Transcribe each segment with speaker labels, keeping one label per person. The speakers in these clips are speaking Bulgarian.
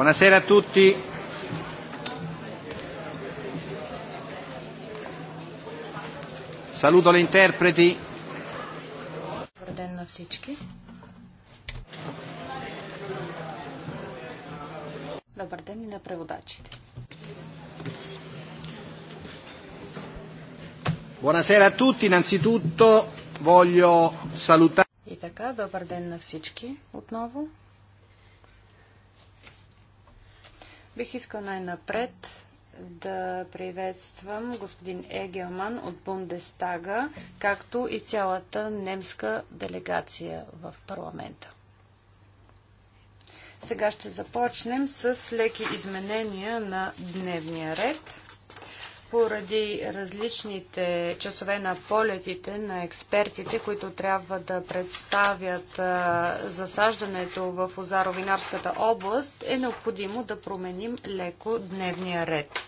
Speaker 1: Buonasera a tutti. Saluto le interpreti. Добър ден и на преводачите.
Speaker 2: Buonasera a tutti,
Speaker 1: innanzitutto voglio salutare. И така, добър ден на всички отново. Бих искал най-напред да приветствам господин Егелман от Бундестага, както и цялата немска делегация в парламента. Сега ще започнем с леки изменения на дневния ред поради различните часове на полетите на експертите, които трябва да представят засаждането в Озаровинарската област, е необходимо да променим леко дневния ред.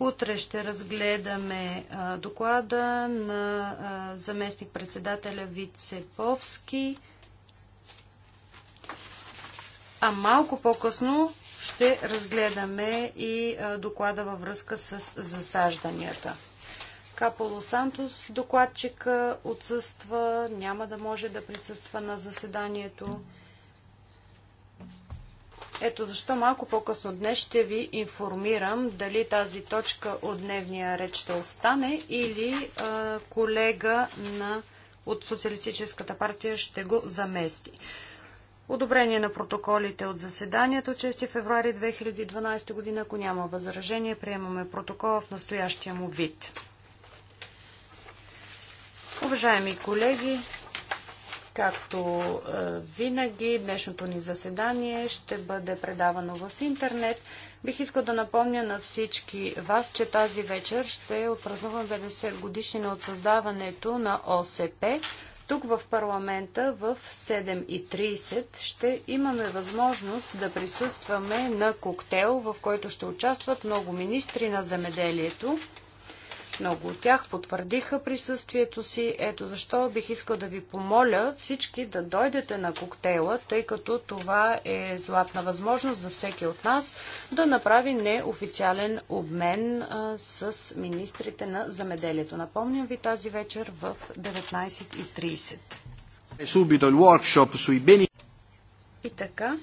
Speaker 1: Утре ще разгледаме доклада на заместник-председателя Вицеповски. А малко по-късно ще разгледаме и доклада във връзка с засажданията. Каполо Сантос, докладчика, отсъства, няма да може да присъства на заседанието. Ето защо малко по-късно днес ще ви информирам дали тази точка от дневния ред ще остане или а, колега на, от Социалистическата партия ще го замести. Одобрение на протоколите от заседанието 6 февруари 2012 година. Ако няма възражение, приемаме протокола в настоящия му вид. Уважаеми колеги, Както е, винаги, днешното ни заседание ще бъде предавано в интернет. Бих искал да напомня на всички вас, че тази вечер ще отпразнувам 50 годишнина от създаването на ОСП. Тук в парламента в 7.30 ще имаме възможност да присъстваме на коктейл, в който ще участват много министри на земеделието много от тях потвърдиха присъствието си. Ето защо бих искал да ви помоля всички да дойдете на коктейла, тъй като това е златна възможност за всеки от нас да направи неофициален обмен а, с министрите на замеделието. Напомням ви тази вечер в 19.30. И така,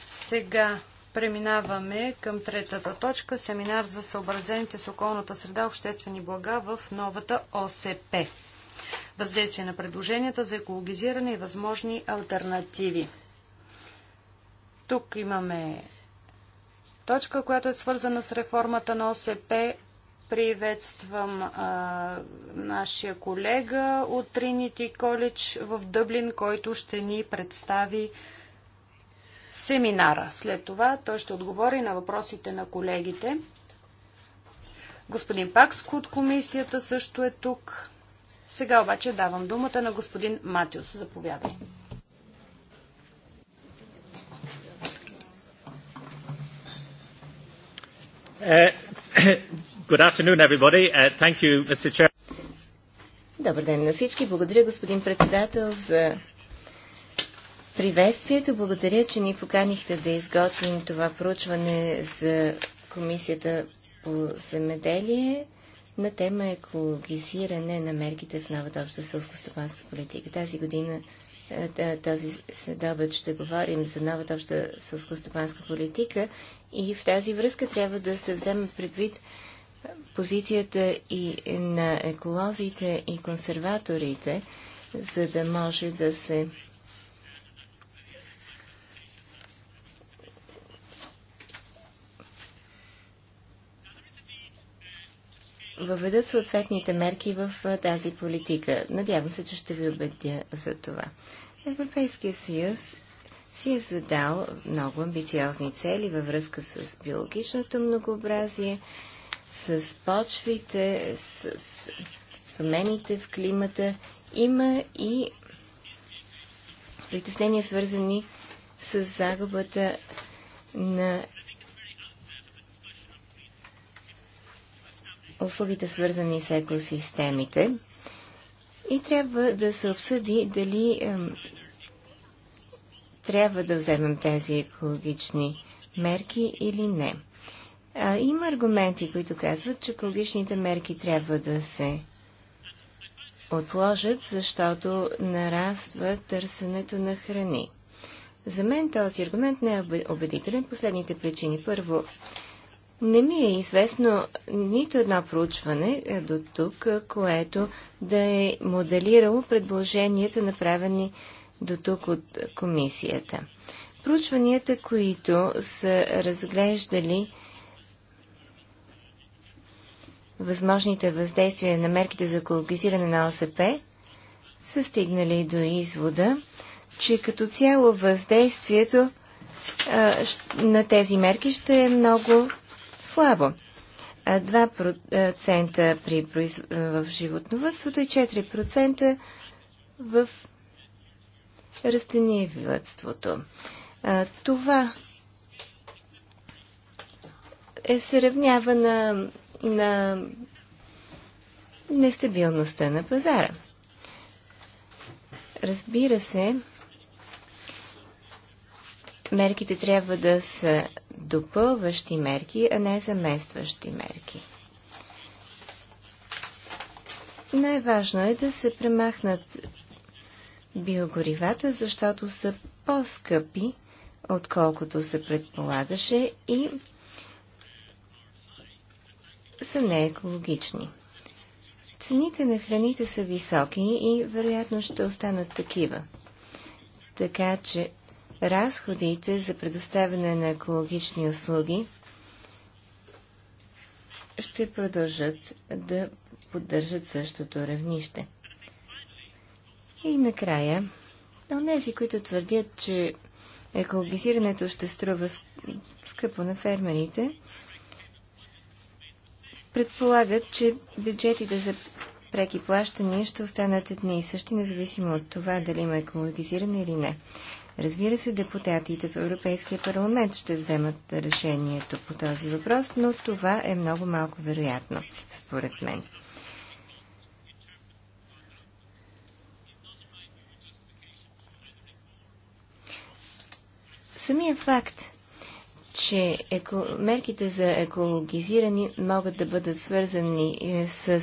Speaker 1: сега Преминаваме към третата точка семинар за съобразените с околната среда обществени блага в новата ОСП. Въздействие на предложенията за екологизиране и възможни альтернативи. Тук имаме точка, която е свързана с реформата на ОСП. Приветствам а, нашия колега от Trinity College в Дъблин, който ще ни представи семинара. След това той ще отговори на въпросите на колегите. Господин Пакско от комисията също е тук. Сега обаче давам думата на господин Матиус. Заповядай.
Speaker 3: Е, е, Добър ден на всички. Благодаря, господин председател, за приветствието. Благодаря, че ни поканихте да изготвим това проучване за Комисията по земеделие на тема е екологизиране на мерките в новата обща сълскостопанска политика. Тази година е, този следобед ще говорим за новата обща сълскостопанска политика и в тази връзка трябва да се вземе предвид позицията и на еколозите и консерваторите, за да може да се въведат съответните мерки в тази политика. Надявам се, че ще ви убедя за това. Европейския съюз си е задал много амбициозни цели във връзка с биологичното многообразие, с почвите, с промените в климата. Има и притеснения, свързани с загубата на услугите свързани с екосистемите и трябва да се обсъди дали е, трябва да вземем тези екологични мерки или не. А, има аргументи, които казват, че екологичните мерки трябва да се отложат, защото нараства търсенето на храни. За мен този аргумент не е убедителен. Последните причини. Първо, не ми е известно нито едно проучване е, до тук, е, което да е моделирало предложенията, направени до тук от комисията. Проучванията, които са разглеждали възможните въздействия на мерките за екологизиране на ОСП, са стигнали до извода, че като цяло въздействието на тези мерки ще е много слабо. 2% при, произ... в животновътството и 4% в растениевътството. Това е, се равнява на, на нестабилността на пазара. Разбира се, мерките трябва да са допълващи мерки, а не заместващи мерки. Най-важно е да се премахнат биогоривата, защото са по-скъпи, отколкото се предполагаше и са неекологични. Цените на храните са високи и вероятно ще останат такива. Така че разходите за предоставяне на екологични услуги ще продължат да поддържат същото равнище. И накрая, онези, които твърдят, че екологизирането ще струва скъпо на фермерите, предполагат, че бюджетите за преки плащания ще останат едни и същи, независимо от това дали има екологизиране или не. Разбира се, депутатите в Европейския парламент ще вземат решението по този въпрос, но това е много малко вероятно, според мен. Самия факт, че еко... мерките за екологизирани могат да бъдат свързани е, с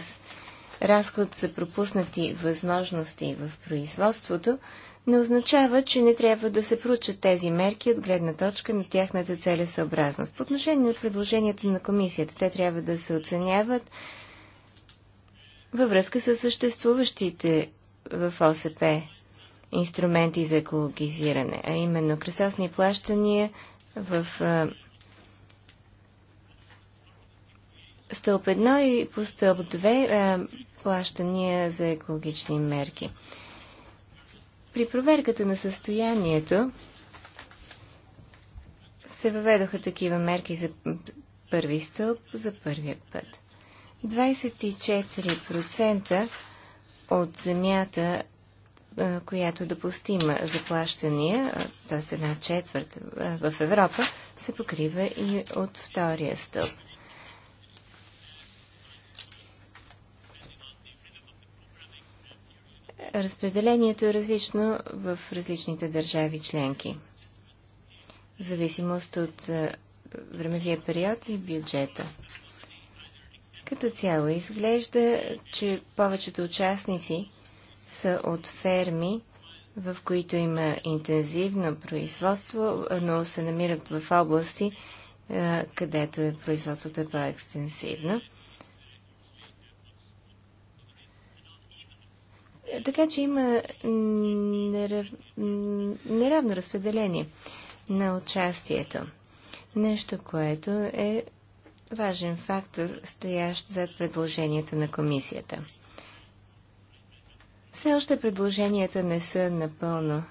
Speaker 3: разход за пропуснати възможности в производството, не означава, че не трябва да се проучат тези мерки от гледна точка на тяхната целесъобразност. По отношение на предложението на комисията, те трябва да се оценяват във връзка с съществуващите в ОСП инструменти за екологизиране, а именно кресосни плащания в стълб 1 и по стълб 2 плащания за екологични мерки. При проверката на състоянието се въведоха такива мерки за първи стълб за първия път. 24% от земята, която е допустима за плащания, т.е. една четвърт в Европа, се покрива и от втория стълб. разпределението е различно в различните държави членки. В зависимост от е, времевия период и бюджета. Като цяло изглежда, че повечето участници са от ферми, в които има интензивно производство, но се намират в области, е, където е производството е по-екстенсивно. Така че има нерав... неравно разпределение на участието. Нещо, което е важен фактор, стоящ зад предложенията на комисията. Все още предложенията не са напълно.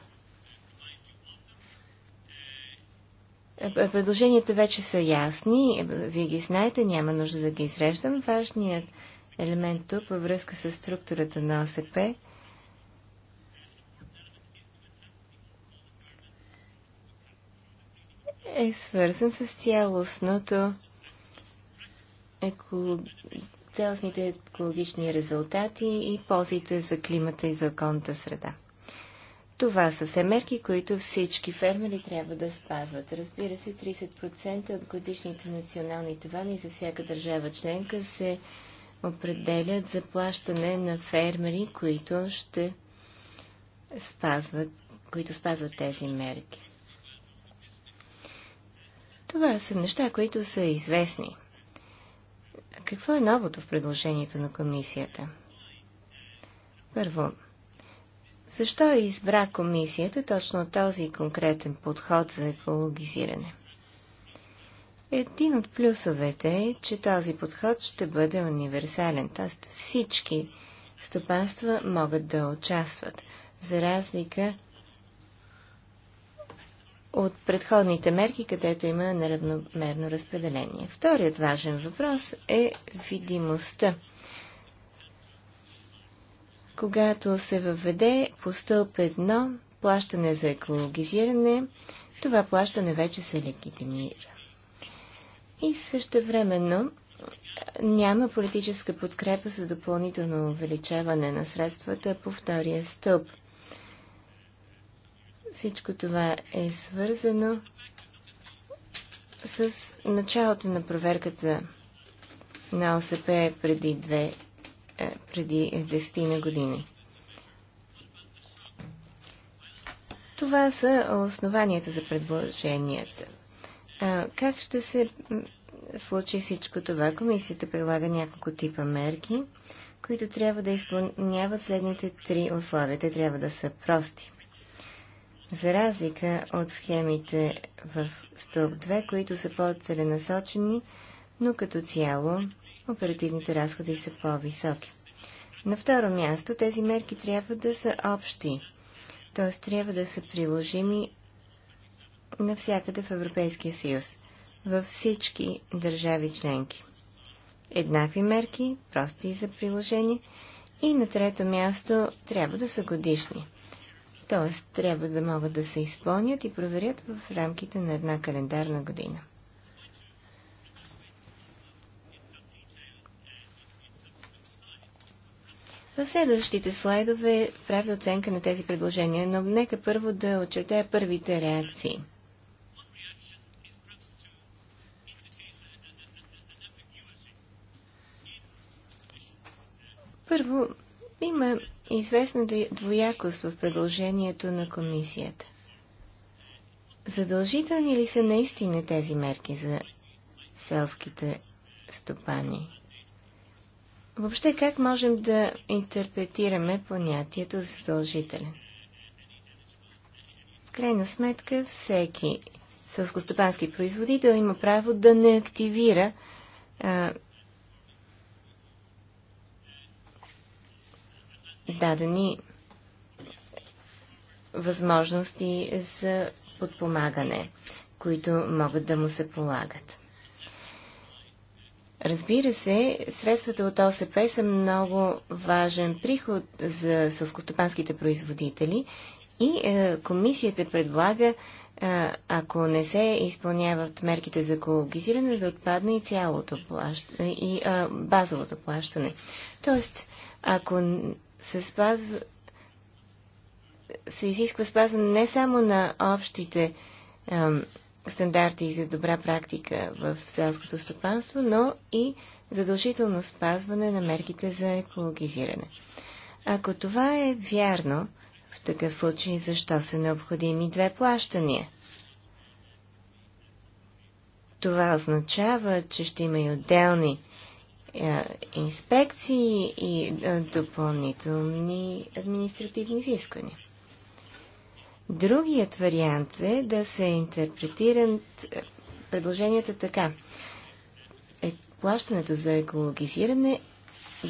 Speaker 3: Предложенията вече са ясни, вие ги знаете, няма нужда да ги изреждам. Важният елемент тук във връзка с структурата на ОСП е свързан с цялостното еко... цялостните екологични резултати и ползите за климата и за околната среда. Това са все мерки, които всички фермери трябва да спазват. Разбира се, 30% от годишните национални тавани за всяка държава членка се определят за плащане на фермери, които ще спазват, които спазват тези мерки. Това са неща, които са известни. Какво е новото в предложението на комисията? Първо, защо избра комисията точно този конкретен подход за екологизиране? Един от плюсовете е, че този подход ще бъде универсален, т.е. всички стопанства могат да участват, за разлика от предходните мерки, където има неравномерно разпределение. Вторият важен въпрос е видимостта. Когато се въведе по стълб едно плащане за екологизиране, това плащане вече се легитимира. И също времено няма политическа подкрепа за допълнително увеличаване на средствата по втория стълб – всичко това е свързано с началото на проверката на ОСП преди, две, е, преди десетина години. Това са основанията за предложенията. как ще се случи всичко това? Комисията прилага няколко типа мерки, които трябва да изпълняват следните три условия. Те трябва да са прости за разлика от схемите в стълб 2, които са по-целенасочени, но като цяло оперативните разходи са по-високи. На второ място, тези мерки трябва да са общи, т.е. трябва да са приложими навсякъде в Европейския съюз, във всички държави членки. Еднакви мерки, прости за приложение. И на трето място, трябва да са годишни т.е. трябва да могат да се изпълнят и проверят в рамките на една календарна година. В следващите слайдове прави оценка на тези предложения, но нека първо да очертая първите реакции. Първо, има известна двоякост в предложението на комисията. Задължителни ли са наистина тези мерки за селските стопани? Въобще как можем да интерпретираме понятието задължителен? В крайна сметка всеки селскостопански производител има право да не активира а, дадени възможности за подпомагане, които могат да му се полагат. Разбира се, средствата от ОСП са много важен приход за сълскостопанските производители и е, комисията предлага, е, ако не се изпълняват мерките за екологизиране, да отпадне и цялото плащане, и е, базовото плащане. Тоест, ако се спазва се изисква спазване не само на общите е, стандарти за добра практика в селското стопанство, но и задължително спазване на мерките за екологизиране. Ако това е вярно, в такъв случай защо са необходими две плащания? Това означава, че ще има и отделни е, инспекции и е, допълнителни административни изисквания. Другият вариант е да се интерпретират е, предложенията така. плащането за екологизиране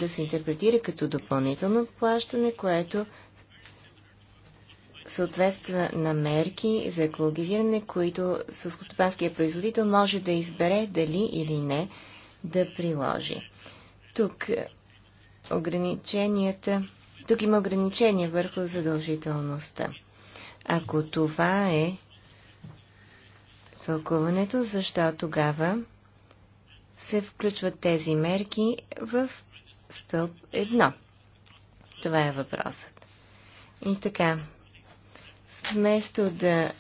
Speaker 3: да се интерпретира като допълнително плащане, което съответства на мерки за екологизиране, които сълскостопанския производител може да избере дали или не да приложи. Тук ограниченията, тук има ограничения върху задължителността. Ако това е тълкуването, защо тогава се включват тези мерки в стълб 1? Това е въпросът. И така, вместо да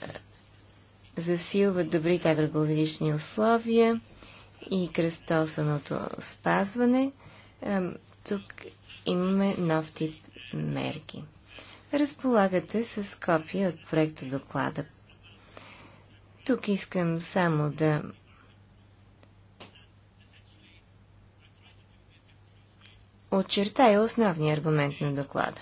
Speaker 3: засилват добрите агроголовични условия и кръстосаното спазване – тук имаме нов тип мерки. Разполагате с копия от проекта доклада. Тук искам само да очертая основния аргумент на доклада.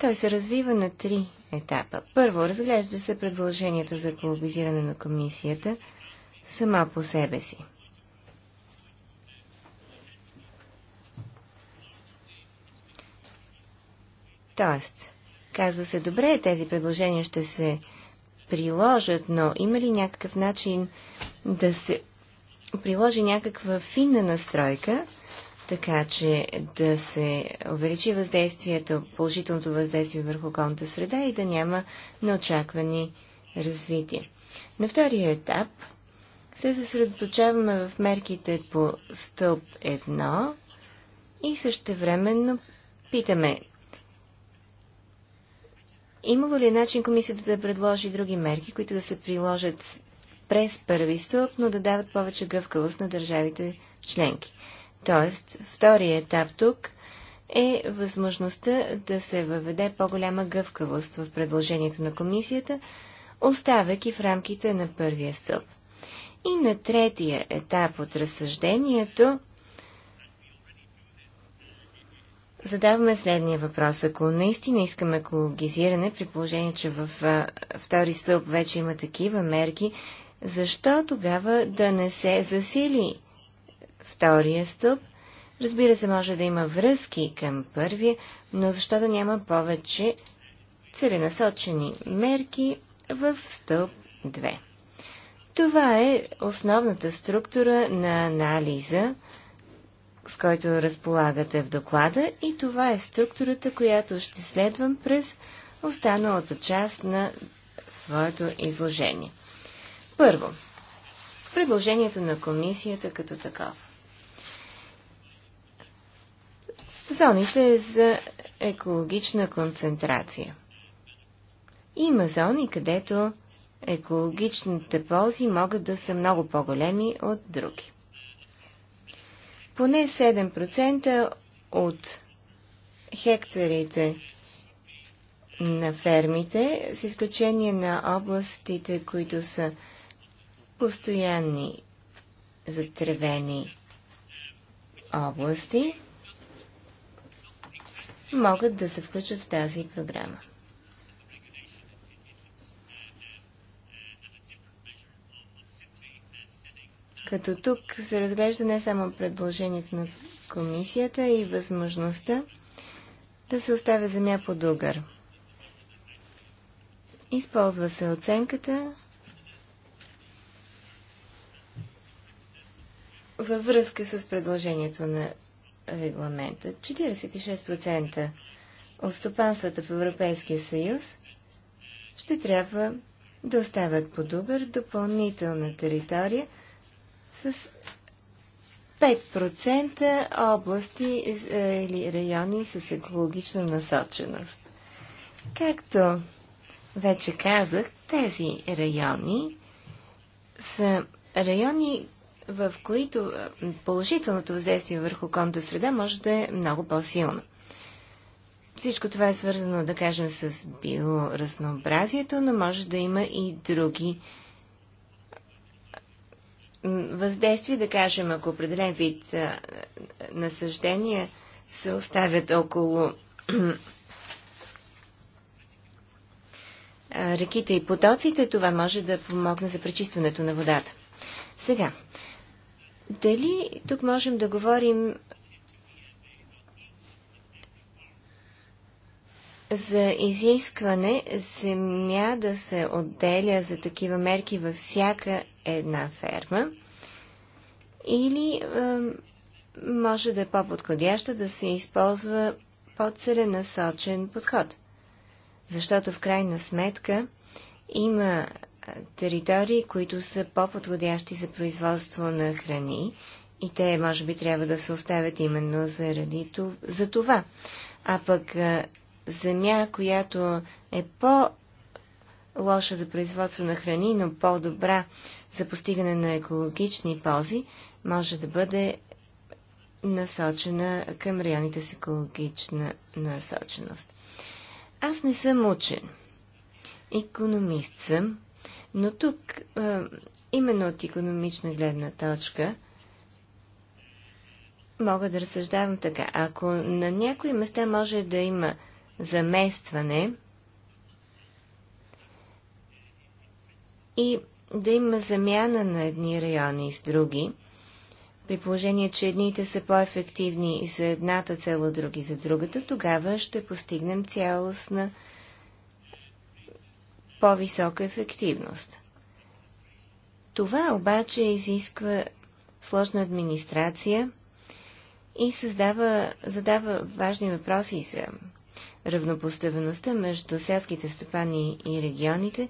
Speaker 3: Той се развива на три етапа. Първо, разглежда се предложението за колобизиране на комисията – сама по себе си. Тоест, казва се, добре, тези предложения ще се приложат, но има ли някакъв начин да се приложи някаква финна настройка, така че да се увеличи въздействието, положителното въздействие върху околната среда и да няма неочаквани развития. На втория етап – се съсредоточаваме в мерките по стълб 1 и същевременно питаме имало ли е начин комисията да предложи други мерки, които да се приложат през първи стълб, но да дават повече гъвкавост на държавите членки? Тоест, втория етап тук е възможността да се въведе по-голяма гъвкавост в предложението на комисията, оставяки в рамките на първия стълб. И на третия етап от разсъждението задаваме следния въпрос. Ако наистина искаме екологизиране, при положение, че в втори стълб вече има такива мерки, защо тогава да не се засили втория стълб? Разбира се, може да има връзки към първия, но защо да няма повече целенасочени мерки в стълб 2? Това е основната структура на анализа, с който разполагате в доклада и това е структурата, която ще следвам през останалата част на своето изложение. Първо, предложението на комисията като такова. Зоните за екологична концентрация. Има зони, където екологичните ползи могат да са много по-големи от други. Поне 7% от хектарите на фермите, с изключение на областите, които са постоянни затревени области, могат да се включат в тази програма. като тук се разглежда не само предложението на комисията и възможността да се оставя земя под дугар Използва се оценката във връзка с предложението на регламента. 46% от стопанствата в Европейския съюз ще трябва да оставят под дугар допълнителна територия – с 5% области е, или райони с екологична насоченост. Както вече казах, тези райони са райони, в които е, положителното въздействие върху конта среда може да е много по-силно. Всичко това е свързано, да кажем, с биоразнообразието, но може да има и други въздействие, да кажем, ако определен вид насъждения се оставят около реките и потоците, това може да помогне за пречистването на водата. Сега, дали тук можем да говорим за изискване земя да се отделя за такива мерки във всяка една ферма или е, може да е по-подходящо да се използва по-целенасочен подход. Защото в крайна сметка има територии, които са по-подходящи за производство на храни и те може би трябва да се оставят именно заради това. А пък земя, която е по- лоша за производство на храни, но по-добра за постигане на екологични ползи, може да бъде насочена към районите с екологична насоченост. Аз не съм учен. Економист съм, но тук, именно от економична гледна точка, мога да разсъждавам така. Ако на някои места може да има заместване и да има замяна на едни райони с други, при положение, че едните са по-ефективни за едната цел, а други за другата, тогава ще постигнем цялостна по-висока ефективност. Това обаче изисква сложна администрация и създава, задава важни въпроси за равнопоставеността между селските стопани и регионите,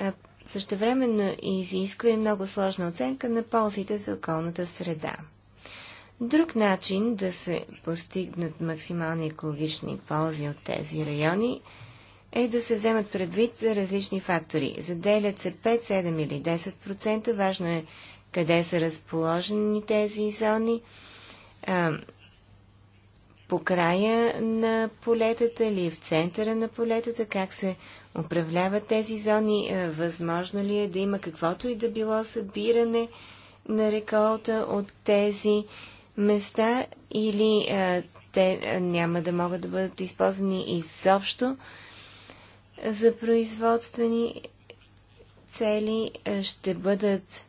Speaker 3: а същевременно изисква и много сложна оценка на ползите за околната среда. Друг начин да се постигнат максимални екологични ползи от тези райони е да се вземат предвид за различни фактори. Заделят се 5, 7 или 10%. Важно е къде са разположени тези зони, по края на полетата или в центъра на полетата, как се управляват тези зони, е, възможно ли е да има каквото и да било събиране на реколта от тези места или а, е, те а, е, няма да могат да бъдат използвани изобщо за производствени цели, а, ще бъдат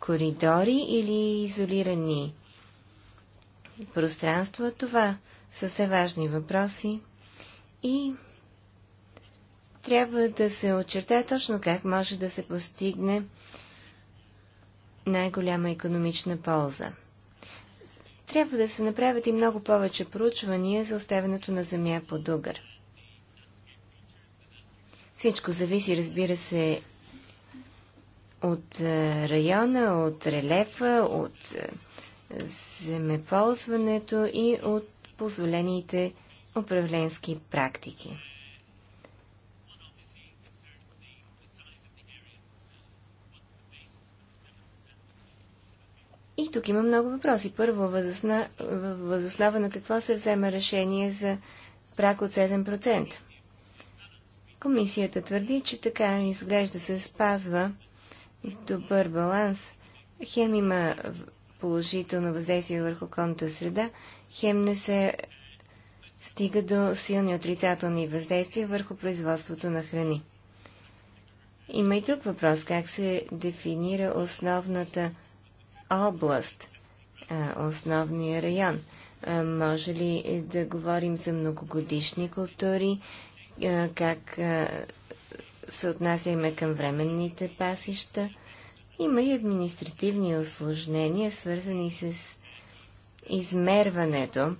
Speaker 3: коридори или изолирани пространство. Това са все важни въпроси и трябва да се очертае точно как може да се постигне най-голяма економична полза. Трябва да се направят и много повече проучвания за оставянето на земя по дугър. Всичко зависи, разбира се, от е, района, от релефа, от е, земеползването и от позволените управленски практики. И тук има много въпроси. Първо, възосна... възоснова на какво се взема решение за прак от 7%? Комисията твърди, че така изглежда се спазва добър баланс. Хем има положително въздействие върху околната среда, хем не се стига до силни отрицателни въздействия върху производството на храни. Има и друг въпрос, как се дефинира основната област, основния район. Може ли да говорим за многогодишни култури, как се отнасяме към временните пасища? Има и административни осложнения, свързани с измерването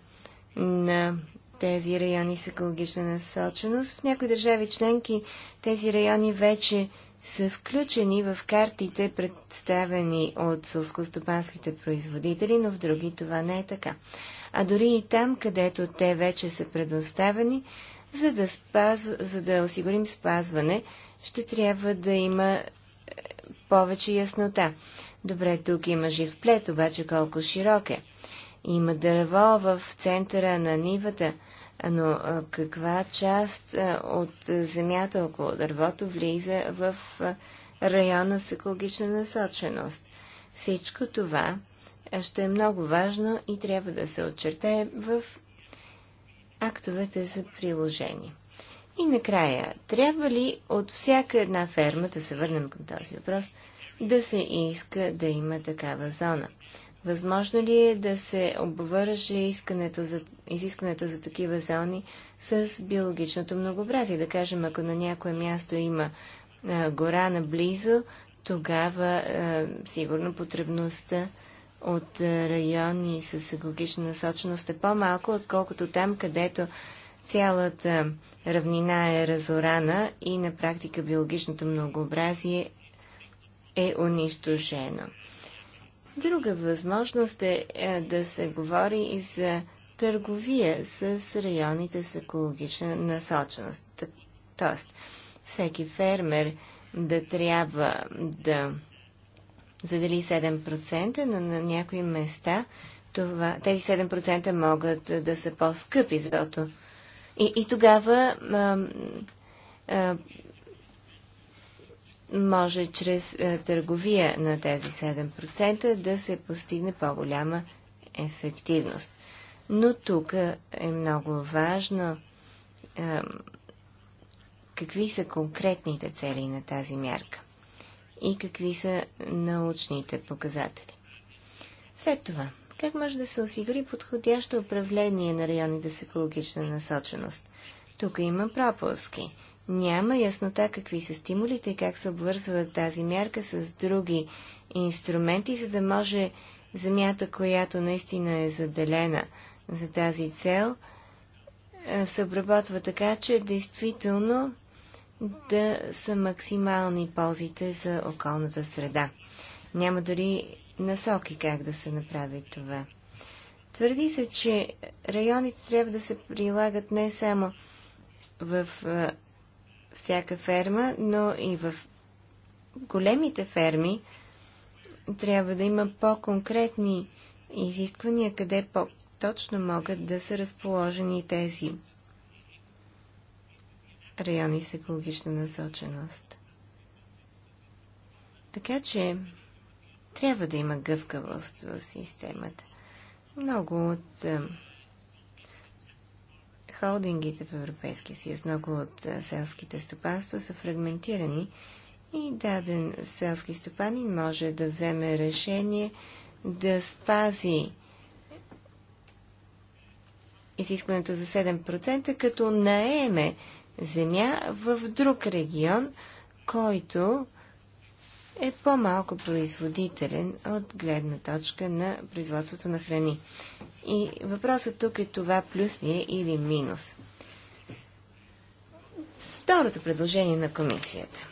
Speaker 3: на тези райони с екологична насоченост. В някои държави членки тези райони вече са включени в картите, представени от сълскостопанските производители, но в други това не е така. А дори и там, където те вече са предоставени, за да, спазв... за да осигурим спазване, ще трябва да има повече яснота. Добре, тук има жив плет, обаче колко широк е. Има дърво в центъра на нивата, но каква част от земята около дървото влиза в района с екологична насоченост? Всичко това ще е много важно и трябва да се очертае в актовете за приложение. И накрая, трябва ли от всяка една ферма, да се върнем към този въпрос, да се иска да има такава зона? Възможно ли е да се обвърже искането за, изискването за такива зони с биологичното многообразие? Да кажем, ако на някое място има а, гора наблизо, тогава а, сигурно потребността от райони с екологична насоченост е по-малко, отколкото там, където Цялата равнина е разорана и на практика биологичното многообразие е унищожено. Друга възможност е, е да се говори и за търговия с районите с екологична насоченост. Тоест, всеки фермер да трябва да задели 7%, но на някои места това, тези 7% могат да са по-скъпи, защото и, и тогава а, а, може чрез а, търговия на тези 7% да се постигне по-голяма ефективност. Но тук е много важно а, какви са конкретните цели на тази мярка и какви са научните показатели. След това, как може да се осигури подходящо управление на районите с екологична насоченост? Тук има пропуски. Няма яснота какви са стимулите и как се обвързва тази мярка с други инструменти, за да може земята, която наистина е заделена за тази цел, се обработва така, че действително да са максимални ползите за околната среда. Няма дори насоки как да се направи това. Твърди се, че районите трябва да се прилагат не само в а, всяка ферма, но и в големите ферми трябва да има по-конкретни изисквания, къде по-точно могат да са разположени тези райони с екологична насоченост. Така че трябва да има гъвкавост в системата. Много от е, холдингите в Европейския съюз, много от е, селските стопанства са фрагментирани и даден селски стопанин може да вземе решение да спази изискването за 7%, като наеме земя в друг регион, който е по-малко производителен от гледна точка на производството на храни. И въпросът тук е това плюс ли е или минус. С второто предложение на комисията.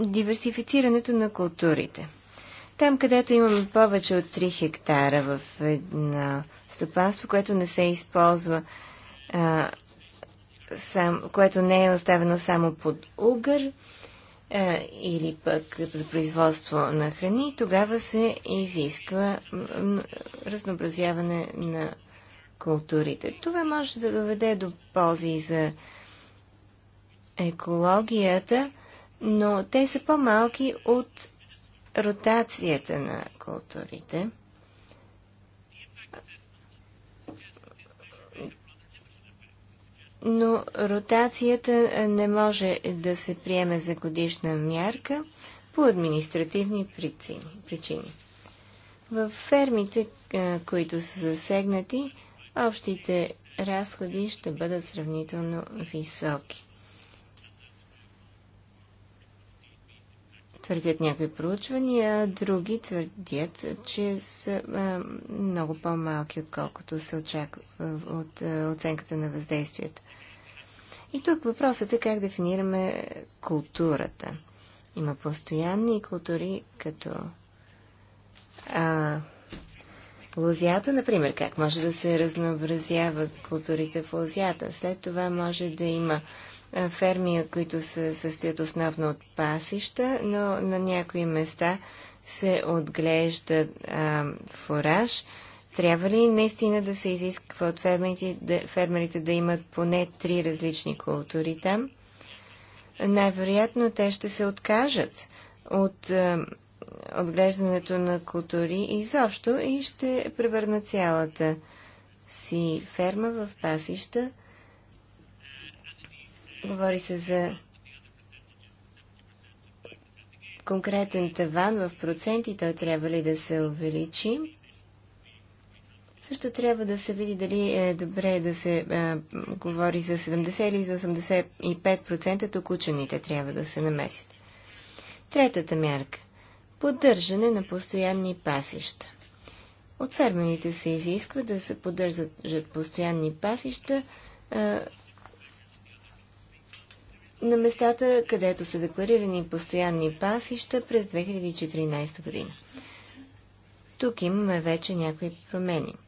Speaker 3: Диверсифицирането на културите. Там, където имаме повече от 3 хектара в едно стопанство, което не се използва а, сам, което не е оставено само под угър а, е, или пък за производство на храни, тогава се изисква разнообразяване на културите. Това може да доведе до ползи за екологията, но те са по-малки от ротацията на културите – но ротацията не може да се приеме за годишна мярка по административни причини. В фермите, които са засегнати, общите разходи ще бъдат сравнително високи. Твърдят някои проучвания, други твърдят, че са а, много по-малки, отколкото се очаква от а, оценката на въздействието. И тук въпросът е как дефинираме културата. Има постоянни култури, като а, лузията, например, как може да се разнообразяват културите в лузията. След това може да има ферми, които се състоят основно от пасища, но на някои места се отглежда а, фураж, трябва ли наистина да се изисква от фермерите да, фермерите да имат поне три различни култури там? Най-вероятно те ще се откажат от е, отглеждането на култури изобщо и ще превърнат цялата си ферма в пасища. Говори се за конкретен таван в проценти, той трябва ли да се увеличи? Също трябва да се види дали е добре да се е, говори за 70 или за 85% тук учените трябва да се намесят. Третата мярка – поддържане на постоянни пасища. От фермените се изисква да се поддържат постоянни пасища е, на местата, където са декларирани постоянни пасища през 2014 година. Тук имаме вече някои промени –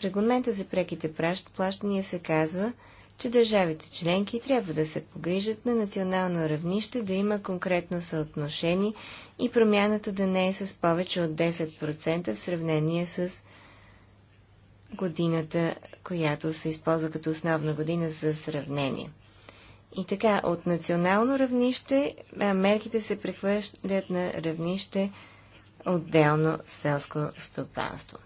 Speaker 3: в регламента за преките плащания се казва, че държавите членки трябва да се погрижат на национално равнище да има конкретно съотношение и промяната да не е с повече от 10% в сравнение с годината, която се използва като основна година за сравнение. И така, от национално равнище мерките се прехвърлят на равнище отделно селско стопанство.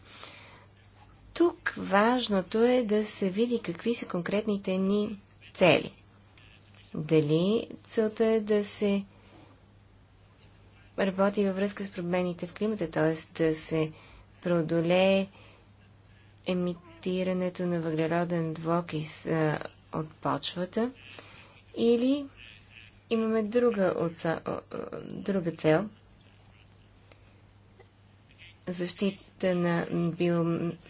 Speaker 3: Тук важното е да се види какви са конкретните ни цели. Дали целта е да се работи във връзка с проблемите в климата, т.е. да се преодолее емитирането на въглероден двокис а, от почвата или имаме друга, отца, друга цел защит, защита на био,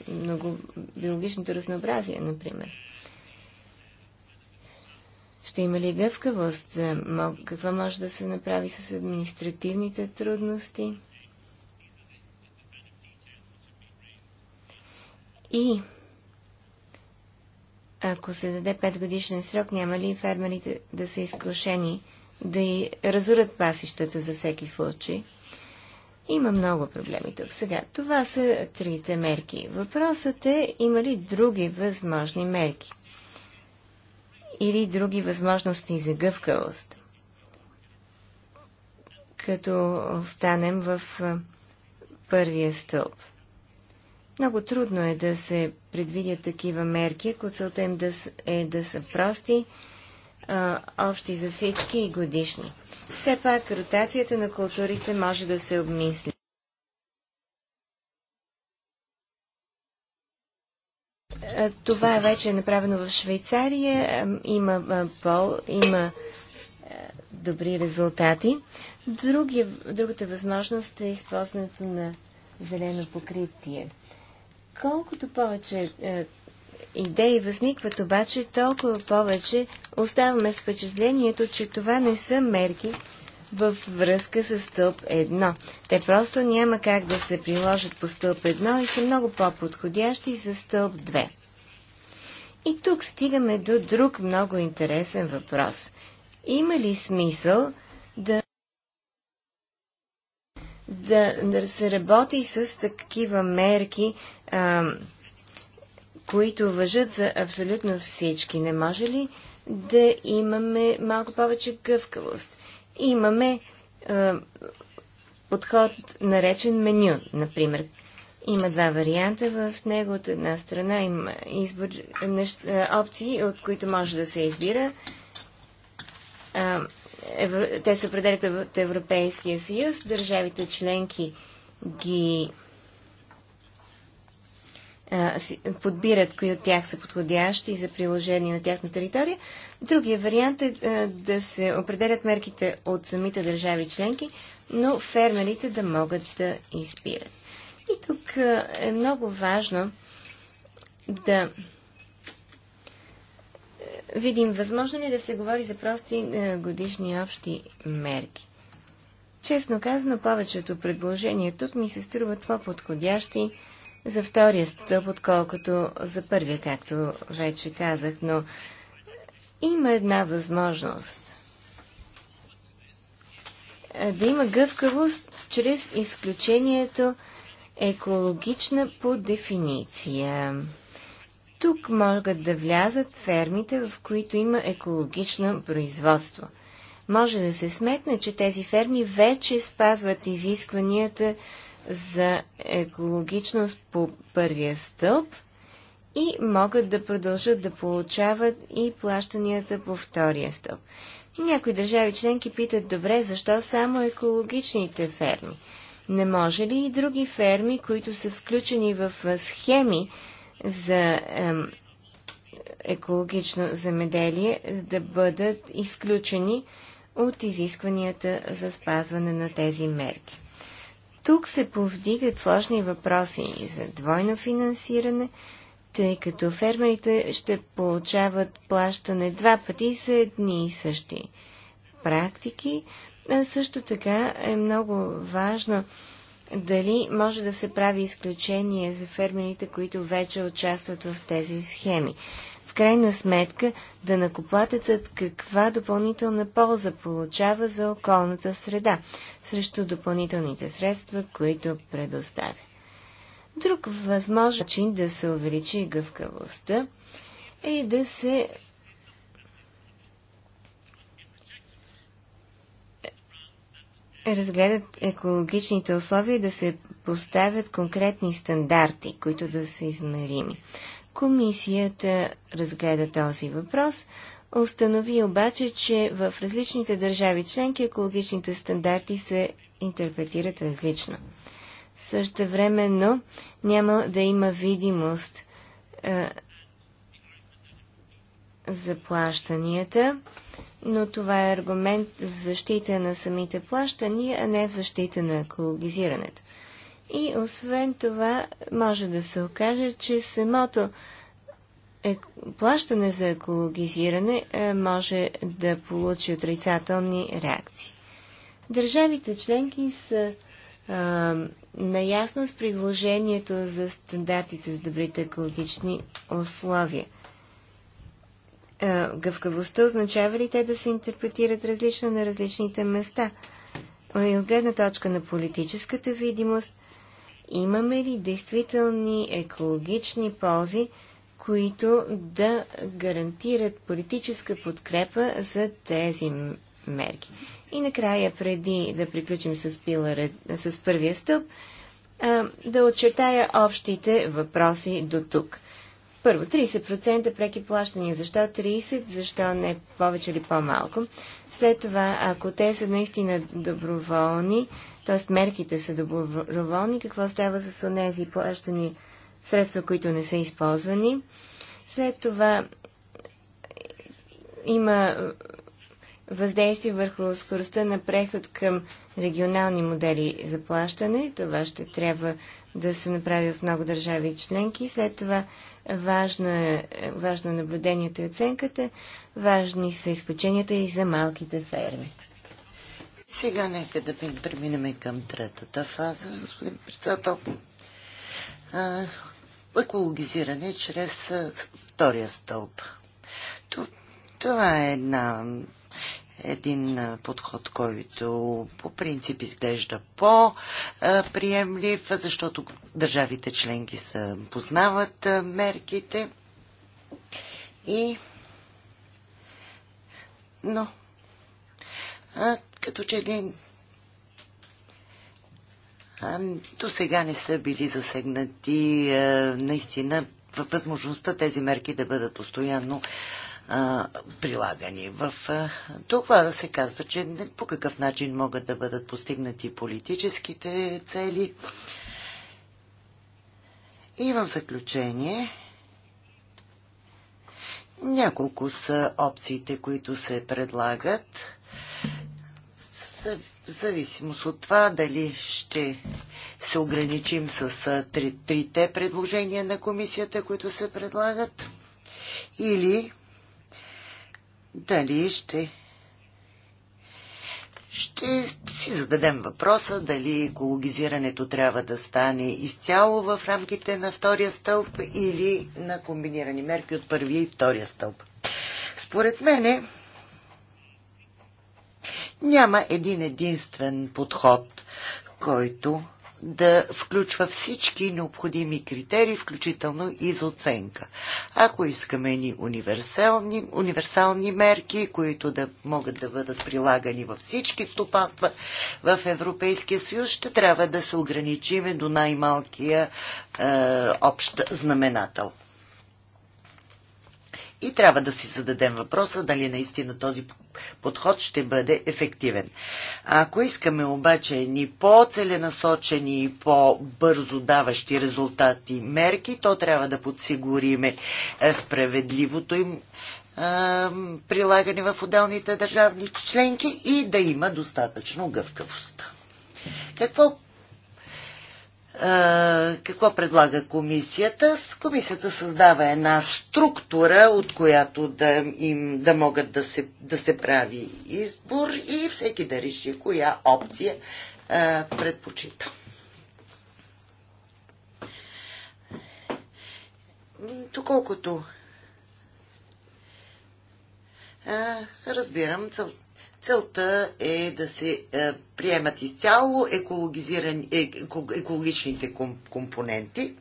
Speaker 3: много, биологичното разнообразие, например. Ще има ли гъвкавост? Какво може да се направи с административните трудности? И ако се даде 5 годишен срок, няма ли фермерите да са изкушени да и разурат пасищата за всеки случай? Има много проблеми тук. Сега, това са трите мерки. Въпросът е, има ли други възможни мерки? Или други възможности за гъвкавост? Като останем в първия стълб. Много трудно е да се предвидят такива мерки, ако целта им да, е да са прости, а, общи за всички и годишни. Все пак ротацията на културите може да се обмисли. Това е вече е направено в Швейцария. Има, пол, има добри резултати. Други, другата възможност е използването на зелено покритие. Колкото повече идеи възникват обаче, толкова повече оставаме с впечатлението, че това не са мерки в връзка с стълб 1. Те просто няма как да се приложат по стълб 1 и са много по-подходящи за стълб 2. И тук стигаме до друг много интересен въпрос. Има ли смисъл да да, да се работи с такива мерки, а, които въжат за абсолютно всички. Не може ли да имаме малко повече гъвкавост? Имаме е, подход наречен меню, например. Има два варианта в него. От една страна има избор, неща, опции, от които може да се избира. А, евро, те се определят от Европейския съюз. Държавите членки ги подбират кои от тях са подходящи за приложение на тяхна територия. Другия вариант е да се определят мерките от самите държави членки, но фермерите да могат да избират. И тук е много важно да видим възможно ли е да се говори за прости годишни общи мерки. Честно казано, повечето предложения тук ми се струват по-подходящи за втория стъп, отколкото за първия, както вече казах, но има една възможност да има гъвкавост чрез изключението екологична по дефиниция. Тук могат да влязат фермите, в които има екологично производство. Може да се сметне, че тези ферми вече спазват изискванията за екологичност по първия стълб и могат да продължат да получават и плащанията по втория стълб. Някои държави членки питат, добре, защо само екологичните ферми? Не може ли и други ферми, които са включени в схеми за ем, екологично земеделие, да бъдат изключени от изискванията за спазване на тези мерки? Тук се повдигат сложни въпроси за двойно финансиране, тъй като фермерите ще получават плащане два пъти за едни и същи практики. А също така е много важно дали може да се прави изключение за фермерите, които вече участват в тези схеми крайна сметка да накоплатецът каква допълнителна полза получава за околната среда срещу допълнителните средства, които предоставя. Друг възможен начин да се увеличи гъвкавостта е да се разгледат екологичните условия и да се поставят конкретни стандарти, които да са измерими. Комисията разгледа този въпрос, установи обаче, че в различните държави членки екологичните стандарти се интерпретират различно. Същевременно няма да има видимост е, за плащанията, но това е аргумент в защита на самите плащания, а не в защита на екологизирането. И освен това, може да се окаже, че самото е, плащане за екологизиране е, може да получи отрицателни реакции. Държавите членки са е, наясно с предложението за стандартите за добрите екологични условия. Е, гъвкавостта означава ли те да се интерпретират различно на различните места? от гледна точка на политическата видимост – Имаме ли действителни екологични ползи, които да гарантират политическа подкрепа за тези мерки? И накрая, преди да приключим с, пилъра, с първия стълб, да отчетая общите въпроси до тук. Първо, 30% преки плащания. Защо 30? Защо не повече или по-малко? След това, ако те са наистина доброволни, т.е. мерките са доброволни. Какво става с тези плащани средства, които не са използвани? След това има въздействие върху скоростта на преход към регионални модели за плащане. Това ще трябва да се направи в много държави и членки. След това важна, важно наблюдението и оценката. Важни са
Speaker 2: изключенията и за малките ферми. Сега нека да преминем към третата фаза, господин председател. екологизиране чрез втория стълб. Това е една, един подход, който по принцип изглежда по-приемлив, защото държавите членки са, познават мерките. И... Но като че ли до сега не са били засегнати наистина възможността тези мерки да бъдат постоянно прилагани. В доклада се казва, че по какъв начин могат да бъдат постигнати политическите цели. И в заключение няколко са опциите, които се предлагат в зависимост от това дали ще се ограничим с трите предложения на комисията, които се предлагат, или дали ще ще си зададем въпроса дали екологизирането трябва да стане изцяло в рамките на втория стълб или на комбинирани мерки от първия и втория стълб. Според мене няма един единствен подход, който да включва всички необходими критерии, включително и за оценка. Ако искаме ни универсални, универсални мерки, които да могат да бъдат прилагани във всички стопанства в Европейския съюз, ще трябва да се ограничиме до най-малкия е, общ знаменател. И трябва да си зададем въпроса дали наистина този подход ще бъде ефективен. Ако искаме обаче ни по-целенасочени и по-бързо даващи резултати мерки, то трябва да подсигуриме е, справедливото им е, прилагане в отделните държавни членки и да има достатъчно гъвкавост. Какво какво предлага комисията? Комисията създава една структура, от която да, им, да могат да се, да се прави избор и всеки да реши коя опция а, предпочита. Доколкото а, разбирам, целта Целта е да се е, приемат изцяло екологизирани, е, екологичните компоненти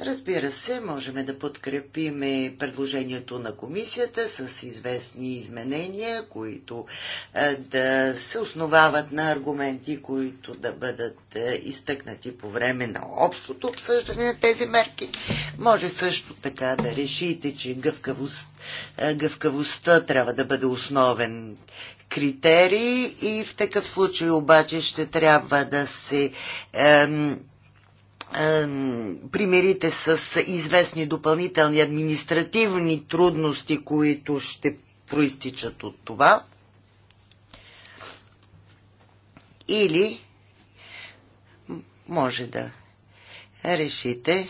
Speaker 2: Разбира се, можем да подкрепим предложението на комисията с известни изменения, които е, да се основават на аргументи, които да бъдат е, изтъкнати по време на общото обсъждане на тези мерки. Може също така да решите, че гъвкавост, е, гъвкавостта трябва да бъде основен критерий и в такъв случай обаче ще трябва да се. Ем, примерите с известни допълнителни административни трудности, които ще проистичат от това. Или може да решите,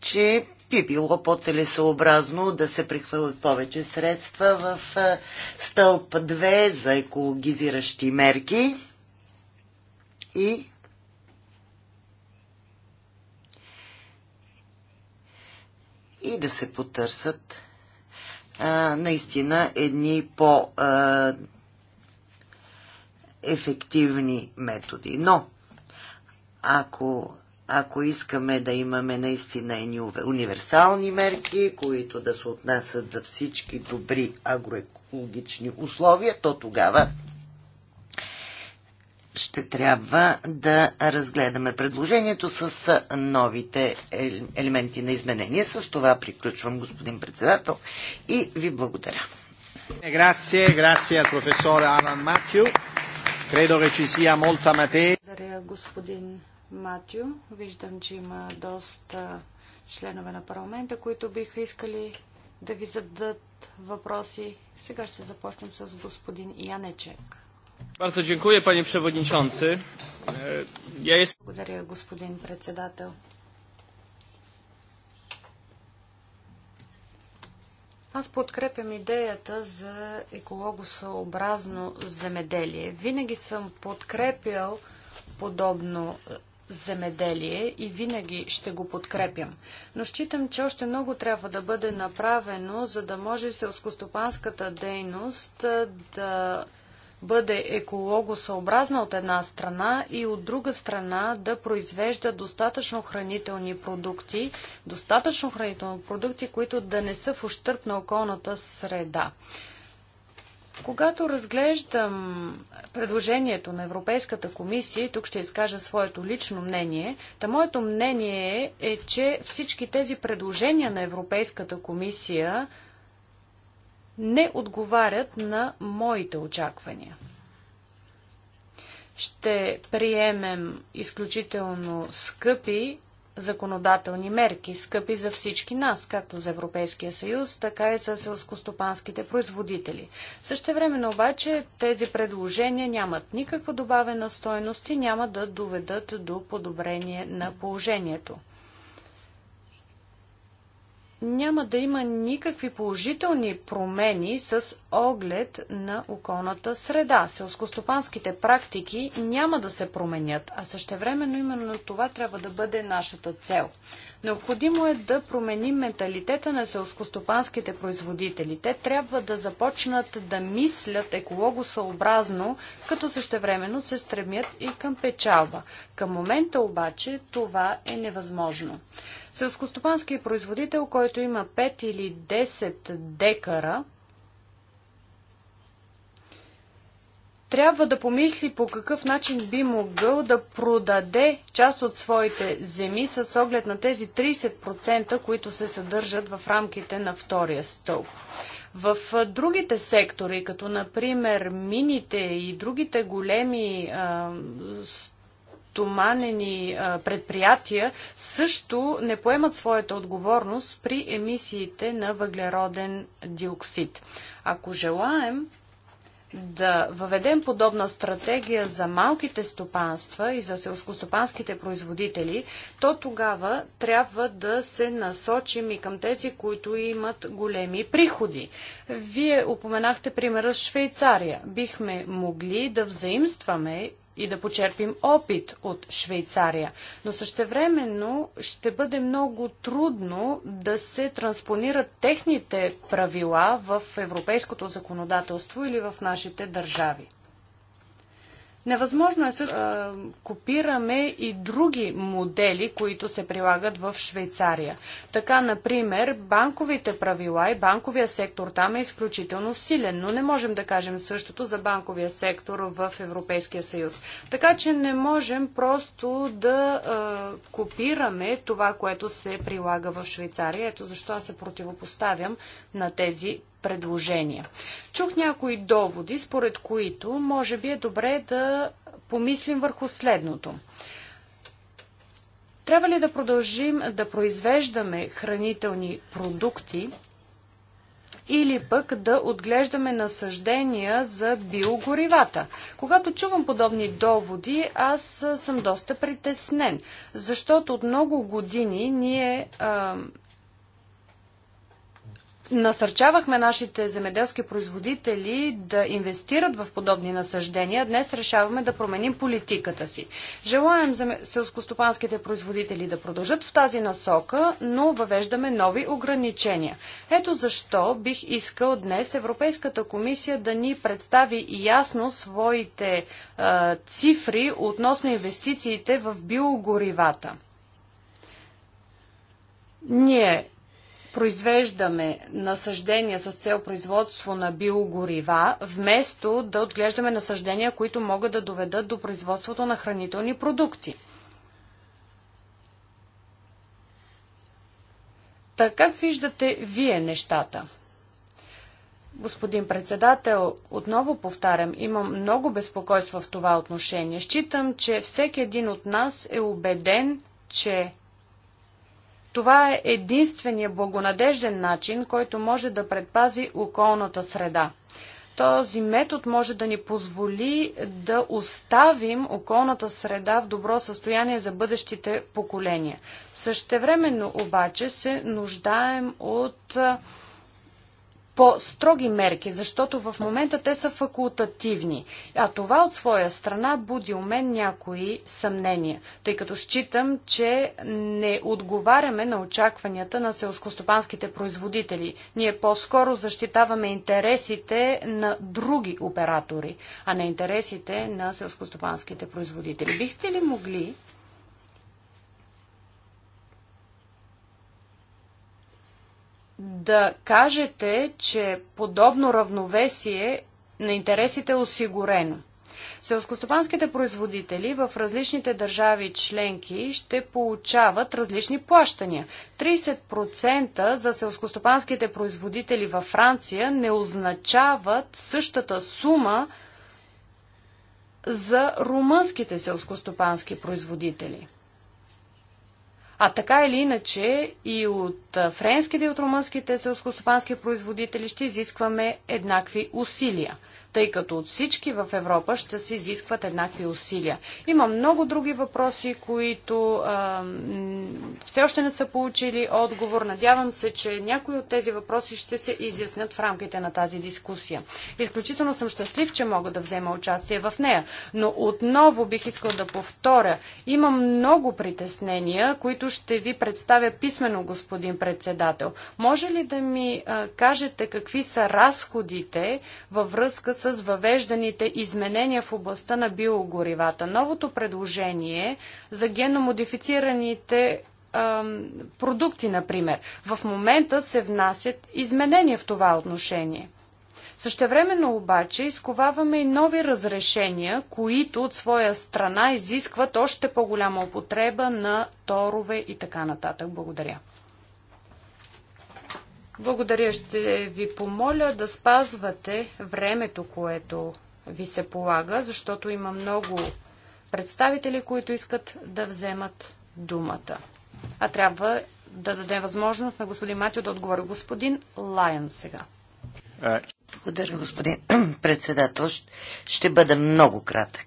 Speaker 2: че би било по-целесообразно да се прехвърлят повече средства в е, стълб 2 за екологизиращи мерки и и да се потърсят а, наистина едни по а, ефективни методи. Но, ако, ако искаме да имаме наистина едни универсални мерки, които да се отнасят за всички добри агроекологични условия, то тогава ще трябва да разгледаме предложението с новите елементи на изменение. С това приключвам, господин председател, и ви благодаря. Grazie, grazie al Alan Matthew. Credo che ci sia molta materia.
Speaker 1: Благодаря, господин Матю. Виждам, че има доста членове на парламента, които биха искали да ви зададат въпроси. Сега ще започнем с господин Янечек.
Speaker 3: Bardzo dziękuję, panie przewodniczący.
Speaker 2: E, ja
Speaker 1: jest... Благодаря, господин председател. Аз подкрепям идеята за екологосъобразно земеделие. Винаги съм подкрепял подобно е, земеделие и винаги ще го подкрепям. Но считам, че още много трябва да бъде направено, за да може селскостопанската дейност е, да бъде екологосъобразна от една страна и от друга страна да произвежда достатъчно хранителни продукти, достатъчно хранителни продукти, които да не са в ущърп на околната среда. Когато разглеждам предложението на Европейската комисия, и тук ще изкажа своето лично мнение, та моето мнение е, е, че всички тези предложения на Европейската комисия не отговарят на моите очаквания. Ще приемем изключително скъпи законодателни мерки, скъпи за всички нас, както за Европейския съюз, така и за селскостопанските производители. време, обаче тези предложения нямат никаква добавена стойност и няма да доведат до подобрение на положението няма да има никакви положителни промени с оглед на околната среда. Селскостопанските практики няма да се променят, а същевременно именно това трябва да бъде нашата цел. Необходимо е да променим менталитета на селскостопанските производители. Те трябва да започнат да мислят екологосъобразно, като същевременно се стремят и към печалба. Към момента обаче това е невъзможно. Селскостопанският производител, който има 5 или 10 декара, трябва да помисли по какъв начин би могъл да продаде част от своите земи с оглед на тези 30%, които се съдържат в рамките на втория стълб. В другите сектори, като например мините и другите големи а, стоманени предприятия също не поемат своята отговорност при емисиите на въглероден диоксид. Ако желаем да въведем подобна стратегия за малките стопанства и за селскостопанските производители, то тогава трябва да се насочим и към тези, които имат големи приходи. Вие упоменахте примера с Швейцария. Бихме могли да взаимстваме и да почерпим опит от Швейцария. Но същевременно ще бъде много трудно да се транспонират техните правила в европейското законодателство или в нашите държави. Невъзможно е също копираме и други модели, които се прилагат в Швейцария. Така, например, банковите правила и банковия сектор там е изключително силен, но не можем да кажем същото за банковия сектор в Европейския съюз. Така че не можем просто да а, копираме това, което се прилага в Швейцария. Ето защо аз се противопоставям на тези предложения. Чух някои доводи, според които може би е добре да помислим върху следното. Трябва ли да продължим да произвеждаме хранителни продукти или пък да отглеждаме насъждения за биогоривата? Когато чувам подобни доводи, аз съм доста притеснен, защото от много години ние. А, насърчавахме нашите земеделски производители да инвестират в подобни насъждения, днес решаваме да променим политиката си. Желаем селскостопанските производители да продължат в тази насока, но въвеждаме нови ограничения. Ето защо бих искал днес Европейската комисия да ни представи ясно своите е, цифри относно инвестициите в биогоривата. Ние произвеждаме насъждения с цел производство на биогорива, вместо да отглеждаме насъждения, които могат да доведат до производството на хранителни продукти. Така, как виждате вие нещата? Господин председател, отново повтарям, имам много безпокойство в това отношение. Считам, че всеки един от нас е убеден, че това е единствения благонадежден начин, който може да предпази околната среда. Този метод може да ни позволи да оставим околната среда в добро състояние за бъдещите поколения. Същевременно обаче се нуждаем от по-строги мерки, защото в момента те са факултативни. А това от своя страна буди у мен някои съмнения, тъй като считам, че не отговаряме на очакванията на селскостопанските производители. Ние по-скоро защитаваме интересите на други оператори, а не интересите на селскостопанските производители. Бихте ли могли да кажете, че подобно равновесие на интересите е осигурено. Селскостопанските производители в различните държави членки ще получават различни плащания. 30% за селскостопанските производители във Франция не означават същата сума за румънските селскостопански производители. А така или иначе и от френските и от румънските селскостопански производители ще изискваме еднакви усилия – тъй като от всички в Европа ще се изискват еднакви усилия. Има много други въпроси, които а, все още не са получили отговор. Надявам се, че някои от тези въпроси ще се изяснят в рамките на тази дискусия. Изключително съм щастлив, че мога да взема участие в нея, но отново бих искал да повторя. Има много притеснения, които ще ви представя писменно, господин председател. Може ли да ми а, кажете какви са разходите във връзка с с въвежданите изменения в областта на биогоривата. Новото предложение за геномодифицираните продукти, например. В момента се внасят изменения в това отношение. Същевременно обаче изковаваме и нови разрешения, които от своя страна изискват още по-голяма употреба на торове и така нататък. Благодаря. Благодаря. Ще ви помоля да спазвате времето, което ви се полага, защото има много представители, които искат да вземат думата. А трябва да даде възможност на господин Матио да отговори. Господин Лайън сега.
Speaker 2: Благодаря, господин председател. Ще бъда много кратък.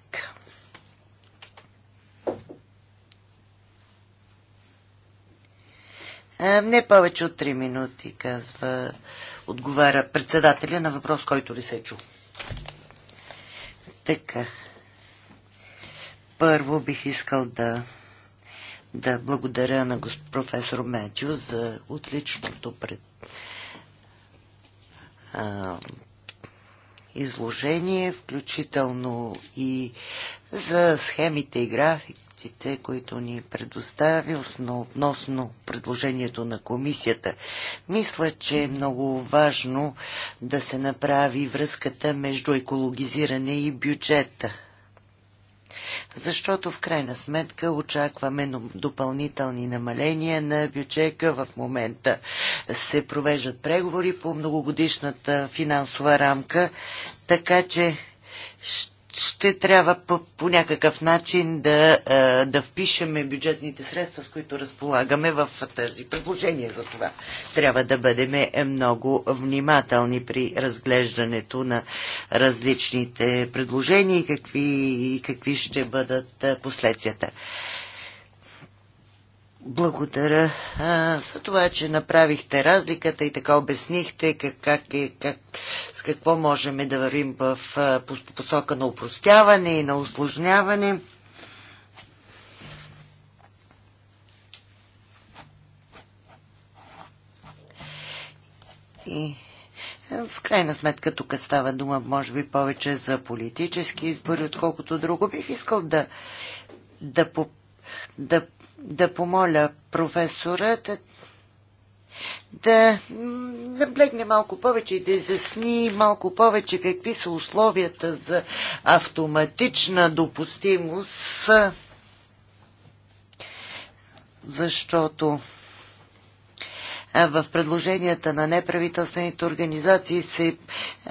Speaker 2: Е, не повече от 3 минути, казва, отговаря председателя на въпрос, който ли се чу. Така. Първо бих искал да, да благодаря на професор Метю за отличното пред, а, изложение, включително и за схемите и график, въпросите, които ни предостави относно предложението на комисията. Мисля, че е много важно да се направи връзката между екологизиране и бюджета. Защото в крайна сметка очакваме допълнителни намаления на бюджета. В момента се провеждат преговори по многогодишната финансова рамка, така че ще ще трябва по, по някакъв начин да, да впишеме бюджетните средства, с които разполагаме в тези предложения. За това трябва да бъдем е, много внимателни при разглеждането на различните предложения и какви, какви ще бъдат последствията. Благодаря а, за това, че направихте разликата и така обяснихте как, как, е, как, с какво можем да вървим в посока на упростяване и на усложняване. И в крайна сметка тук става дума, може би, повече за политически избори, отколкото друго. Бих искал да, да, да да помоля професора да, да наблегне малко повече и да изясни малко повече какви са условията за автоматична допустимост, защото в предложенията на неправителствените организации се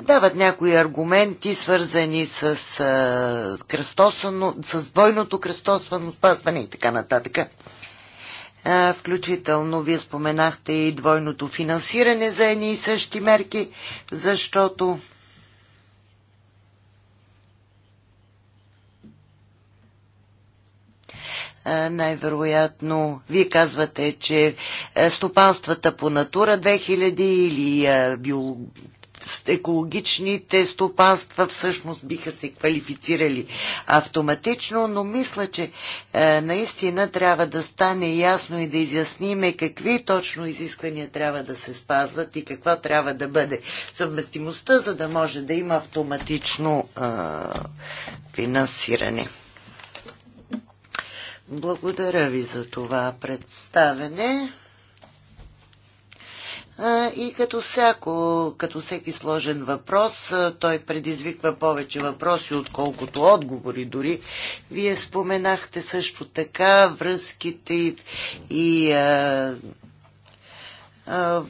Speaker 2: дават някои аргументи, свързани с, кръстосано, с двойното кръстосвано спазване и така нататък. Включително вие споменахте и двойното финансиране за едни и същи мерки, защото най-вероятно, вие казвате, че стопанствата по Натура 2000 или био, екологичните стопанства всъщност биха се квалифицирали автоматично, но мисля, че е, наистина трябва да стане ясно и да изясниме какви точно изисквания трябва да се спазват и каква трябва да бъде съвместимостта, за да може да има автоматично е, финансиране. Благодаря ви за това представене. И като, всяко, като всеки сложен въпрос, той предизвиква повече въпроси, отколкото отговори дори. Вие споменахте също така връзките и, и а, а,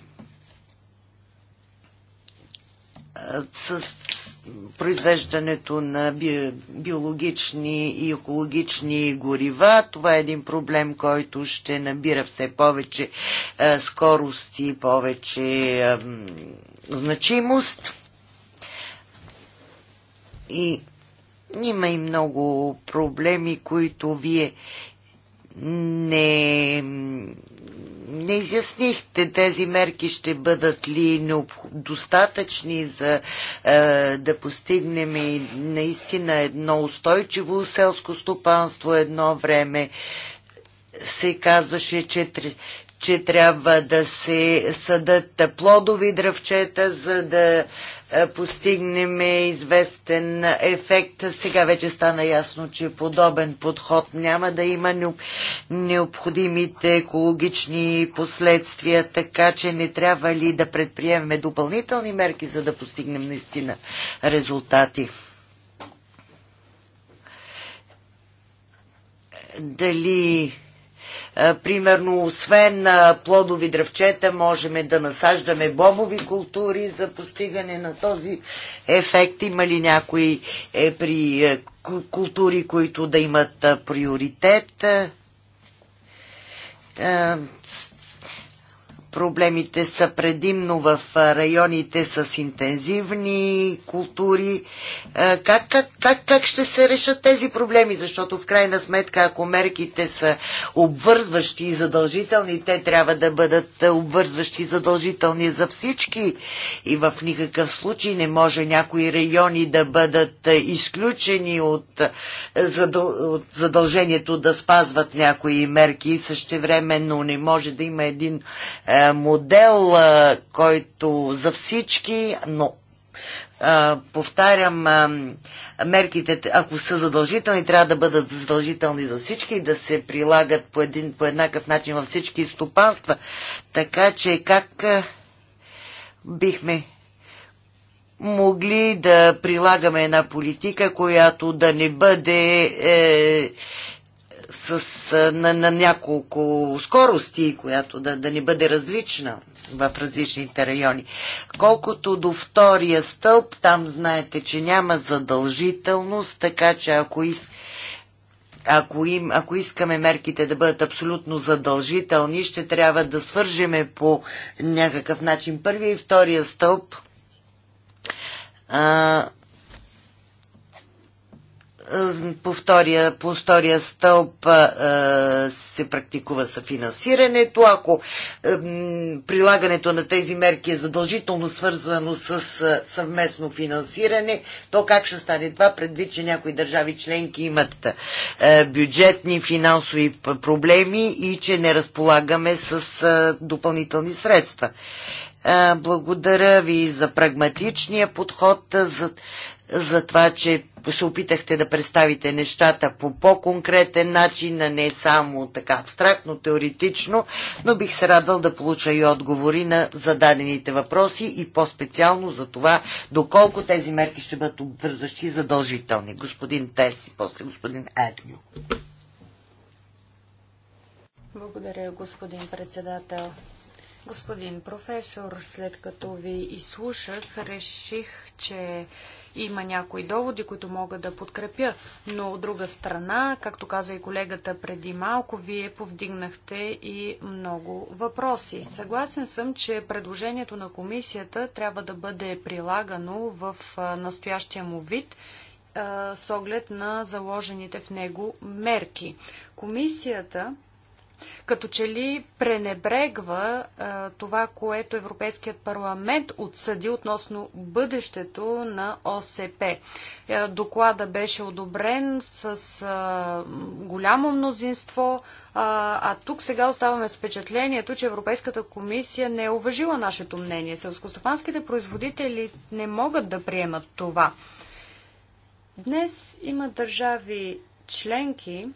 Speaker 2: с произвеждането на би, биологични и екологични горива. Това е един проблем, който ще набира все повече е, скорост и повече е, значимост. И има и много проблеми, които вие не не изяснихте тези мерки ще бъдат ли достатъчни за е, да постигнем и наистина едно устойчиво селско стопанство едно време. Се казваше, че, че трябва да се съдат плодови дръвчета, за да е, постигнем известен ефект. Сега вече стана ясно, че подобен подход няма да има необходимите екологични последствия, така че не трябва ли да предприемем допълнителни мерки, за да постигнем наистина резултати. Дали е, примерно, освен плодови дръвчета, можем да насаждаме бобови култури за постигане на този ефект. Има ли някои е, при е, култури, които да имат приоритет? Е, Проблемите са предимно в районите с интензивни култури. Как, как, как, как ще се решат тези проблеми? Защото в крайна сметка, ако мерките са обвързващи и задължителни, те трябва да бъдат обвързващи и задължителни за всички. И в никакъв случай не може някои райони да бъдат изключени от, задъл... от задължението да спазват някои мерки и същевременно не може да има един е, модел, който за всички, но повтарям, мерките, ако са задължителни, трябва да бъдат задължителни за всички и да се прилагат по, един, по еднакъв начин във всички стопанства. Така че как бихме могли да прилагаме една политика, която да не бъде е, с, на, на няколко скорости, която да, да ни бъде различна в различните райони. Колкото до втория стълб, там знаете, че няма задължителност, така че ако из, ако, им, ако искаме мерките да бъдат абсолютно задължителни, ще трябва да свържеме по някакъв начин първия и втория стълб. А, по втория, по втория стълб а, се практикува съфинансирането. Ако а, прилагането на тези мерки е задължително свързано с а, съвместно финансиране, то как ще стане това, предвид, че някои държави членки имат а, бюджетни финансови проблеми и че не разполагаме с а, допълнителни средства. Благодаря ви за прагматичния подход, за, за това, че се опитахте да представите нещата по по-конкретен начин, а не само така абстрактно, теоретично, но бих се радвал да получа и отговори на зададените въпроси и по-специално за това, доколко тези мерки ще бъдат обвързващи и задължителни. Господин Теси, после господин Агню.
Speaker 1: Благодаря, господин председател. Господин професор, след като ви изслушах, реших, че има някои доводи, които мога да подкрепя. Но от друга страна, както каза и колегата преди малко, вие повдигнахте и много въпроси. Съгласен съм, че предложението на комисията трябва да бъде прилагано в настоящия му вид с оглед на заложените в него мерки. Комисията като че ли пренебрегва а, това, което Европейският парламент отсъди относно бъдещето на ОСП. А, доклада беше одобрен с а, голямо мнозинство, а, а тук сега оставаме с впечатлението, че Европейската комисия не е уважила нашето мнение. Селскостопанските производители не могат да приемат това. Днес има държави членки,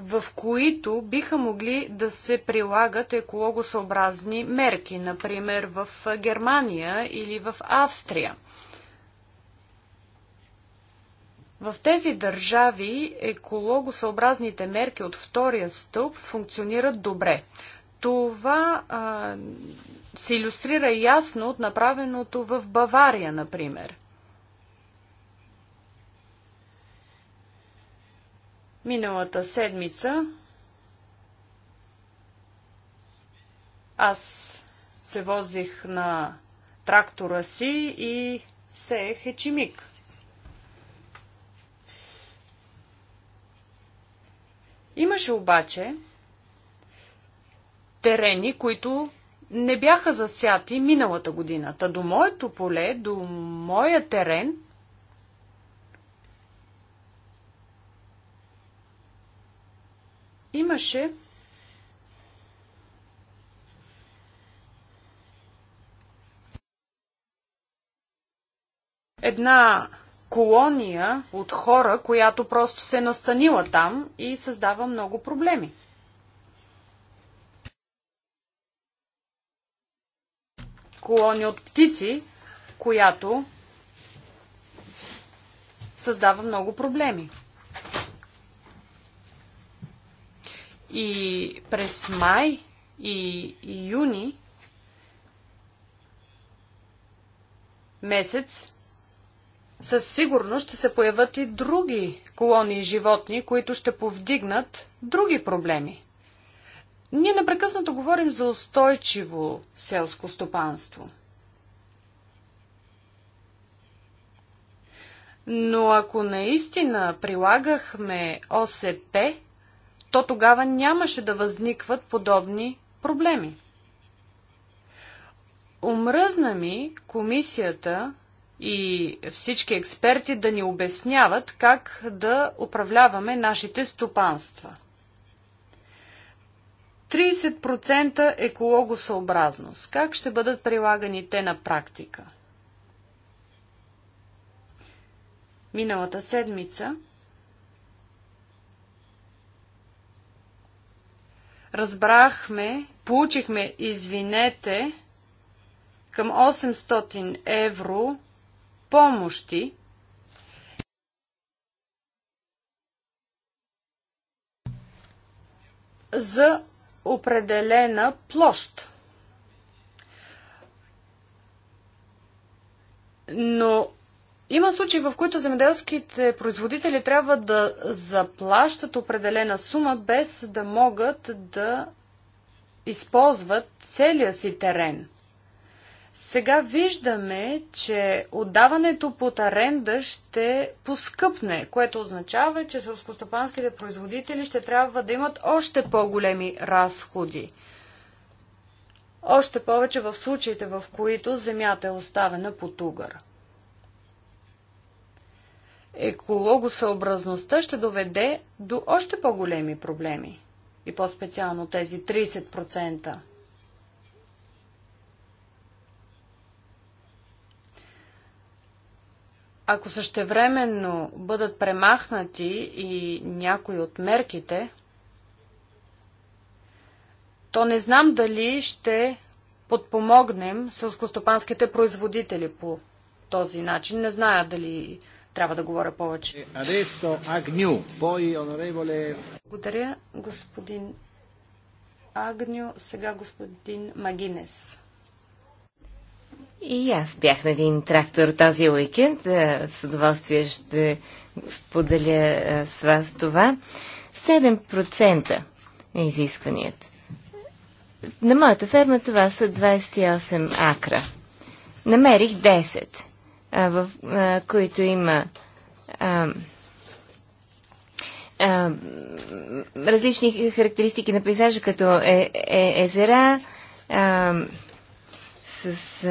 Speaker 1: в които биха могли да се прилагат екологосъобразни мерки, например в Германия или в Австрия. В тези държави екологосъобразните мерки от втория стълб функционират добре. Това а, се иллюстрира ясно от направеното в Бавария, например – Миналата седмица аз се возих на трактора си и сеех ечимик. Имаше обаче терени, които не бяха засяти миналата година. Та до моето поле, до моя терен, Имаше една колония от хора, която просто се настанила там и създава много проблеми. Колония от птици, която създава много проблеми. И през май и юни месец със сигурност ще се появят и други колони животни, които ще повдигнат други проблеми. Ние непрекъснато говорим за устойчиво селско стопанство. Но ако наистина прилагахме ОСП, то тогава нямаше да възникват подобни проблеми. Омръзна ми комисията и всички експерти да ни обясняват как да управляваме нашите стопанства. 30% екологосъобразност. Как ще бъдат прилагани те на практика? Миналата седмица разбрахме, получихме, извинете, към 800 евро помощи, за определена площ. Но има случаи, в които земеделските производители трябва да заплащат определена сума, без да могат да използват целия си терен. Сега виждаме, че отдаването под аренда ще поскъпне, което означава, че сълскостопанските производители ще трябва да имат още по-големи разходи. Още повече в случаите, в които земята е оставена под угъра екологосъобразността ще доведе до още по-големи проблеми. И по-специално тези 30%. Ако същевременно бъдат премахнати и някои от мерките, то не знам дали ще подпомогнем селскостопанските производители по този начин. Не зная дали трябва да говоря повече. Благодаря, господин Агню. Сега господин Магинес.
Speaker 3: И аз бях на един трактор този уикенд. Е, с удоволствие ще споделя е, с вас това. 7% е изискванията. На моята ферма това са 28 акра. Намерих 10 а, в а, които има а, а, различни характеристики на пейзажа, като е, е, езера а, с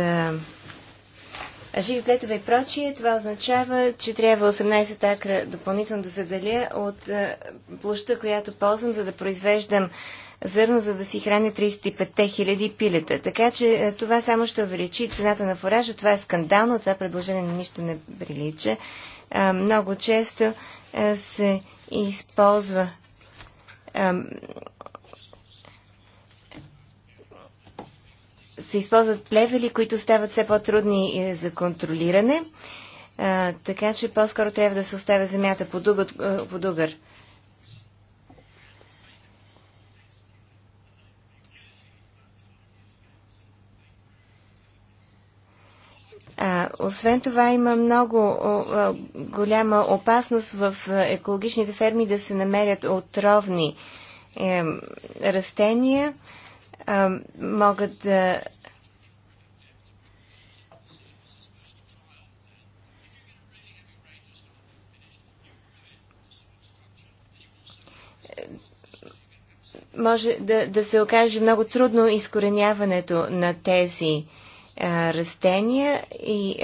Speaker 3: а, живи плетове и прочие, това означава, че трябва 18 акра допълнително да заделя от а, площа, която ползвам, за да произвеждам зърно, за да си храня 35 хиляди пилета. Така че е, това само ще увеличи цената на фуража. Това е скандално, това предложение на нищо не прилича. много често е, се използва се използват плевели, които стават все по-трудни е, за контролиране. А, така че по-скоро трябва да се оставя земята по дугър. А, освен това има много голяма опасност в е, екологичните ферми да се намерят отровни е, растения. А, могат да може да, да се окаже много трудно изкореняването на тези растения и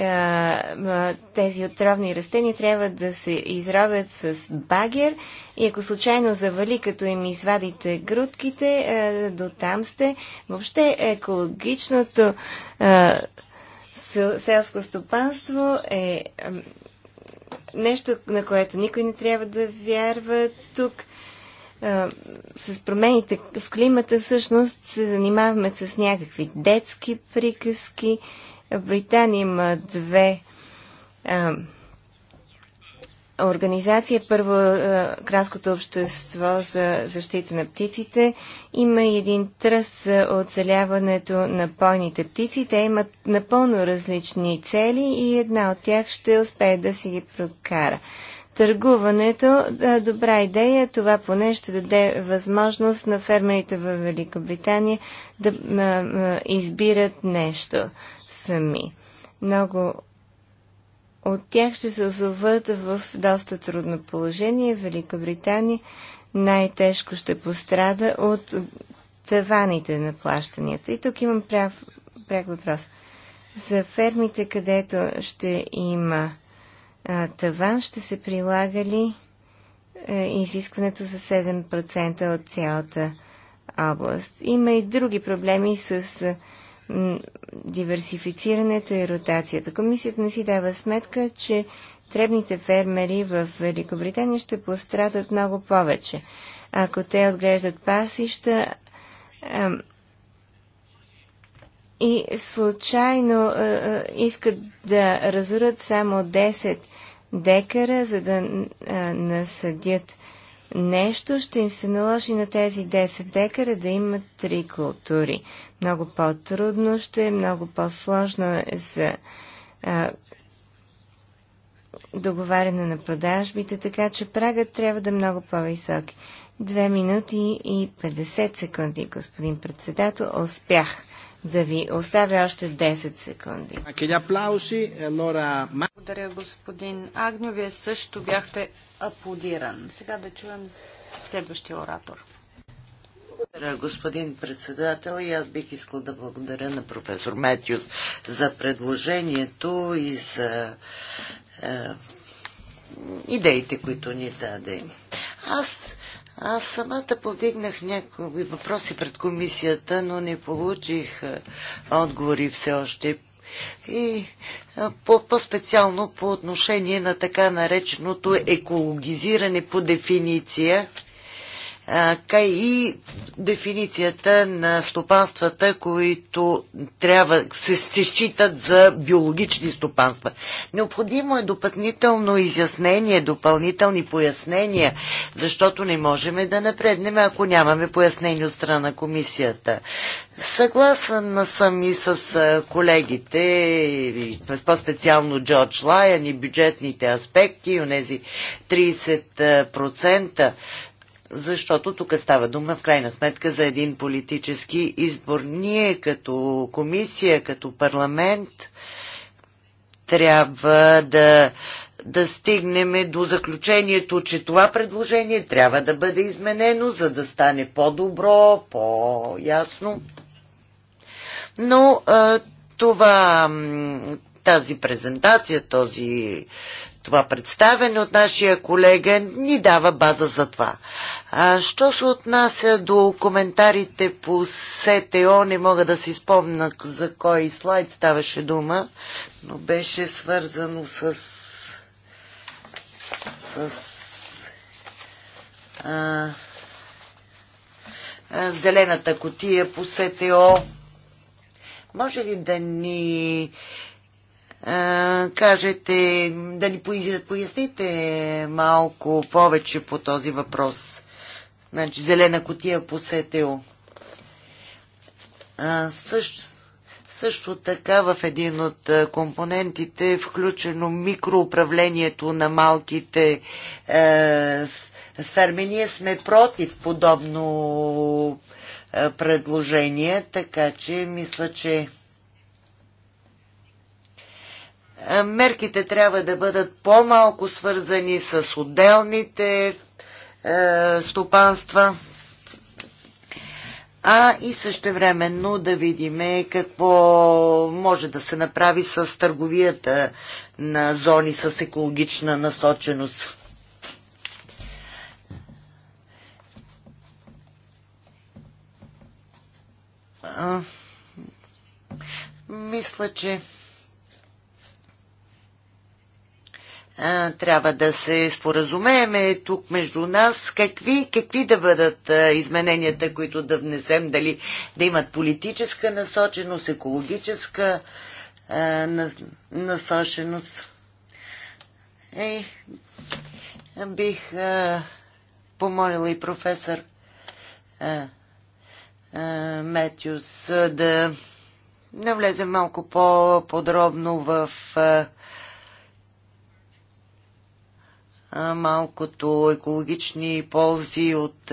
Speaker 3: тези отровни растения трябва да се изробят с багер и ако случайно завали, като им извадите грудките, до там сте. Въобще екологичното селско стопанство е нещо, на което никой не трябва да вярва тук с промените в климата всъщност се занимаваме с някакви детски приказки. В Британия има две а, организации. Първо а, Кралското общество за защита на птиците. Има и един тръст за оцеляването на пойните птици. Те имат напълно различни цели и една от тях ще успее да си ги прокара търгуването. Добра идея. Това поне ще даде възможност на фермерите в Великобритания да избират нещо сами. Много от тях ще се озоват в доста трудно положение. Великобритания най-тежко ще пострада от таваните на плащанията. И тук имам пряк, пряк въпрос. За фермите, където ще има таван ще се прилага ли е, изискването за 7% от цялата област. Има и други проблеми с е, диверсифицирането и ротацията. Комисията не си дава сметка, че дребните фермери в Великобритания ще пострадат много повече. Ако те отглеждат пасища, и случайно е, искат да разорят само 10 декара, за да е, насъдят нещо, ще им се наложи на тези 10 декара да имат три култури. Много по-трудно ще е, много по-сложно е за е, договаряне на продажбите, така че прагът трябва да е много по-висок. Две минути и 50 секунди, господин председател. Успях да ви оставя още 10 секунди. E
Speaker 1: благодаря, господин Агньо. Вие също бяхте аплодиран. Сега да чуем следващия оратор.
Speaker 2: Благодаря, господин председател. И аз бих искал да благодаря на професор Метиус за предложението и за е, идеите, които ни даде. Аз аз самата повдигнах някои въпроси пред комисията, но не получих отговори все още. И по-специално по, по отношение на така нареченото екологизиране по дефиниция – и дефиницията на стопанствата, които трябва се, се считат за биологични стопанства. Необходимо е допълнително изяснение, допълнителни пояснения, защото не можем да напреднем, ако нямаме пояснение от страна на комисията. Съгласна съм и с колегите, по-специално Джордж Лайан и бюджетните аспекти, и тези 30% защото тук става дума в крайна сметка за един политически избор. Ние като комисия, като парламент трябва да, да стигнем до заключението, че това предложение трябва да бъде изменено, за да стане по-добро, по-ясно. Но а, това, тази презентация, този това представене от нашия колега ни дава база за това. А, що се отнася до коментарите по СТО, не мога да си спомна за кой слайд ставаше дума, но беше свързано с, с а, а, зелената котия по СТО. Може ли да ни кажете, да ни поясните малко повече по този въпрос. Значи, зелена котия посетил. А, също, също така в един от компонентите е включено микроуправлението на малките е, ферми. Ние сме против подобно е, предложение, така че мисля, че Е, мерките трябва да бъдат по-малко свързани с отделните е, стопанства, а и същевременно да видим какво може да се направи с търговията на зони с екологична насоченост. А, мисля, че трябва да се споразумееме тук между нас какви, какви да бъдат измененията, които да внесем, дали да имат политическа насоченост, екологическа насоченост. Ей, бих помолила и професор Метюс да навлезе малко по-подробно в а, малкото екологични ползи от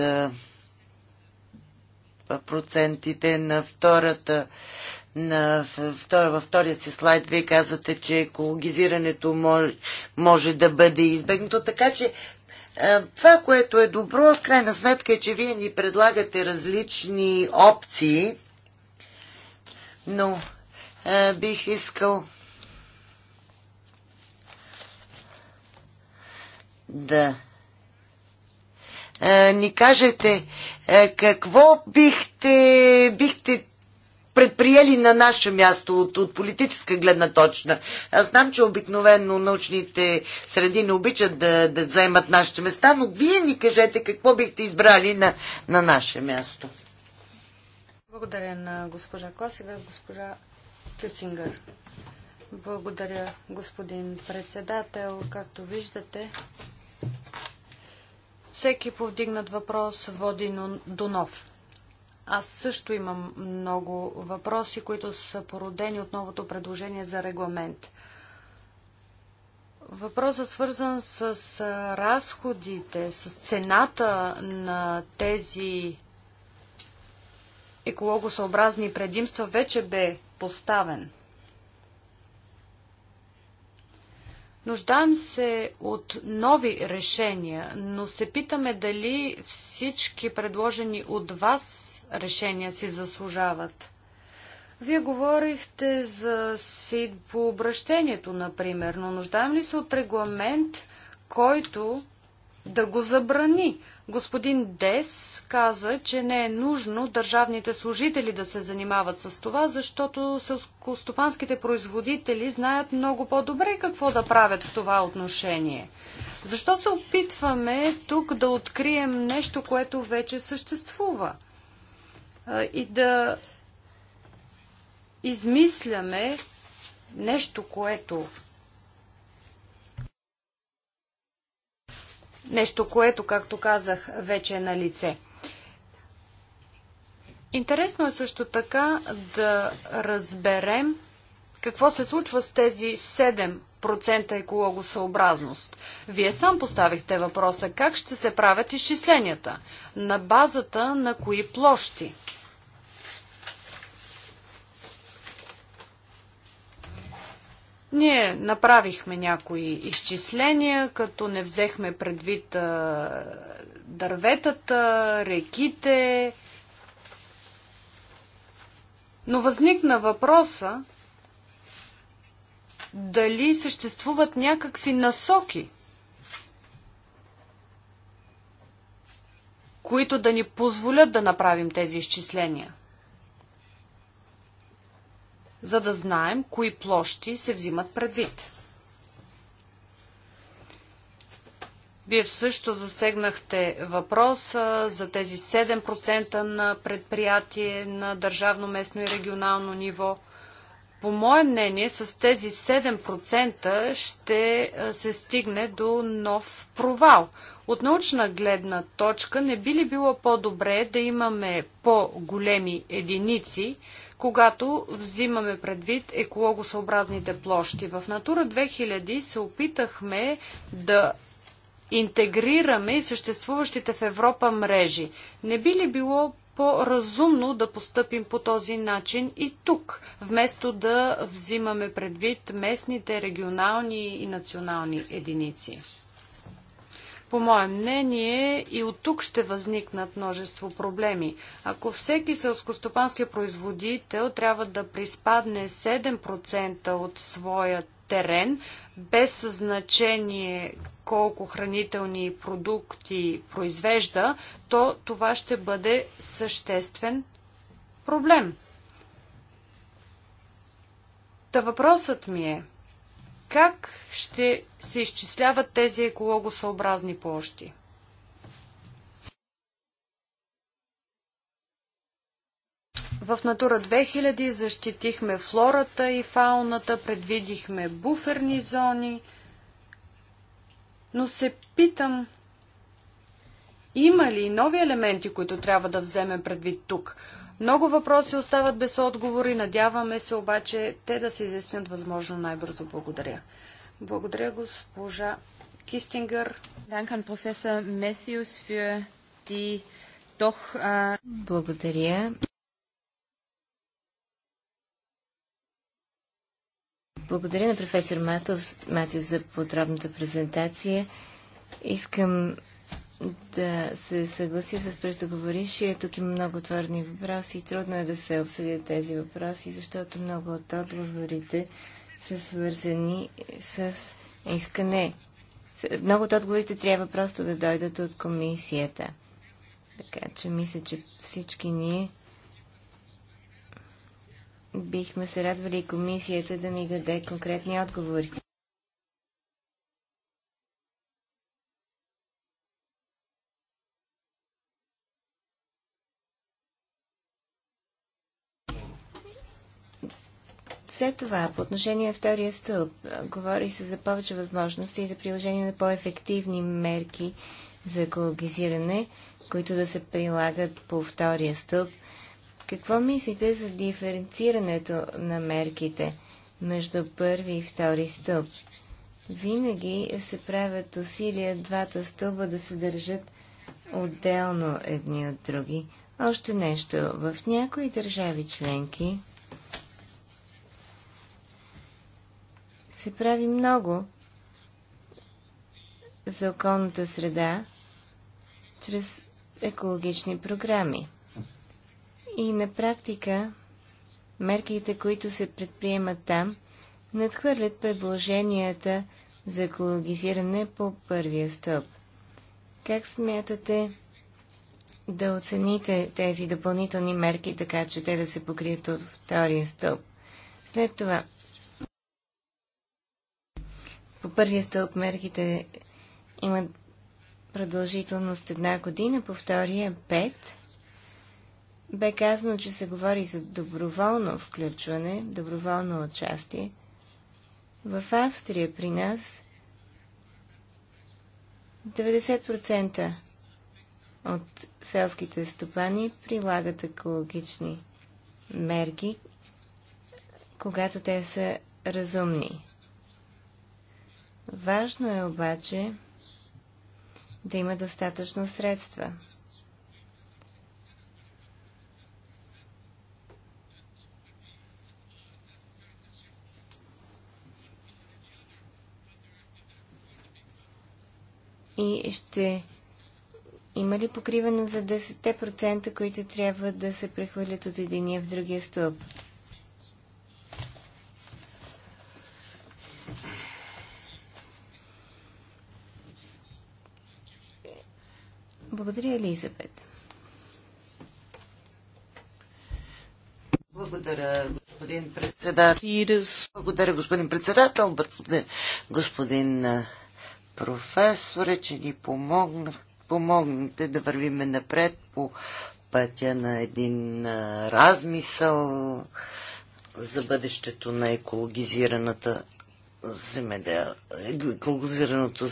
Speaker 2: процентите на втората на втор, във втория си слайд вие казвате, че екологизирането може, може да бъде избегнато, така че това, което е добро, в крайна сметка е, че вие ни предлагате различни опции, но бих искал да е, ни кажете е, какво бихте, бихте предприели на наше място от, от политическа гледна точна. Аз знам, че обикновено научните среди не обичат да, да заемат нашите места, но вие ни кажете какво бихте избрали на, на наше място.
Speaker 1: Благодаря на госпожа Косева, госпожа Кюсингър. Благодаря, господин председател. Както виждате, всеки повдигнат въпрос води до нов. Аз също имам много въпроси, които са породени от новото предложение за регламент. Въпросът е свързан с разходите, с цената на тези екологосъобразни предимства вече бе поставен. Нуждаем се от нови решения, но се питаме дали всички предложени от вас решения си заслужават. Вие говорихте за СИД по обращението, например, но нуждаем ли се от регламент, който да го забрани? Господин Дес каза, че не е нужно държавните служители да се занимават с това, защото селскостопанските производители знаят много по-добре какво да правят в това отношение. Защо се опитваме тук да открием нещо, което вече съществува? И да измисляме нещо, което Нещо, което, както казах, вече е на лице. Интересно е също така да разберем какво се случва с тези 7% екологосъобразност. Вие сам поставихте въпроса как ще се правят изчисленията, на базата на кои площи. Ние направихме някои изчисления, като не взехме предвид а, дърветата, реките. Но възникна въпроса дали съществуват някакви насоки, които да ни позволят да направим тези изчисления за да знаем кои площи се взимат предвид. Вие също засегнахте въпроса за тези 7% на предприятие на държавно, местно и регионално ниво. По мое мнение, с тези 7% ще се стигне до нов провал. От научна гледна точка не би ли било по-добре да имаме по-големи единици, когато взимаме предвид екологосъобразните площи? В Натура 2000 се опитахме да интегрираме и съществуващите в Европа мрежи. Не би ли било по-разумно да постъпим по този начин и тук, вместо да взимаме предвид местните, регионални и национални единици? по мое мнение, и от тук ще възникнат множество проблеми. Ако всеки селскостопански производител трябва да приспадне 7% от своя терен, без значение колко хранителни продукти произвежда, то това ще бъде съществен проблем. Та въпросът ми е – как ще се изчисляват тези екологосъобразни площи? В Натура 2000 защитихме флората и фауната, предвидихме буферни зони, но се питам, има ли нови елементи, които трябва да вземе предвид тук? Много въпроси остават без отговори. Надяваме се обаче те да се изяснят възможно най-бързо. Благодаря. Благодаря, госпожа Кистингър.
Speaker 3: Благодаря. Благодаря на професор Матов, Матис за подробната презентация. Искам да се съгласи с преждоговорившия. Тук има много отворени въпроси. Трудно е да се обсъдят тези въпроси, защото много от отговорите са свързани с искане. Много от отговорите трябва просто да дойдат от комисията. Така че мисля, че всички ние бихме се радвали и комисията да ни даде конкретни отговори. След това, по отношение на втория стълб, говори се за повече възможности и за приложение на по-ефективни мерки за екологизиране, които да се прилагат по втория стълб. Какво мислите за диференцирането на мерките между първи и втори стълб? Винаги се правят усилия двата стълба да се държат отделно едни от други. Още нещо. В някои държави членки се прави много за околната среда чрез екологични програми. И на практика мерките, които се предприемат там, надхвърлят предложенията за екологизиране по първия стълб. Как смятате да оцените тези допълнителни мерки, така че те да се покрият от втория стълб? След това, по първия стълб мерките имат продължителност една година, по втория пет. Бе казано, че се говори за доброволно включване, доброволно участие. В Австрия при нас 90% от селските стопани прилагат екологични мерки, когато те са разумни. Важно е обаче да има достатъчно средства. И ще има ли покриване за 10%, които трябва да се прехвърлят от единия в другия стълб? Благодаря, Елизабет.
Speaker 2: Благодаря, господин председател. Благодаря, господин председател, господин професоре, че ни помогнах, помогнете да вървиме напред по пътя на един размисъл за бъдещето на екологизираната земеделие, екологизираното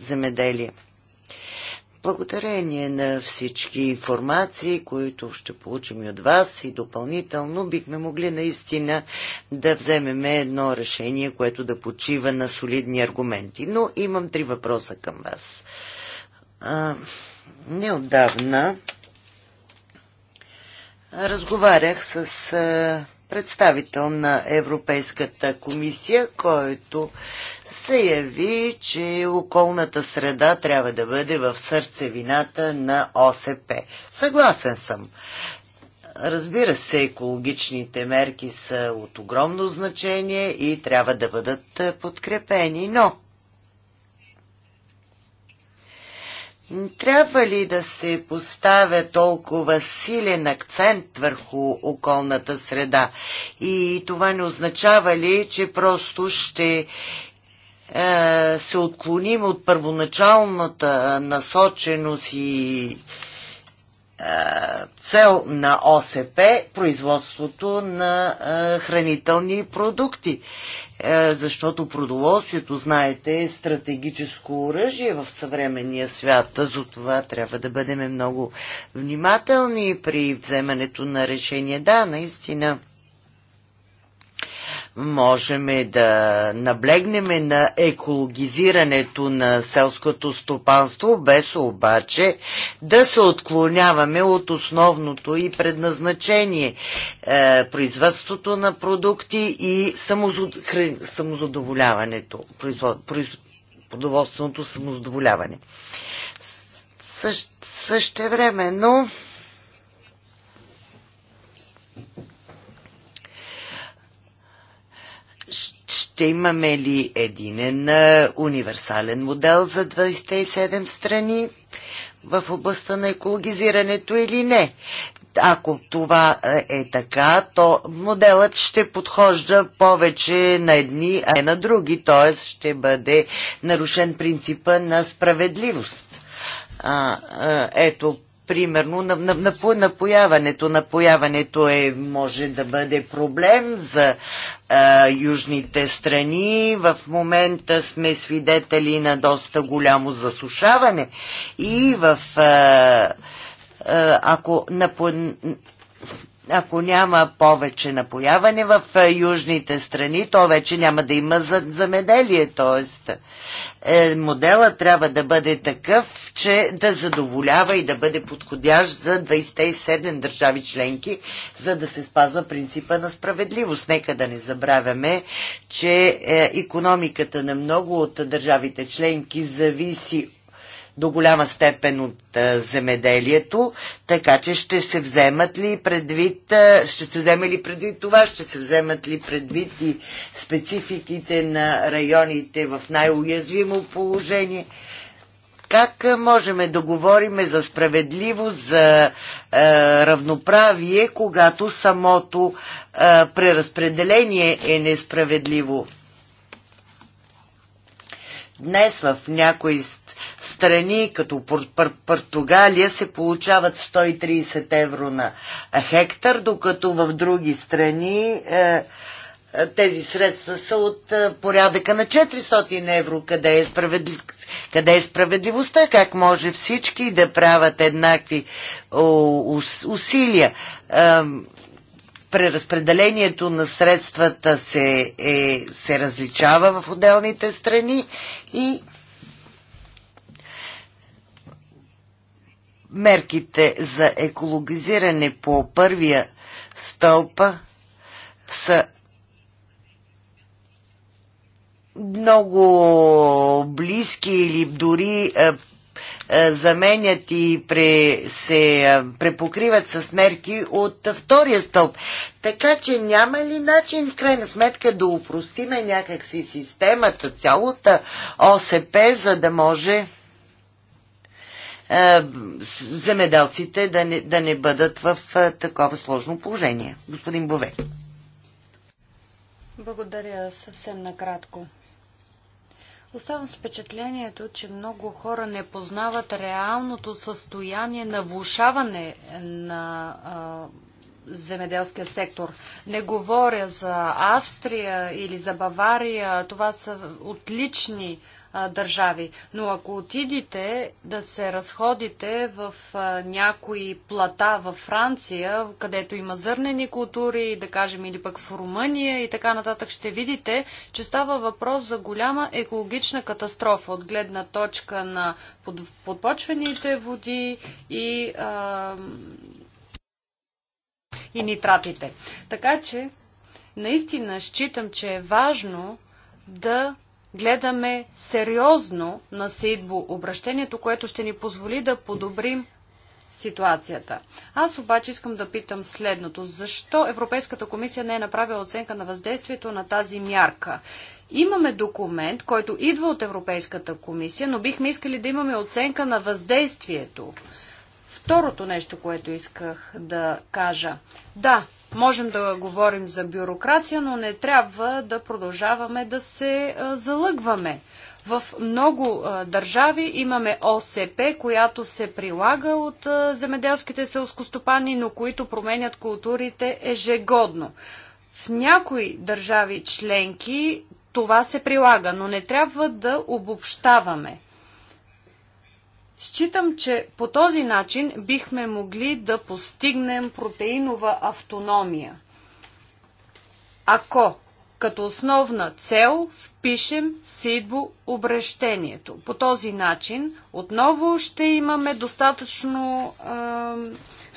Speaker 2: земеделие. Благодарение на всички информации, които ще получим и от вас и допълнително, бихме могли наистина да вземем едно решение, което да почива на солидни аргументи. Но имам три въпроса към вас. А, неодавна разговарях с представител на Европейската комисия, който се яви, че околната среда трябва да бъде в сърцевината на ОСП. Съгласен съм. Разбира се, екологичните мерки са от огромно значение и трябва да бъдат подкрепени, но Трябва ли да се поставя толкова силен акцент върху околната среда? И това не означава ли, че просто ще е, се отклоним от първоначалната насоченост и цел на ОСП производството на хранителни продукти. Е, защото продоволствието, знаете, е стратегическо оръжие в съвременния свят. За това трябва да бъдем много внимателни при вземането на решение. Да, наистина можем да наблегнем на екологизирането на селското стопанство, без обаче да се отклоняваме от основното и предназначение е, производството на продукти и самозадоволяването, продоволственото самозадоволяване. време, но... ще имаме ли един универсален модел за 27 страни в областта на екологизирането или не? Ако това е така, то моделът ще подхожда повече на едни, а не на други, т.е. ще бъде нарушен принципа на справедливост. А, а, ето примерно напояването. Напояването е, може да бъде проблем за а, южните страни. В момента сме свидетели на доста голямо засушаване и в а, а, ако напо ако няма повече напояване в е, южните страни, то вече няма да има замеделие. Тоест, е, модела трябва да бъде такъв, че да задоволява и да бъде подходящ за 27 държави членки, за да се спазва принципа на справедливост. Нека да не забравяме, че е, економиката на много от държавите членки зависи до голяма степен от а, земеделието, така че ще се вземат ли предвид, а, ще се вземе ли предвид това, ще се вземат ли предвид и спецификите на районите в най-уязвимо положение. Как можем да говорим за справедливост, за е, равноправие, когато самото е, преразпределение е несправедливо? Днес в някои страни, като Португалия, се получават 130 евро на хектар, докато в други страни е, е, тези средства са от е, порядъка на 400 евро. Къде е, справедли... Къде е справедливостта? Как може всички да правят еднакви усилия? преразпределението на средствата се, е, се различава в отделните страни и мерките за екологизиране по първия стълпа са много близки или дори е, е, заменят и пре, се е, препокриват с мерки от втория стълб. Така че няма ли начин в крайна сметка да упростиме някакси системата, цялата ОСП, за да може е, земеделците да не, да не бъдат в е, такова сложно положение. Господин Бове.
Speaker 1: Благодаря съвсем накратко. Оставам с впечатлението, че много хора не познават реалното състояние на влушаване на а, земеделския сектор. Не говоря за Австрия или за Бавария. Това са отлични държави. Но ако отидете да се разходите в някои плата във Франция, където има зърнени култури, да кажем, или пък в Румъния и така нататък, ще видите, че става въпрос за голяма екологична катастрофа от гледна точка на под, подпочвените води и. А, и нитратите. Така че, наистина считам, че е важно да гледаме сериозно на сейдбо обращението, което ще ни позволи да подобрим ситуацията. Аз обаче искам да питам следното. Защо Европейската комисия не е направила оценка на въздействието на тази мярка? Имаме документ, който идва от Европейската комисия, но бихме искали да имаме оценка на въздействието. Второто нещо, което исках да кажа. Да, Можем да говорим за бюрокрация, но не трябва да продължаваме да се залъгваме. В много а, държави имаме ОСП, която се прилага от а, земеделските селскостопани, но които променят културите ежегодно. В някои държави членки това се прилага, но не трябва да обобщаваме. Считам, че по този начин бихме могли да постигнем протеинова автономия. Ако като основна цел впишем сидбо обращението. По този начин отново ще имаме достатъчно е,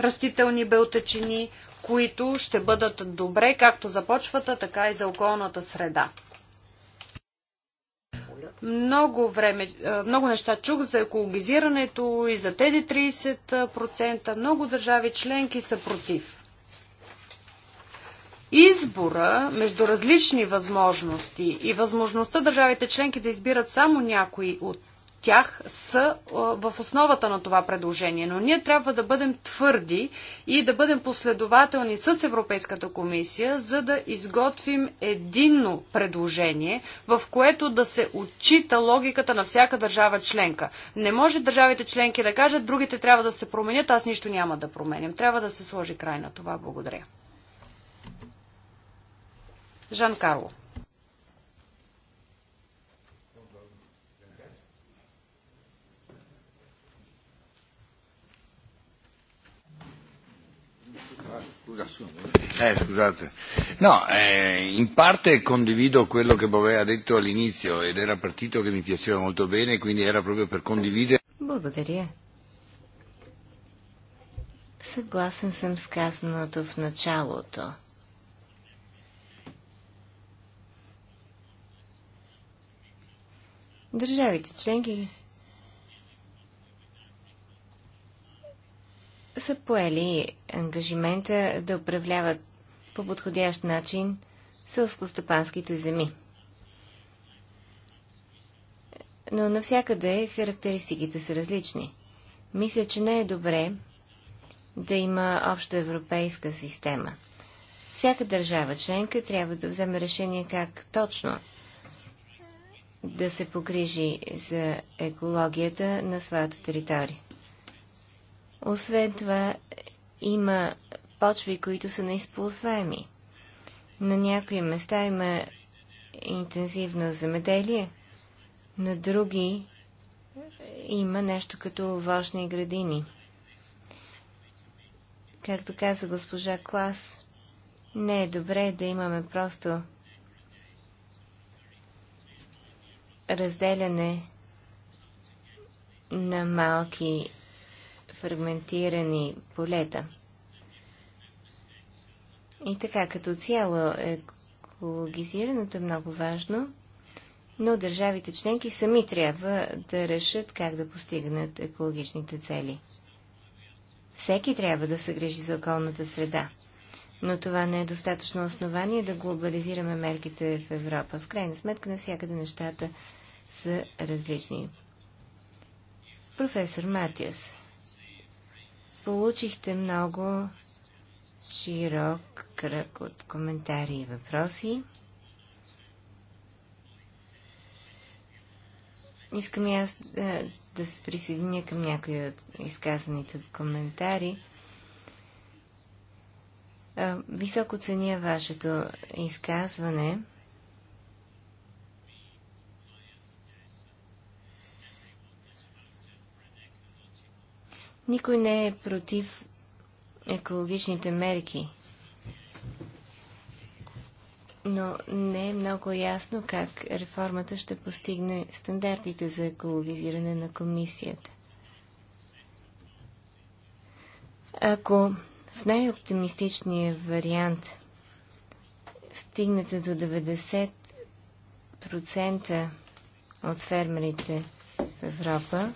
Speaker 1: растителни белтъчини, които ще бъдат добре както за почвата, така и за околната среда. Много, време, много неща чух за екологизирането и за тези 30%. Много държави членки са против. Избора между различни възможности и възможността държавите членки да избират само някои от тях са в основата на това предложение. Но ние трябва да бъдем твърди и да бъдем последователни с Европейската комисия, за да изготвим единно предложение, в което да се отчита логиката на всяка държава членка. Не може държавите членки да кажат, другите трябва да се променят, аз нищо няма да променям. Трябва да се сложи край на това. Благодаря. Жан Карло. Scusa.
Speaker 3: Eh, scusate. No, eh, in parte condivido quello che Bove ha detto all'inizio ed era partito che mi piaceva molto bene,
Speaker 2: quindi era proprio per condividere.
Speaker 3: Благодаря. Съгласен съм с казаното в началото. Държавите членки са поели ангажимента да управляват по подходящ начин сълскостопанските земи. Но навсякъде характеристиките са различни. Мисля, че не е добре да има обща европейска система. Всяка държава членка трябва да вземе решение как точно да се погрижи за екологията на своята територия. Освен това, има почви, които са неизползваеми. На някои места има интензивно земеделие, на други има нещо като овощни градини. Както каза госпожа Клас, не е добре да имаме просто разделяне на малки фрагментирани полета. И така, като цяло екологизирането е много важно, но държавите членки сами трябва да решат как да постигнат екологичните цели. Всеки трябва да се грижи за околната среда. Но това не е достатъчно основание да глобализираме мерките в Европа. В крайна сметка, навсякъде нещата са различни. Професор Матиас. Получихте много широк кръг от коментари и въпроси. Искам и аз да, да се присъединя към някои от изказаните от коментари. Високо ценя вашето изказване. Никой не е против екологичните мерки. Но не е много ясно как реформата ще постигне стандартите за екологизиране на комисията. Ако в най-оптимистичния вариант стигнете до 90% от фермерите в Европа,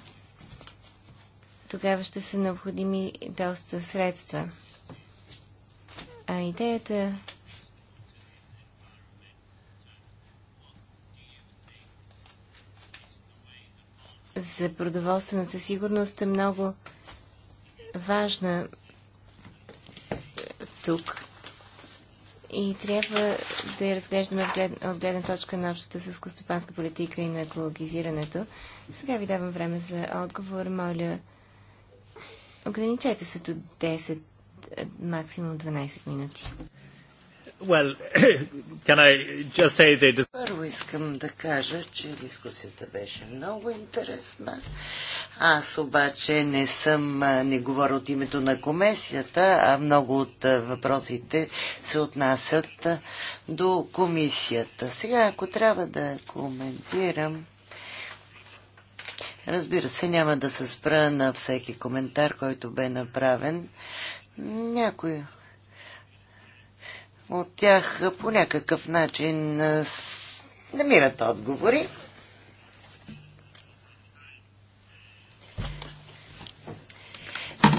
Speaker 3: тогава ще са необходими доста средства. А идеята за продоволствената сигурност е много важна тук и трябва да я разглеждаме от гледна, от гледна точка на общата костопанска политика и на екологизирането. Сега ви давам време за отговор. Моля Ограничете се до 10, е, максимум 12 минути.
Speaker 2: Well, can I just say that... Първо искам да кажа, че дискусията беше много интересна. Аз обаче не съм, не говоря от името на комисията, а много от въпросите се отнасят до комисията. Сега, ако трябва да коментирам Разбира се, няма да се спра на всеки коментар, който бе направен. Някой от тях по някакъв начин намират отговори.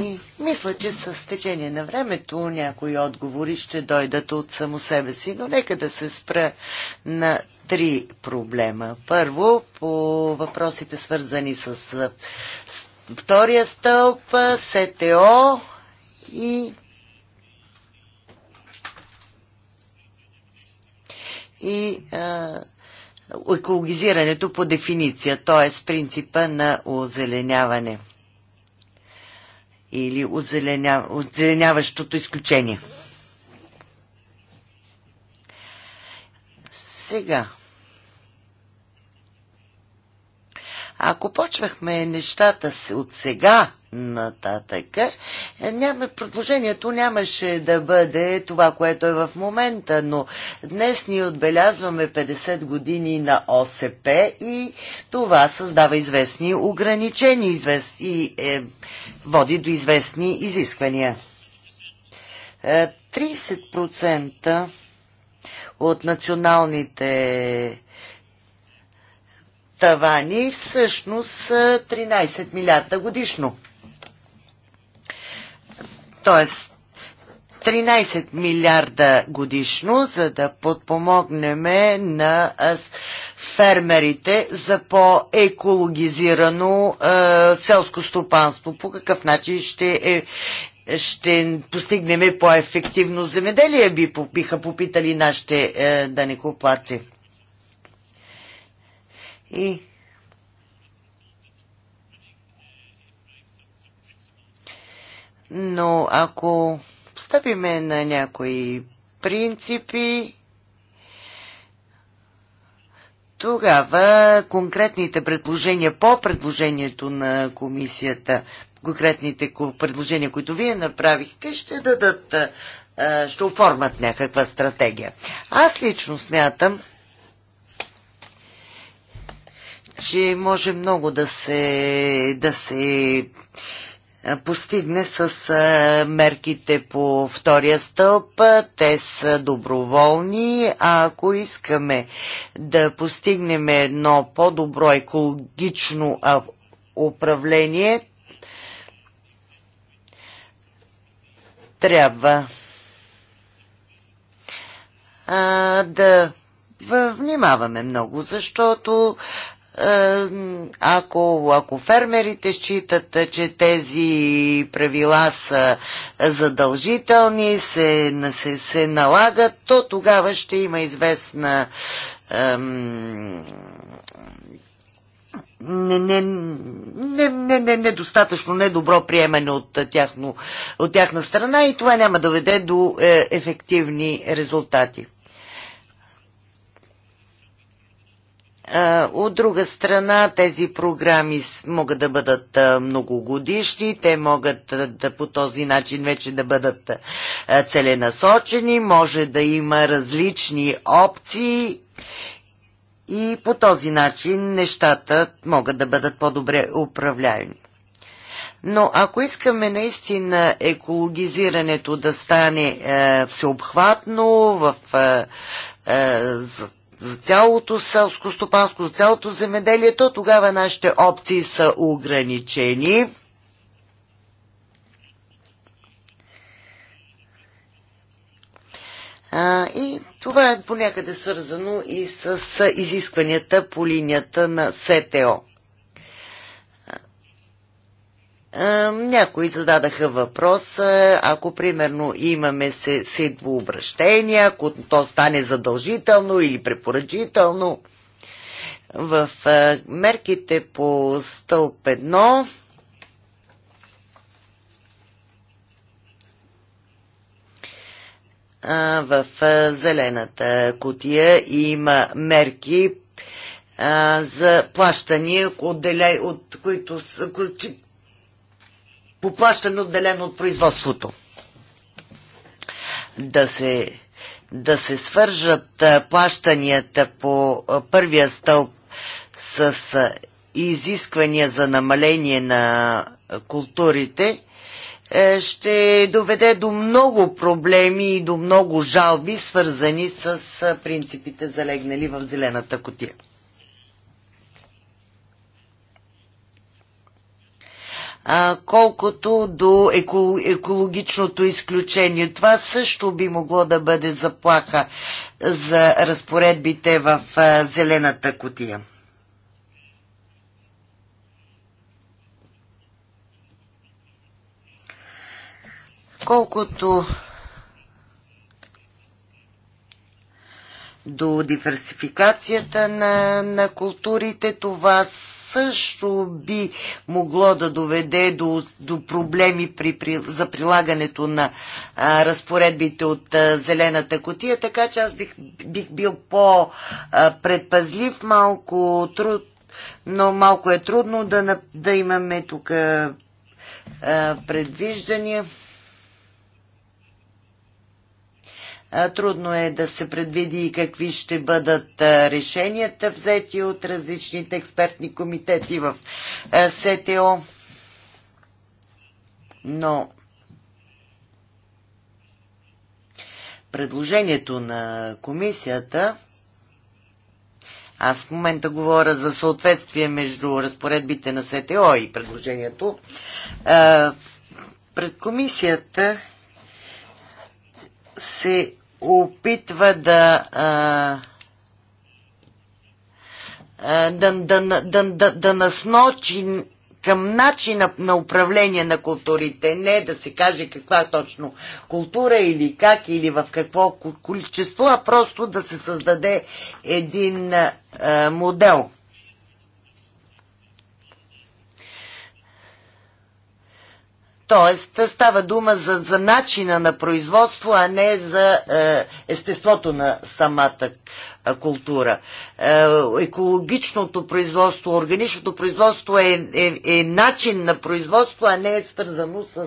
Speaker 2: И мисля, че с течение на времето някои отговори ще дойдат от само себе си, но нека да се спра на три проблема. Първо, по въпросите свързани с втория стълб, СТО и и а, екологизирането по дефиниция, т.е. принципа на озеленяване или озеленя... озеленяващото изключение. Сега, Ако почвахме нещата от сега нататък, е, няма, предложението нямаше да бъде това, което е в момента, но днес ние отбелязваме 50 години на ОСП и това създава известни ограничения извест... и е, води до известни изисквания. 30% е, от националните тавани всъщност 13 милиарда годишно. Тоест 13 милиарда годишно, за да подпомогнем на фермерите за по-екологизирано е, селско стопанство. По какъв начин ще е, ще постигнем по-ефективно земеделие, би, биха попитали нашите е, данекоплаци. И но ако стъпиме на някои принципи, тогава конкретните предложения по предложението на комисията, конкретните предложения, които вие направихте, ще дадат, ще оформят някаква стратегия. Аз лично смятам, че може много да се, да се постигне с мерките по втория стълб. Те са доброволни, а ако искаме да постигнем едно по-добро екологично управление, трябва а, да внимаваме много, защото ако, ако фермерите считат, че тези правила са задължителни, се, се, се налагат, то тогава ще има известна недостатъчно, не, не, не, не, не, недостатъчно недобро приемане от, тяхно, от тяхна страна и това няма да веде до е, ефективни резултати. Е, от друга страна, тези програми могат да бъдат е, многогодишни, те могат е, да по този начин вече да бъдат целенасочени, може да има различни опции и по този начин нещата могат да бъдат по-добре управляеми. Но ако искаме наистина екологизирането да стане е, всеобхватно в е, е, за цялото селско стопанско, за цялото земеделие, то тогава нашите опции са ограничени. А, и това е понякъде свързано и с изискванията по линията на СТО. Е, някои зададаха въпроса, ако примерно имаме седво обращение, ако то стане задължително или препоръчително. В е, мерките по стълб 1 е, в зелената котия има мерки за плащания, от които, плащане отделено от производството. Да се, да се свържат плащанията по първия стълб с изисквания за намаление на културите е, ще доведе до много проблеми и до много жалби, свързани с принципите залегнали в зелената котия. колкото до екологичното изключение. Това също би могло да бъде заплаха за разпоредбите в зелената котия. Колкото до диверсификацията на, на културите, това също би могло да доведе до, до проблеми при, при, за прилагането на а, разпоредбите от а, зелената котия, така че аз бих, бих бил по-предпазлив, малко труд, но малко е трудно да, да имаме тук предвиждания. Трудно е да се предвиди какви ще бъдат решенията взети от различните експертни комитети в СТО. Но предложението на комисията аз в момента говоря за съответствие между разпоредбите на СТО и предложението. Пред комисията се опитва да а, да, да, да, да, да насночи към начина на управление на културите, не да се каже каква точно култура или как или в какво количество, а просто да се създаде един а, модел. Тоест, става дума за, за начина на производство, а не за е, естеството на самата е, култура. Е, екологичното производство, органичното производство е, е, е начин на производство, а не е свързано с, е,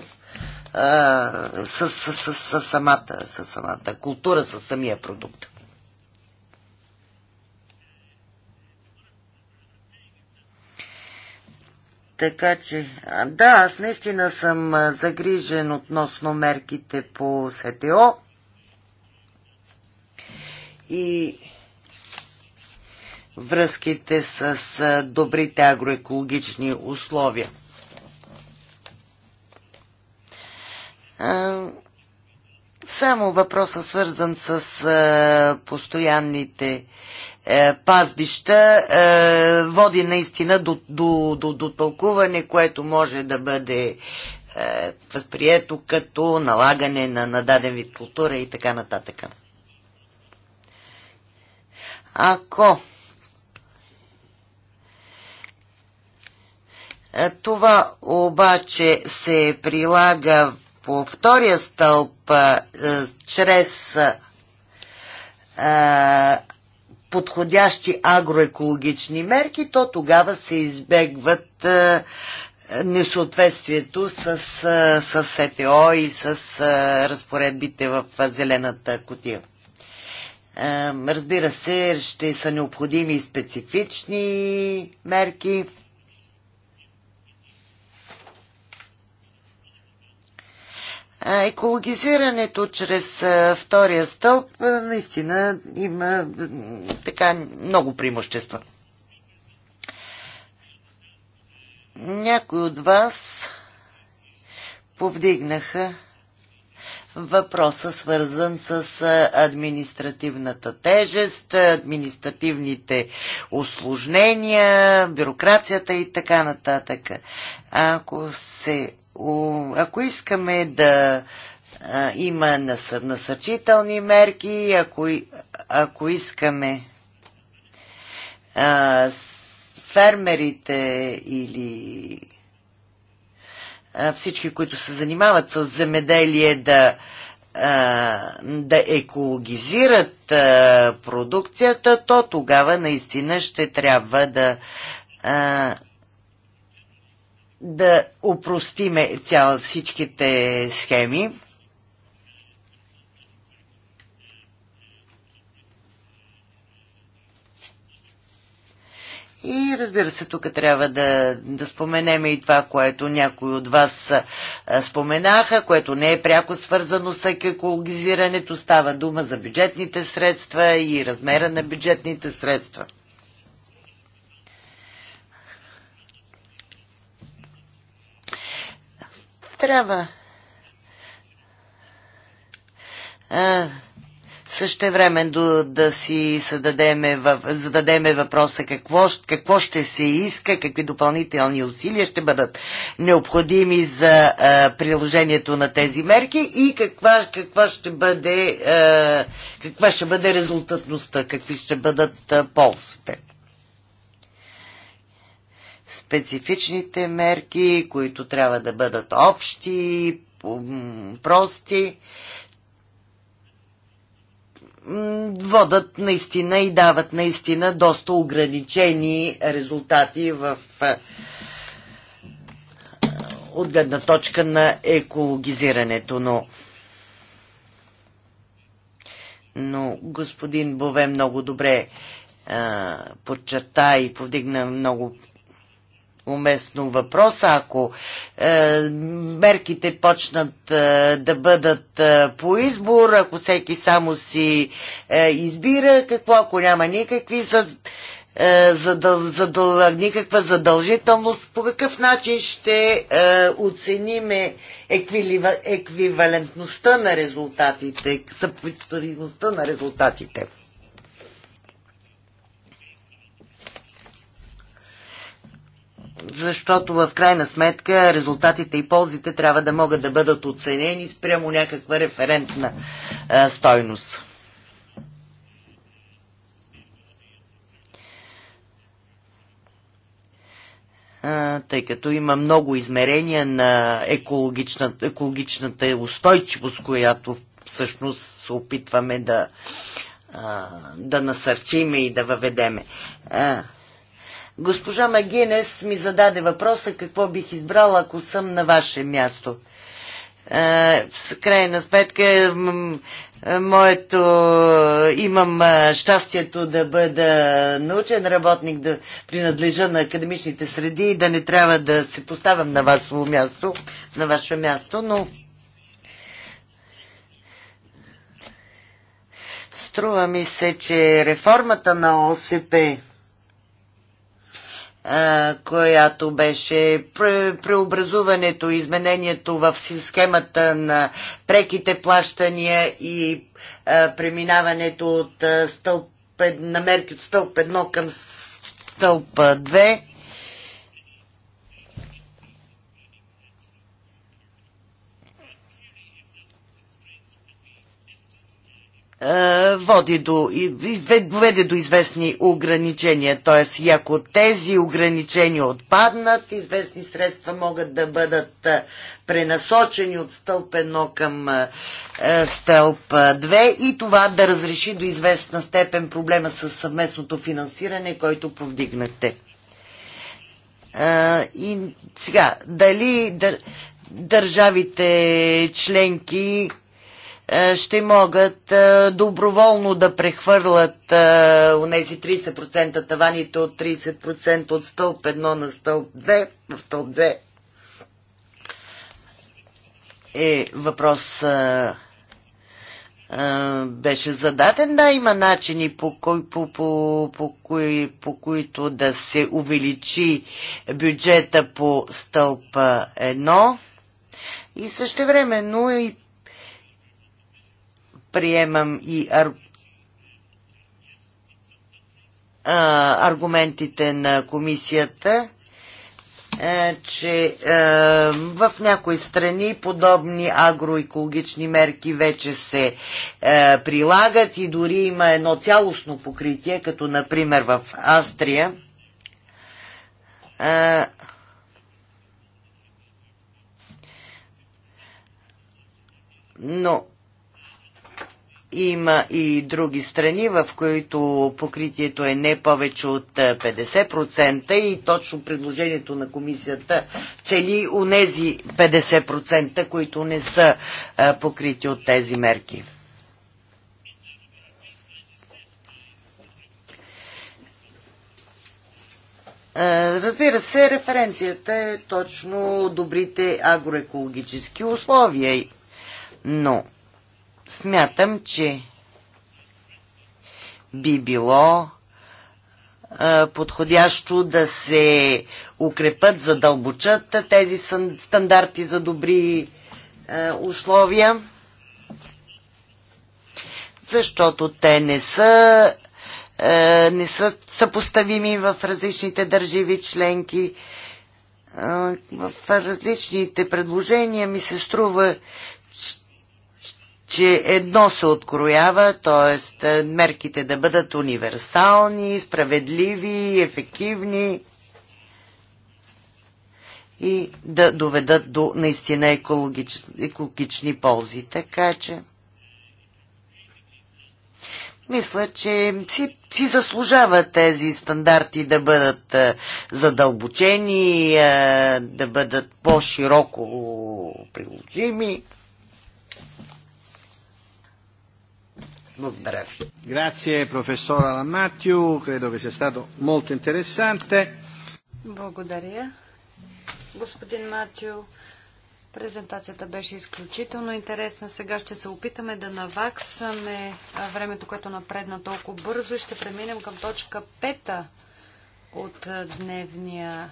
Speaker 2: с, с, с, с, самата, с самата култура, с самия продукт. Така че, да, аз наистина съм загрижен относно мерките по СТО. И връзките с добрите агроекологични условия. Само въпроса свързан с постоянните е, пазбища е, води наистина до, до, до, до тълкуване, което може да бъде е, възприето като налагане на, на даден вид култура и така нататък. Ако е, Това обаче се прилага по втория стълб е, чрез а, е, подходящи агроекологични мерки, то тогава се избегват е, несъответствието с, е, с СТО и с е, разпоредбите в зелената котия. Разбира се, ще са необходими специфични мерки. Екологизирането чрез втория стълб наистина има така много преимущества. Някои от вас повдигнаха въпроса, свързан с административната тежест, административните осложнения, бюрокрацията и така нататък. Ако се ако искаме да има насърчителни мерки, ако, ако искаме фермерите или всички, които се занимават с земеделие, да, да екологизират продукцията, то тогава наистина ще трябва да да упростиме цял всичките схеми. И разбира се, тук трябва да, да споменеме и това, което някои от вас споменаха, което не е пряко свързано с екологизирането. Става дума за бюджетните средства и размера на бюджетните средства. Трябва а, също време да, да си зададеме, зададеме въпроса какво, какво ще се иска, какви допълнителни усилия ще бъдат необходими за а, приложението на тези мерки и каква, каква, ще, бъде, а, каква ще бъде резултатността, какви ще бъдат а, ползите специфичните мерки, които трябва да бъдат общи, прости, водат наистина и дават наистина доста ограничени резултати в от гледна точка на екологизирането, но но господин Бове много добре а, подчерта и повдигна много уместно въпроса. Ако е, мерките почнат е, да бъдат е, по избор, ако всеки само си е, избира, какво ако няма никакви за, е, задъл, задъл, никаква задължителност, по какъв начин ще е, оцениме еквивалентността на резултатите, съпоставимостта на резултатите. защото в крайна сметка резултатите и ползите трябва да могат да бъдат оценени спрямо някаква референтна а, стойност. тъй като има много измерения на екологичната, екологичната устойчивост, която всъщност се опитваме да, да насърчиме и да въведеме. Госпожа Магинес ми зададе въпроса какво бих избрала, ако съм на ваше място. Е, в крайна сметка, е, моето имам е, щастието да бъда научен работник, да принадлежа на академичните среди и да не трябва да се поставям на вас място, на ваше място, но струва ми се, че реформата на ОСП която беше преобразуването, изменението в схемата на преките плащания и преминаването от стълб, на мерки от стълб 1 към стълб Е, води до, доведе до известни ограничения. Т.е. и ако тези ограничения отпаднат, известни средства могат да бъдат е, пренасочени от стълб 1 към е, стълб 2 и това да разреши до известна степен проблема с съвместното финансиране, който повдигнахте. И сега, дали държавите членки е, ще могат е, доброволно да прехвърлят е, нези 30% таваните от 30% от стълб 1 на стълб 2. В стълб 2 е въпрос беше зададен. Да, има начини по, кой, по, по, по, кой, по които да се увеличи бюджета по стълб 1 и също време, но и приемам и ар... а, аргументите на комисията, а, е, че а, е, в някои страни подобни агроекологични мерки вече се а, е, прилагат и дори има едно цялостно покритие, като например в Австрия. А, но има и други страни, в които покритието е не повече от 50% е, и точно предложението на комисията цели у нези 50%, които не са е, покрити от тези мерки. Е, разбира се, референцията е точно добрите агроекологически условия, но Смятам, че би било подходящо да се укрепат, задълбочат тези стандарти за добри условия, защото те не са, не са съпоставими в различните държави членки. В различните предложения ми се струва, че едно се откроява, т.е. Е, мерките да бъдат универсални, справедливи, ефективни и да доведат до наистина екологич, екологични ползи. Така че мисля, че си, си заслужава тези стандарти да бъдат е, задълбочени, е, да бъдат по-широко приложими. Благодаря ви. Grazie, професор
Speaker 3: Аламатио. Credo che sia stato molto interessante.
Speaker 1: Благодаря. Господин Матио, презентацията беше изключително интересна. Сега ще се опитаме да наваксаме времето, което напредна толкова бързо и ще преминем към точка 5 от дневния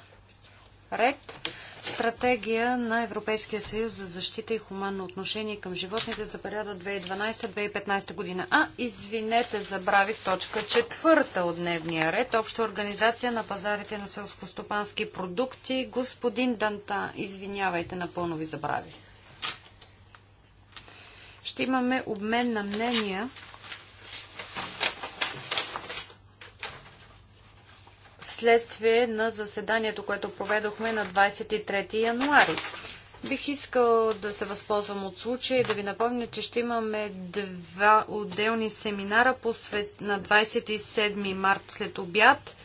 Speaker 1: ред. Стратегия на Европейския съюз за защита и хуманно отношение към животните за периода 2012-2015 година. А, извинете, забравих точка четвърта от дневния ред. Обща организация на пазарите на селскостопански продукти. Господин Данта, извинявайте, напълно ви забравих. Ще имаме обмен на мнения следствие на заседанието, което проведохме на 23 януари. Бих искал да се възползвам от случая и да ви напомня, че ще имаме два отделни семинара свет на 27 март след обяд,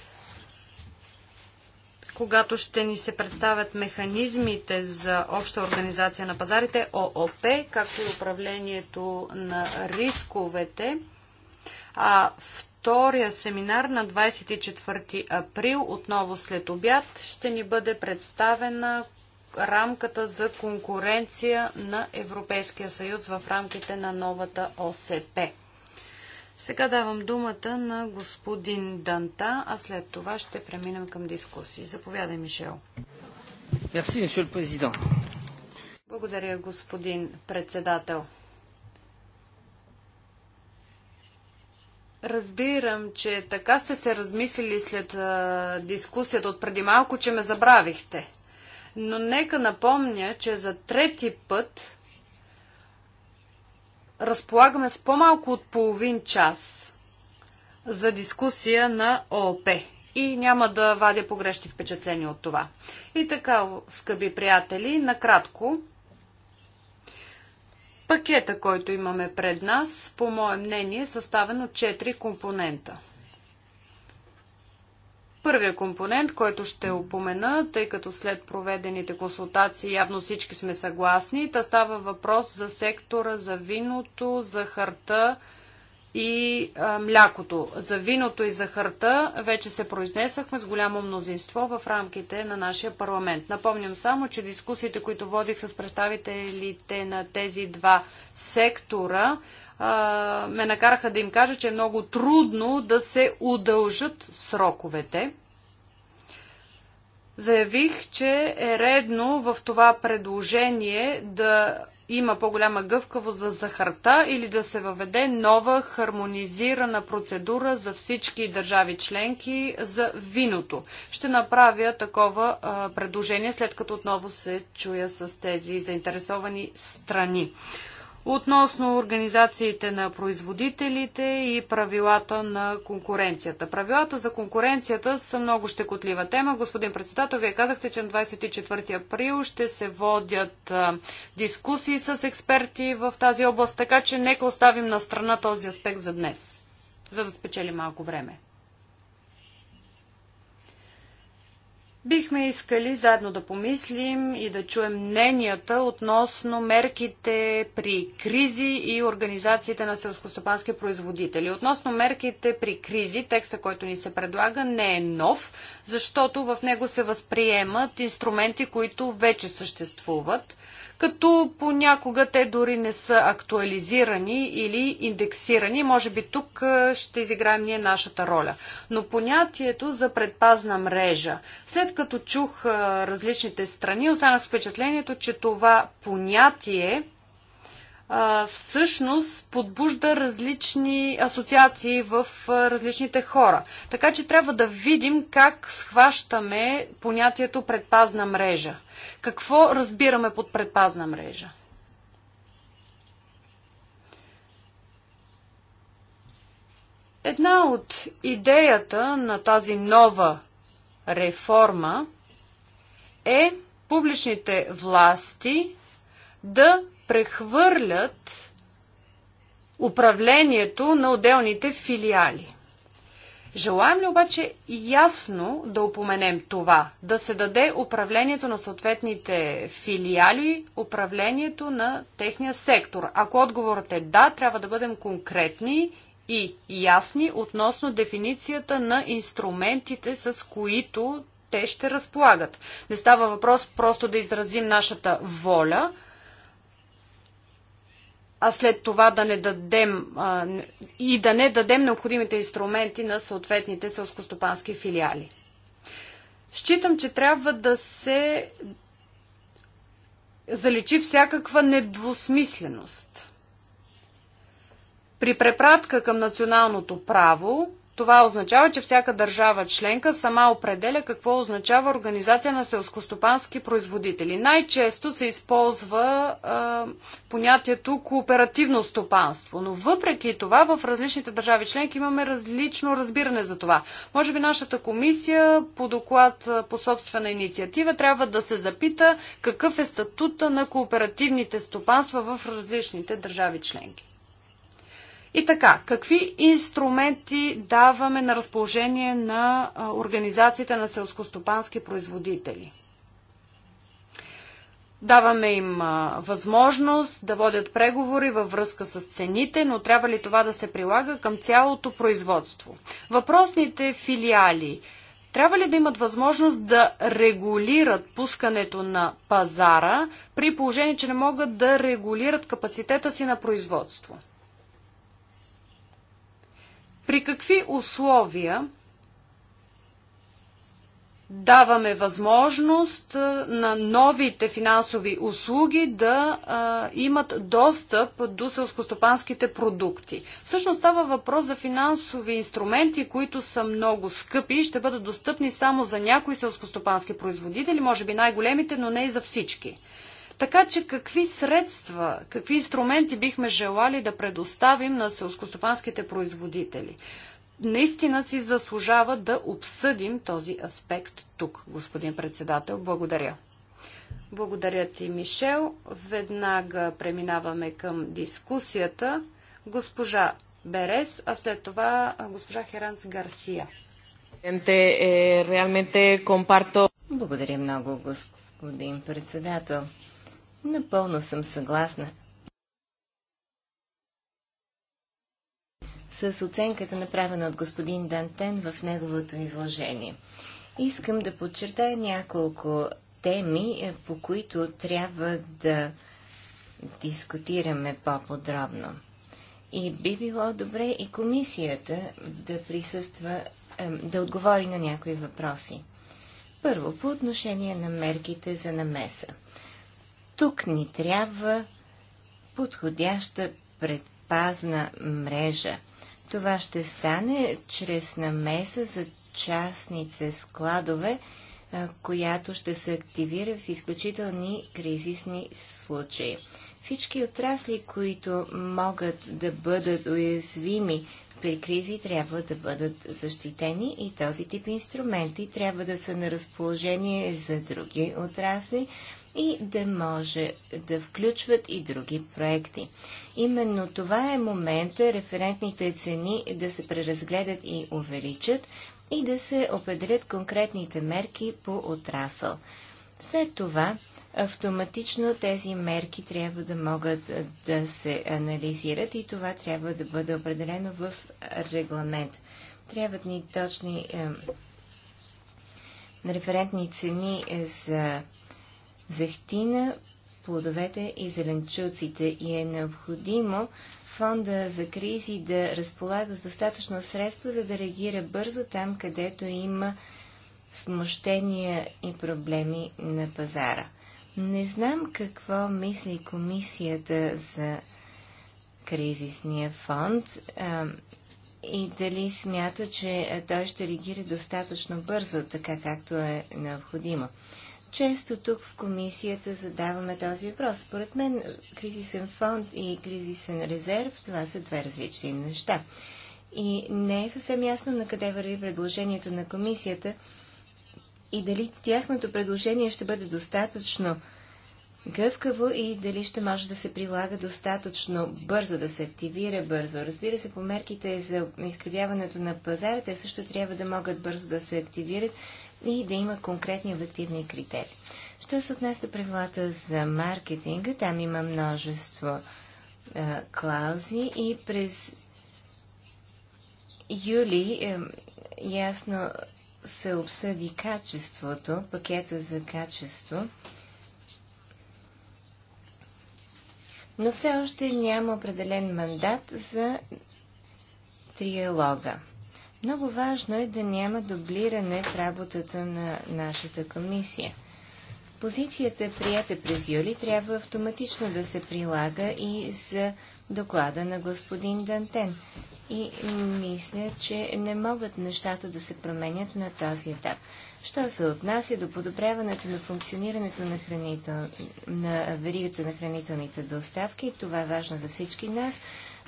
Speaker 1: когато ще ни се представят механизмите за обща организация на пазарите, ООП, както и управлението на рисковете. А в втория семинар на 24 април, отново след обяд, ще ни бъде представена рамката за конкуренция на Европейския съюз в рамките на новата ОСП. Сега давам думата на господин Данта, а след това ще преминем към дискусии. Заповядай, Мишел. Благодаря, господин председател. Разбирам, че така сте се размислили след а, дискусията от преди малко, че ме забравихте. Но нека напомня, че за трети път разполагаме с по-малко от половин час за дискусия на ООП. И няма да вадя погрешни впечатления от това. И така, скъпи приятели, накратко Пакета, който имаме пред нас, по мое мнение, е съставен от 4 компонента. Първия компонент, който ще опомена, тъй като след проведените консултации явно всички сме съгласни, та става въпрос за сектора, за виното, за харта, и а, млякото. За виното и за харта вече се произнесахме с голямо мнозинство в рамките на нашия парламент. Напомням само, че дискусиите, които водих с представителите на тези два сектора, а, ме накараха да им кажа, че е много трудно да се удължат сроковете. Заявих, че е редно в това предложение да има по-голяма гъвкавост за захарта или да се въведе нова хармонизирана процедура за всички държави членки за виното. Ще направя такова а, предложение, след като отново се чуя с тези заинтересовани страни относно организациите на производителите и правилата на конкуренцията. Правилата за конкуренцията са много щекотлива тема. Господин председател, вие казахте, че на 24 април ще се водят дискусии с експерти в тази област, така че нека оставим на страна този аспект за днес, за да спечели малко време. Бихме искали заедно да помислим и да чуем мненията относно мерките при кризи и организациите на селскостопански производители. Относно мерките при кризи, текста, който ни се предлага, не е нов, защото в него се възприемат инструменти, които вече съществуват като понякога те дори не са актуализирани или индексирани. Може би тук ще изиграем ние нашата роля. Но понятието за предпазна мрежа. След като чух различните страни, останах с впечатлението, че това понятие всъщност подбужда различни асоциации в различните хора. Така че трябва да видим как схващаме понятието предпазна мрежа. Какво разбираме под предпазна мрежа? Една от идеята на тази нова реформа е публичните власти да прехвърлят управлението на отделните филиали. Желаем ли обаче ясно да упоменем това, да се даде управлението на съответните филиали, управлението на техния сектор? Ако отговорът е да, трябва да бъдем конкретни и ясни относно дефиницията на инструментите, с които те ще разполагат. Не става въпрос просто да изразим нашата воля, а след това да не дадем а, и да не дадем необходимите инструменти на съответните селскостопански филиали. Считам, че трябва да се заличи всякаква недвусмисленост. При препратка към националното право това означава, че всяка държава членка сама определя какво означава организация на селскостопански производители. Най-често се използва а, понятието кооперативно стопанство, но въпреки това в различните държави членки имаме различно разбиране за това. Може би нашата комисия по доклад по собствена инициатива трябва да се запита какъв е статута на кооперативните стопанства в различните държави членки. И така, какви инструменти даваме на разположение на организациите на селскостопански производители? Даваме им възможност да водят преговори във връзка с цените, но трябва ли това да се прилага към цялото производство? Въпросните филиали трябва ли да имат възможност да регулират пускането на пазара при положение, че не могат да регулират капацитета си на производство? При какви условия даваме възможност на новите финансови услуги да а, имат достъп до селскостопанските продукти. Всъщност става въпрос за финансови инструменти, които са много скъпи и ще бъдат достъпни само за някои селскостопански производители, може би най-големите, но не и за всички. Така че какви средства, какви инструменти бихме желали да предоставим на селскостопанските производители? Наистина си заслужава да обсъдим този аспект тук, господин председател. Благодаря. Благодаря ти, Мишел. Веднага преминаваме към дискусията. Госпожа Берес, а след това госпожа Херанс Гарсия.
Speaker 3: Е, е, Благодаря много, господин председател. Напълно съм съгласна. С оценката направена от господин Дантен в неговото изложение. Искам да подчертая няколко теми, е, по които трябва да дискутираме по-подробно. И би било добре и комисията да присъства, да отговори на някои въпроси. Първо, по отношение на мерките за намеса. Тук ни трябва подходяща предпазна мрежа. Това ще стане чрез намеса за частните складове, която ще се активира в изключителни кризисни случаи. Всички отрасли, които могат да бъдат уязвими при кризи трябва да бъдат защитени и този тип инструменти трябва да са на разположение за други отрасли и да може да включват и други проекти. Именно това е момента референтните цени да се преразгледат и увеличат и да се определят конкретните мерки по отрасъл. След това автоматично тези мерки трябва да могат да се анализират и това трябва да бъде определено в регламент. Трябват ни точни е, референтни цени е, за захтина, плодовете и зеленчуците и е необходимо фонда за кризи да разполага с достатъчно средства, за да реагира бързо там, където има смущения и проблеми на пазара. Не знам какво мисли комисията за кризисния фонд а, и дали смята, че той ще реагира достатъчно бързо, така както е необходимо. Често тук в комисията задаваме този въпрос. Според мен кризисен фонд и кризисен резерв това са две различни неща. И не е съвсем ясно на къде върви предложението на комисията и дали тяхното предложение ще бъде достатъчно гъвкаво и дали ще може да се прилага достатъчно бързо, да се активира бързо. Разбира се, по мерките за изкривяването на пазара, те също трябва да могат бързо да се активират и да има конкретни обективни критерии. Що се отнася до правилата за маркетинга, там има множество а, клаузи и през юли е, ясно се обсъди качеството, пакета за качество, но все още няма определен мандат за триалога. Много важно е да няма дублиране в работата на нашата комисия. Позицията, прията през юли, трябва автоматично да се прилага и за доклада на господин Дантен и мисля, че не могат нещата да се променят на този етап. Що се отнася до подобряването на функционирането на, хранител... на веригата на хранителните доставки, това е важно за всички нас.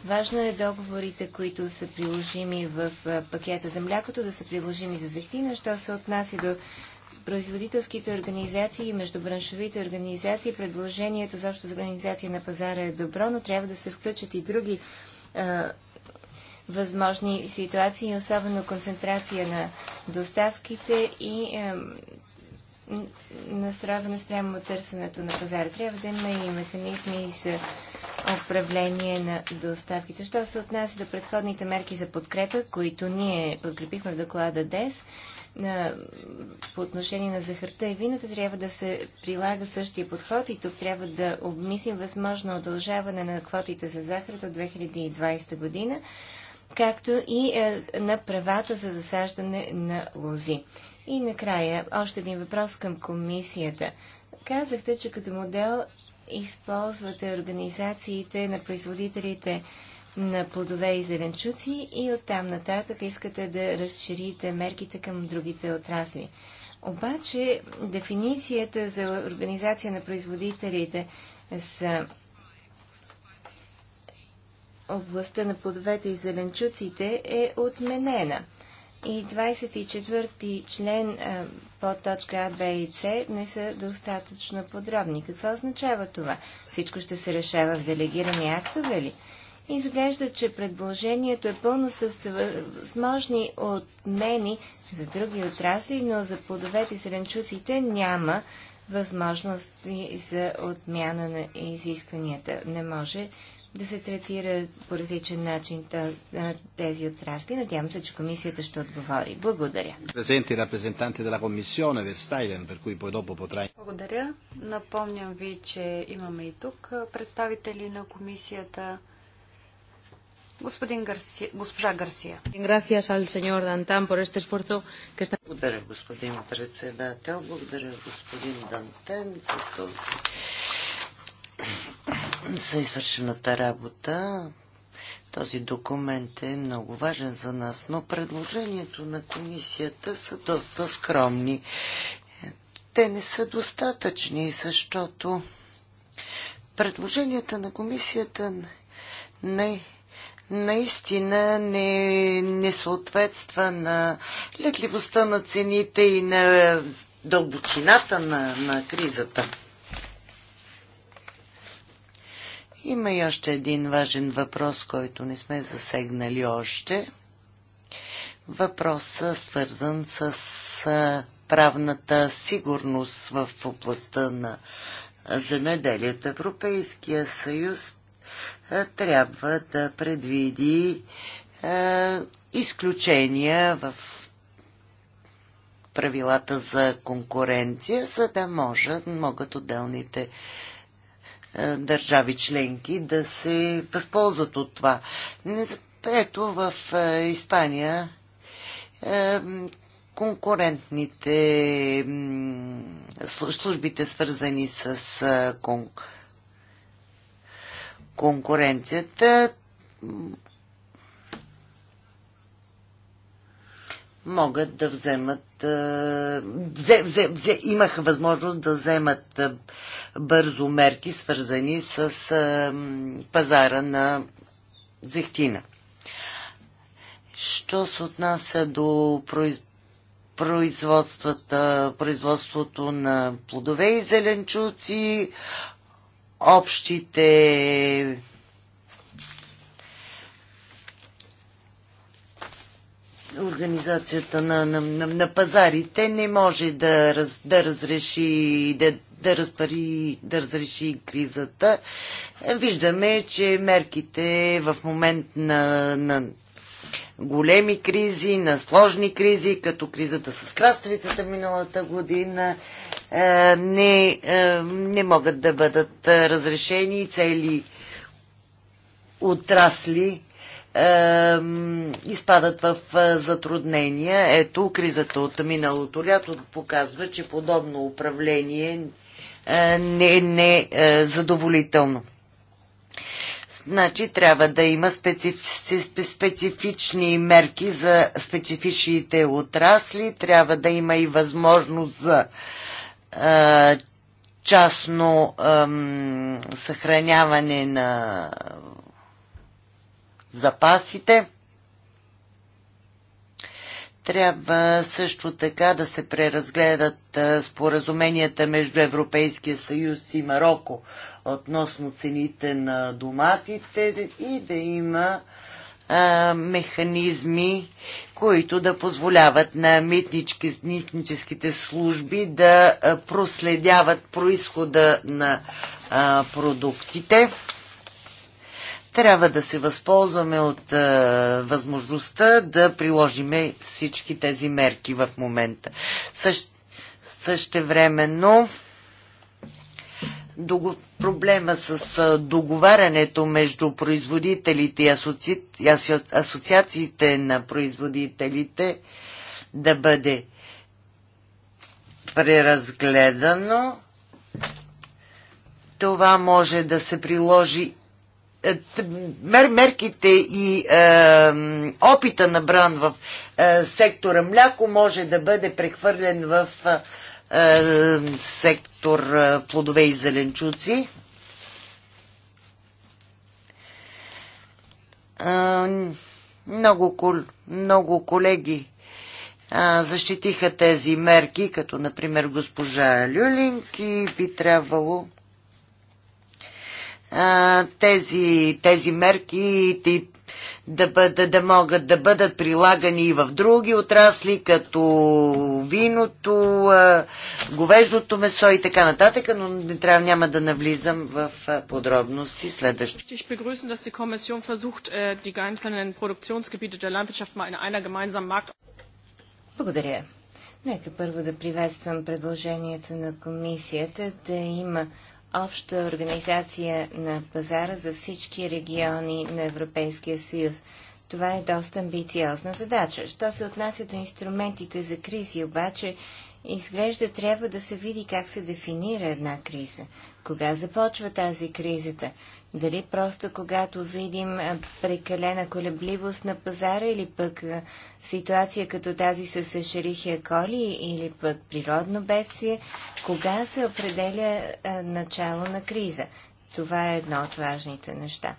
Speaker 3: Важно е договорите, които са приложими в пакета за млякото, да са приложими за зехтина. Що се отнася до производителските организации и междубраншовите организации, предложението за общо за организация на пазара е добро, но трябва да се включат и други а, възможни ситуации, особено концентрация на доставките и е, настройване спрямо търсенето на пазара. Трябва да има и механизми за управление на доставките. Що се отнася до предходните мерки за подкрепа, които ние подкрепихме в доклада ДЕС, на, е, по отношение на захарта и виното трябва да се прилага същия подход и тук трябва да обмислим възможно удължаване на квотите за захар до 2020 година, както и е, на правата за засаждане на лози. И накрая, още един въпрос към комисията. Казахте, че като модел използвате организациите на производителите на плодове и зеленчуци и оттам нататък искате да разширите мерките към другите отрасли. Обаче дефиницията за организация на производителите са областта на плодовете и зеленчуците е отменена. И 24-ти член по точка А, Б и С не са достатъчно подробни. Какво означава това? Всичко ще се решава в делегирани актове ли? Изглежда, че предложението е пълно с възможни отмени за други отрасли, но за плодовете и зеленчуците няма възможности за отмяна на изискванията. Не може да се третира по различен начин тези отрасли. Надявам се, че комисията ще отговори. Благодаря. Презенти репрезентанти на комисиона Верстайлен, per cui poi dopo potrà...
Speaker 1: Благодаря. Напомням ви, че имаме и тук представители на комисията. Господин Гарсия, Госпожа Гарсия.
Speaker 2: Благодаря, господин председател. Благодаря, господин Дантен, за този за извършената работа. Този документ е много важен за нас, но предложението на комисията са доста скромни. Те не са достатъчни, защото предложенията на комисията не, наистина не, не съответства на летливостта на цените и на дълбочината на, на кризата. Има и още един важен въпрос, който не сме засегнали още. Въпрос свързан с правната сигурност в областта на земеделието. Европейския съюз трябва да предвиди изключения в правилата за конкуренция, за да може, могат отделните е, държави членки да се възползват от това. Ето в е, Испания е, конкурентните службите, свързани с конкуренцията, могат да вземат. Взе, взе, взе, имаха възможност да вземат бързо мерки, свързани с пазара на зехтина. Що се отнася до производствата, производството на плодове и зеленчуци, общите организацията на, на, на, на пазарите не може да, раз, да разреши да, да, разпари, да разреши кризата. Виждаме, че мерките в момент на, на големи кризи, на сложни кризи, като кризата с краставицата миналата година, е, не, е, не могат да бъдат разрешени цели отрасли изпадат в е, затруднения. Ето, кризата от миналото лято показва, че подобно управление е, не е не, задоволително. Значи трябва да има специф, специфични мерки за специфичните отрасли, трябва да има и възможност за е, частно съхраняване на запасите. Трябва също така да се преразгледат споразуменията между Европейския съюз и Марокко относно цените на доматите и да има а, механизми, които да позволяват на митнически, митническите служби да проследяват происхода на а, продуктите трябва да се възползваме от а, е, възможността да приложиме всички тези мерки в момента. Същ, същевременно дого, проблема с а, е, договарянето между производителите и асоци, асо, асоциациите на производителите да бъде преразгледано. Това може да се приложи е, мер, мерките и е, опита на Бран в е, сектора мляко може да бъде прехвърлен в е, е сектор е, плодове и зеленчуци. Е, много, кол, много колеги е, защитиха тези мерки, като например госпожа Люлинг и би трябвало тези, тези мерки да, да, да могат да бъдат прилагани и в други отрасли, като виното, говеждото месо и така нататък, но не трябва, няма да навлизам в подробности следващото.
Speaker 3: Äh, Благодаря. Нека първо да приветствам предложението на комисията да има обща организация на пазара за всички региони на Европейския съюз. Това е доста амбициозна задача. Що се отнася до инструментите за кризи, обаче, изглежда трябва да се види как се дефинира една криза. Кога започва тази кризата? Дали просто когато видим прекалена колебливост на пазара или пък ситуация като тази с Шерихия Коли или пък природно бедствие, кога се определя начало на криза? Това е едно от важните неща.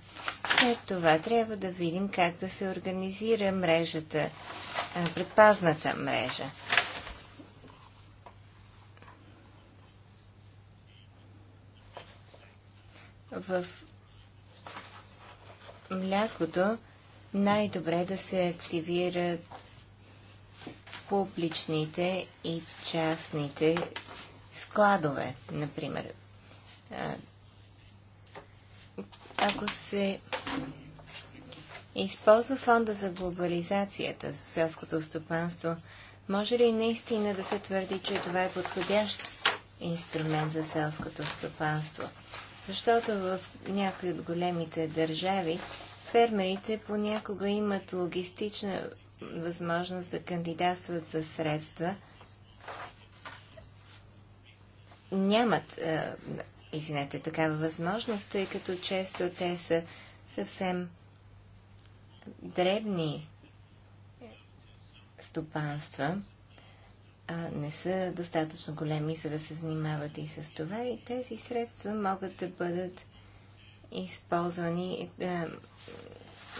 Speaker 3: След това трябва да видим как да се организира мрежата, предпазната мрежа. в млякото най-добре да се активират публичните и частните складове, например. Ако се използва фонда за глобализацията за селското стопанство, може ли наистина да се твърди, че това е подходящ инструмент за селското стопанство? Защото в някои от големите държави фермерите понякога имат логистична възможност да кандидатстват за средства. Нямат, извинете, такава възможност, тъй като често те са съвсем дребни стопанства не са достатъчно големи, за да се занимават и с това. И тези средства могат да бъдат използвани, да,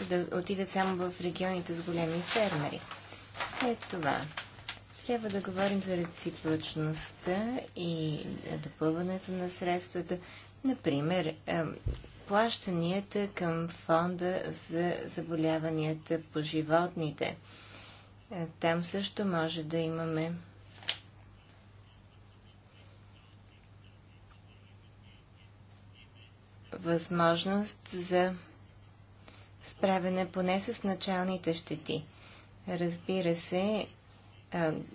Speaker 3: да отидат само в регионите с големи фермери. След това трябва да говорим за реципрочността и допълването на средствата. Например, плащанията към фонда за заболяванията по животните. Там също може да имаме възможност за справяне поне с началните щети. Разбира се,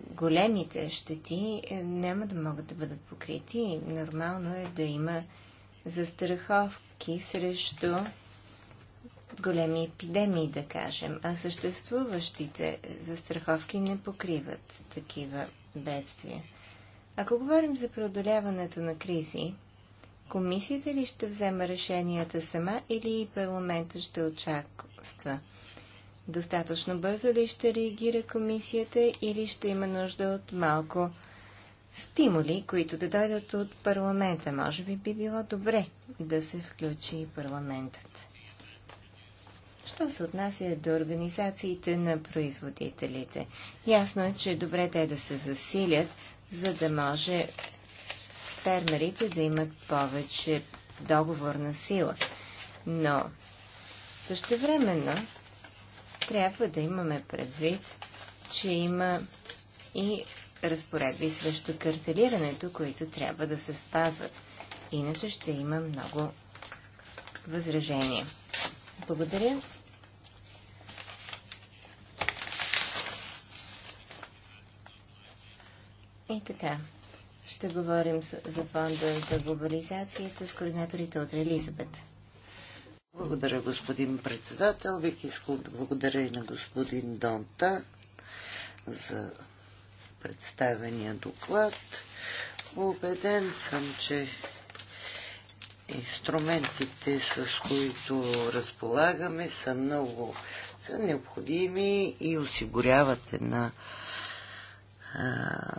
Speaker 3: големите щети е, няма да могат да бъдат покрити. Нормално е да има застраховки срещу големи епидемии, да кажем, а съществуващите застраховки не покриват такива бедствия. Ако говорим за преодоляването на кризи, Комисията ли ще взема решенията сама или парламентът ще очаква? Достатъчно бързо ли ще реагира комисията или ще има нужда от малко стимули, които да дойдат от парламента? Може би би било добре да се включи и парламентът. Що се отнася до организациите на производителите? Ясно е, че е добре те да се засилят, за да може фермерите да имат повече договорна сила. Но същевременно трябва да имаме предвид, че има и разпоредби срещу картелирането, които трябва да се спазват. Иначе ще има много възражения. Благодаря. И така. Ще говорим за фонда за глобализацията с координаторите от Елизабет.
Speaker 2: Благодаря, господин председател. Бих искал да благодаря и на господин Донта за представения доклад. Обеден съм, че инструментите, с които разполагаме, са много са необходими и осигуряват една а,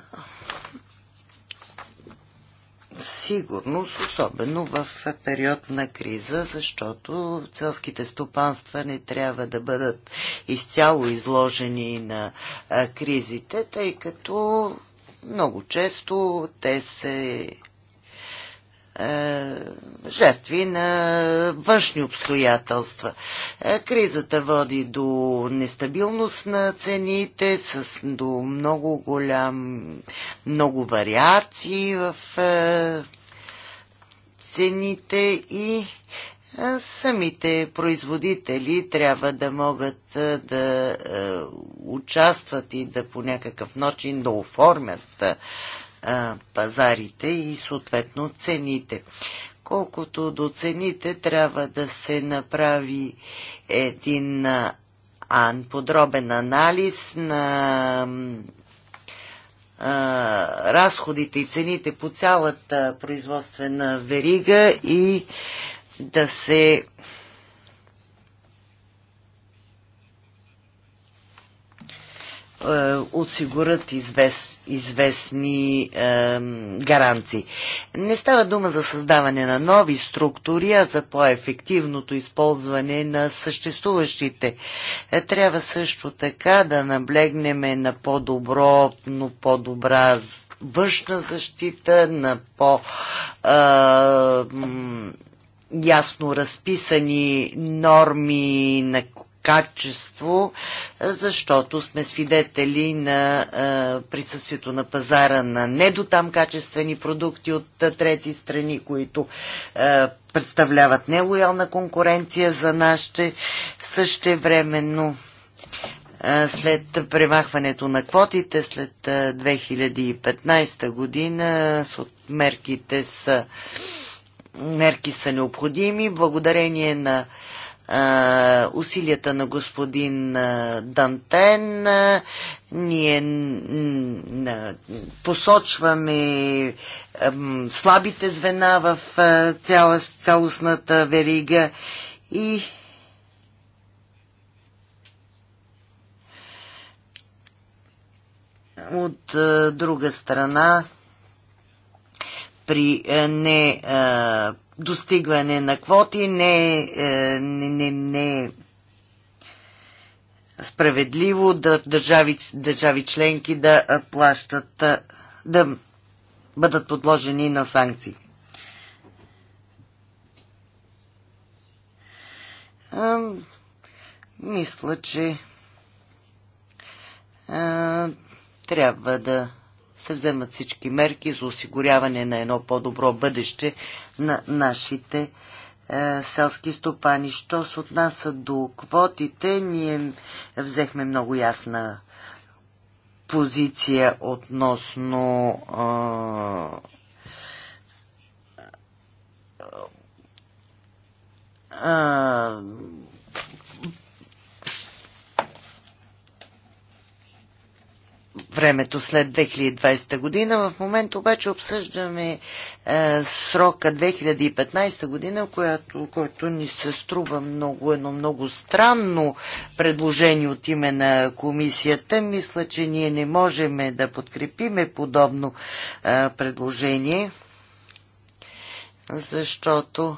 Speaker 2: сигурност, особено в период на криза, защото целските стопанства не трябва да бъдат изцяло изложени на кризите, тъй като много често те се е, жертви на външни обстоятелства. Е, кризата води до нестабилност на цените, с, до много голям, много вариации в е, цените и самите производители трябва да могат да участват и да по някакъв начин да оформят а, пазарите и съответно цените. Колкото до цените, трябва да се направи един а, подробен анализ на а, разходите и цените по цялата производствена верига и да се Е, осигурят извест, известни е, гаранции. Не става дума за създаване на нови структури, а за по-ефективното използване на съществуващите. Е, трябва също така да наблегнем на по-добро, но по-добра външна защита, на по- е, ясно разписани норми на качество, защото сме свидетели на присъствието на пазара на недотам качествени продукти от трети страни, които представляват нелоялна конкуренция за нашите същевременно след премахването на квотите след 2015 година мерките са мерки са необходими. Благодарение на усилията на господин Дантен. Ние посочваме слабите звена в цялостната верига и от друга страна при не достигане на квоти не е, е не, не, не е справедливо да държави, държави членки да плащат, да бъдат подложени на санкции. А, мисля, че а, трябва да се вземат всички мерки за осигуряване на едно по-добро бъдеще на нашите е, селски стопани. Що се отнася до квотите, ние взехме много ясна позиция относно е, е времето след 2020 година. В момента обаче обсъждаме е, срока 2015 година, която, който ни се струва много, едно много странно предложение от име на комисията. Мисля, че ние не можем да подкрепиме подобно е, предложение, защото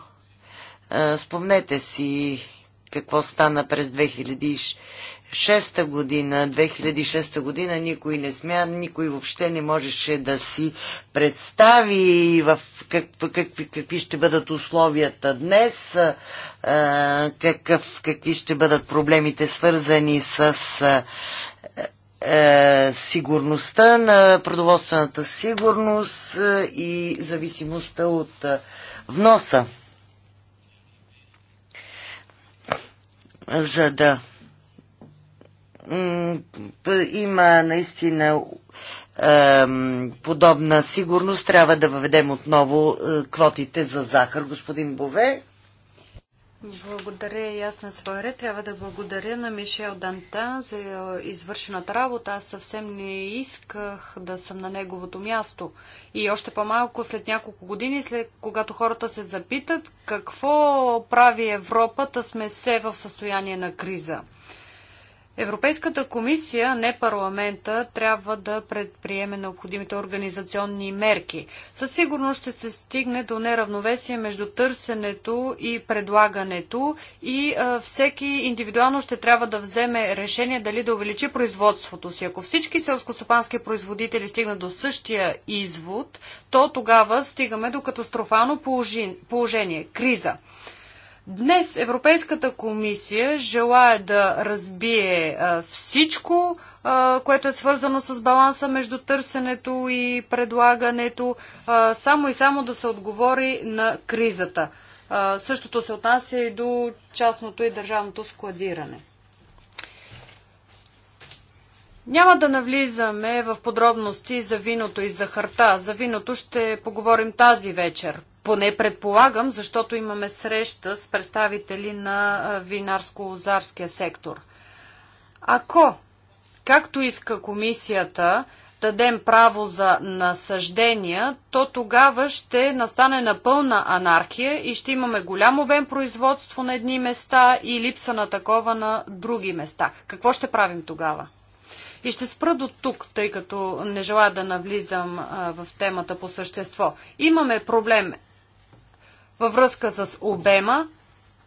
Speaker 2: е, спомнете си какво стана през 2006 Шеста година, 2006 година никой не смя, никой въобще не можеше да си представи в как, какви, какви ще бъдат условията днес, какъв, какви ще бъдат проблемите свързани с сигурността на продоволствената сигурност и зависимостта от вноса. За да има наистина подобна сигурност, трябва да въведем отново е, квотите за захар. Господин Бове.
Speaker 1: Благодаря и аз на своя ред. Трябва да благодаря на Мишел Данта за е, извършената работа. Аз съвсем не исках да съм на неговото място. И още по-малко след няколко години, след когато хората се запитат какво прави Европа, да сме се в състояние на криза. Европейската комисия, не парламента, трябва да предприеме необходимите организационни мерки. Със сигурност ще се стигне до неравновесие между търсенето и предлагането и а, всеки индивидуално ще трябва да вземе решение дали да увеличи производството си. Ако всички селскостопански производители стигнат до същия извод, то тогава стигаме до катастрофално положение криза. Днес Европейската комисия желая да разбие всичко, което е свързано с баланса между търсенето и предлагането, само и само да се отговори на кризата. Същото се отнася и до частното и държавното складиране. Няма да навлизаме в подробности за виното и за харта. За виното ще поговорим тази вечер. Поне предполагам, защото имаме среща с представители на винарско-лозарския сектор. Ако, както иска комисията, дадем право за насъждения, то тогава ще настане напълна анархия и ще имаме голям обем производство на едни места и липса на такова на други места. Какво ще правим тогава? И ще спра до тук, тъй като не желая да навлизам а, в темата по същество. Имаме проблем във връзка с обема,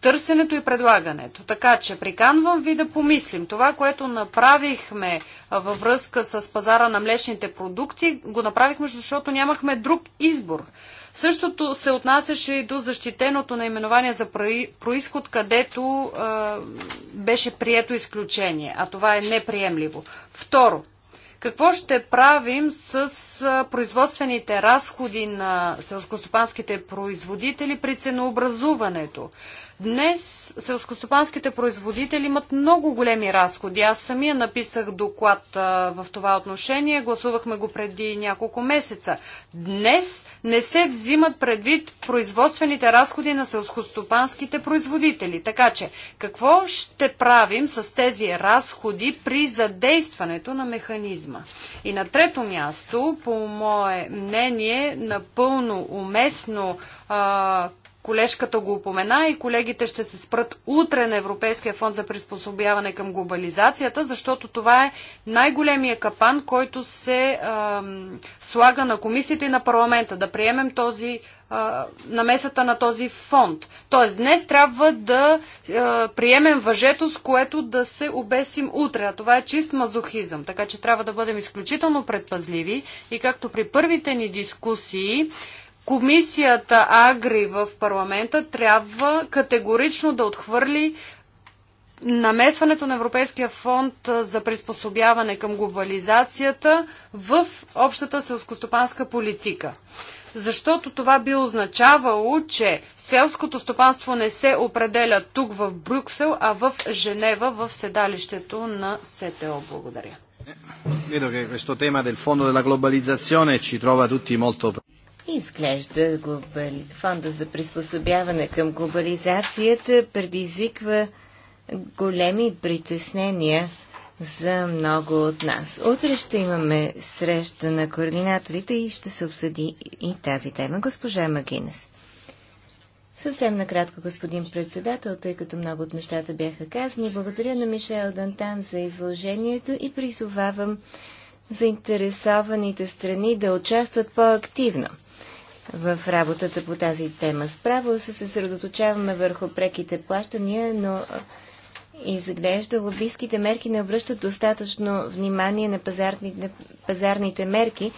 Speaker 1: търсенето и предлагането. Така че приканвам ви да помислим. Това, което направихме във връзка с пазара на млечните продукти, го направихме, защото нямахме друг избор. Същото се отнасяше и до защитеното наименование за происход, където е, беше прието изключение, а това е неприемливо. Второ, какво ще правим с производствените разходи на селскостопанските производители при ценообразуването? Днес селскостопанските производители имат много големи разходи. Аз самия написах доклад а, в това отношение, гласувахме го преди няколко месеца. Днес не се взимат предвид производствените разходи на селскостопанските производители. Така че, какво ще правим с тези разходи при задействането на механизма? И на трето място, по мое мнение, напълно уместно а, Колежката го упомена и колегите ще се спрат утре на Европейския фонд за приспособяване към глобализацията, защото това е най-големия капан, който се а, слага на комисията и на парламента. Да приемем този а, намесата на този фонд. Тоест днес трябва да а, приемем въжето, с което да се обесим утре. А това е чист мазохизъм. Така че трябва да бъдем изключително предпазливи и както при първите ни дискусии, Комисията Агри в парламента трябва категорично да отхвърли намесването на Европейския фонд за приспособяване към глобализацията в общата селскостопанска политика. Защото това би означавало, че селското стопанство не се определя тук в Брюксел, а в Женева, в седалището на СТО. Благодаря.
Speaker 2: Vedo che questo
Speaker 3: tema del fondo della globalizzazione ci trova tutti molto
Speaker 1: Изглежда глобали...
Speaker 3: фонда за приспособяване към глобализацията предизвиква големи притеснения за много от нас. Утре ще имаме среща на координаторите и ще се обсъди и тази тема. Госпожа Магинес. Съвсем накратко, господин председател, тъй като много от нещата бяха казани, благодаря на Мишел Дантан за изложението и призовавам заинтересованите страни да участват по-активно в работата по тази тема. Справо се съсредоточаваме върху преките плащания, но изглежда лобистските мерки не обръщат достатъчно внимание на пазарните, на пазарните мерки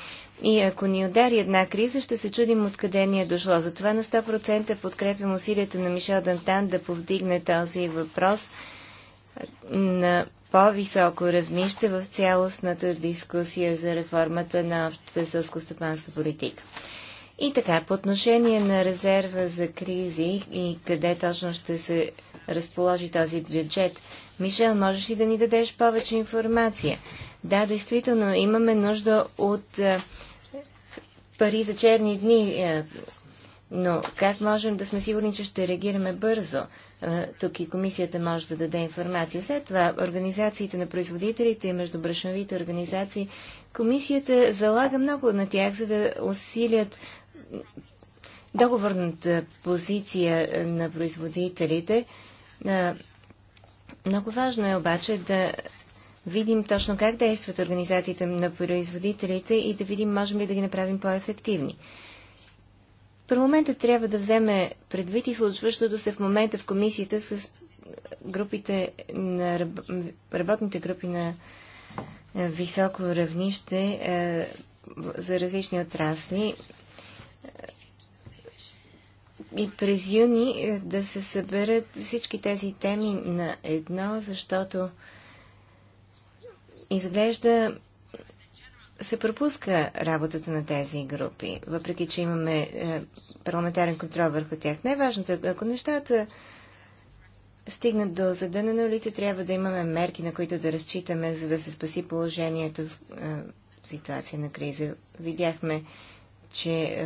Speaker 3: и ако ни удари една криза, ще се чудим откъде ни е дошло. Затова на 100% подкрепям усилията на Мишел Дантан да повдигне този въпрос на по-високо равнище в цялостната дискусия за реформата на общата сълско-стопанска политика. И така, по отношение на резерва за кризи и къде точно ще се разположи този бюджет, Мишел, можеш ли да ни дадеш повече информация? Да, действително, имаме нужда от е, пари за черни дни, е, но как можем да сме сигурни, че ще реагираме бързо? Е, тук и комисията може да даде информация. След това, организациите на производителите и междубрашновите организации, комисията залага много на тях, за да усилят договорната позиция е, на производителите. Е, много важно е обаче да видим точно как действат организациите на производителите и да видим можем ли да ги направим по-ефективни. Парламентът трябва да вземе предвид и случващото се в момента в комисията с групите на работните групи на е, високо равнище за различни отрасли и през юни е, да се съберат всички тези теми на едно, защото изглежда се пропуска работата на тези групи, въпреки че имаме е, парламентарен контрол върху тях. Най-важното е, ако нещата стигнат до задъна на улица, трябва да имаме мерки, на които да разчитаме, за да се спаси положението в е, ситуация на криза. Видяхме, че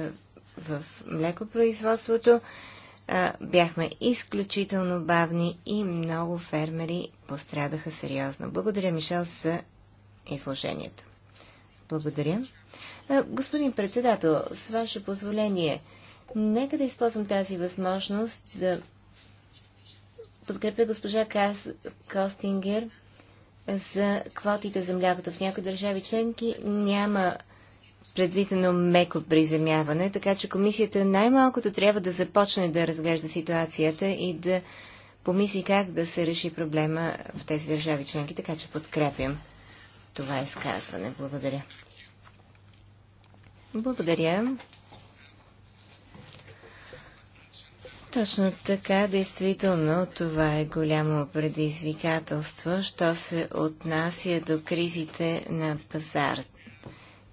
Speaker 3: в млекопроизводството, бяхме изключително бавни и много фермери пострадаха сериозно. Благодаря, Мишел, за изложението. Благодаря. Господин председател, с ваше позволение, нека да използвам тази възможност да подкрепя госпожа Кас... Костингер за квотите за млякото. В някои държави членки няма предвидено меко приземяване, така че комисията най-малкото трябва да започне да разглежда ситуацията и да помисли как да се реши проблема в тези държави членки, така че подкрепям това изказване. Благодаря. Благодаря. Точно така, действително, това е голямо предизвикателство, що се отнася до кризите на пазара.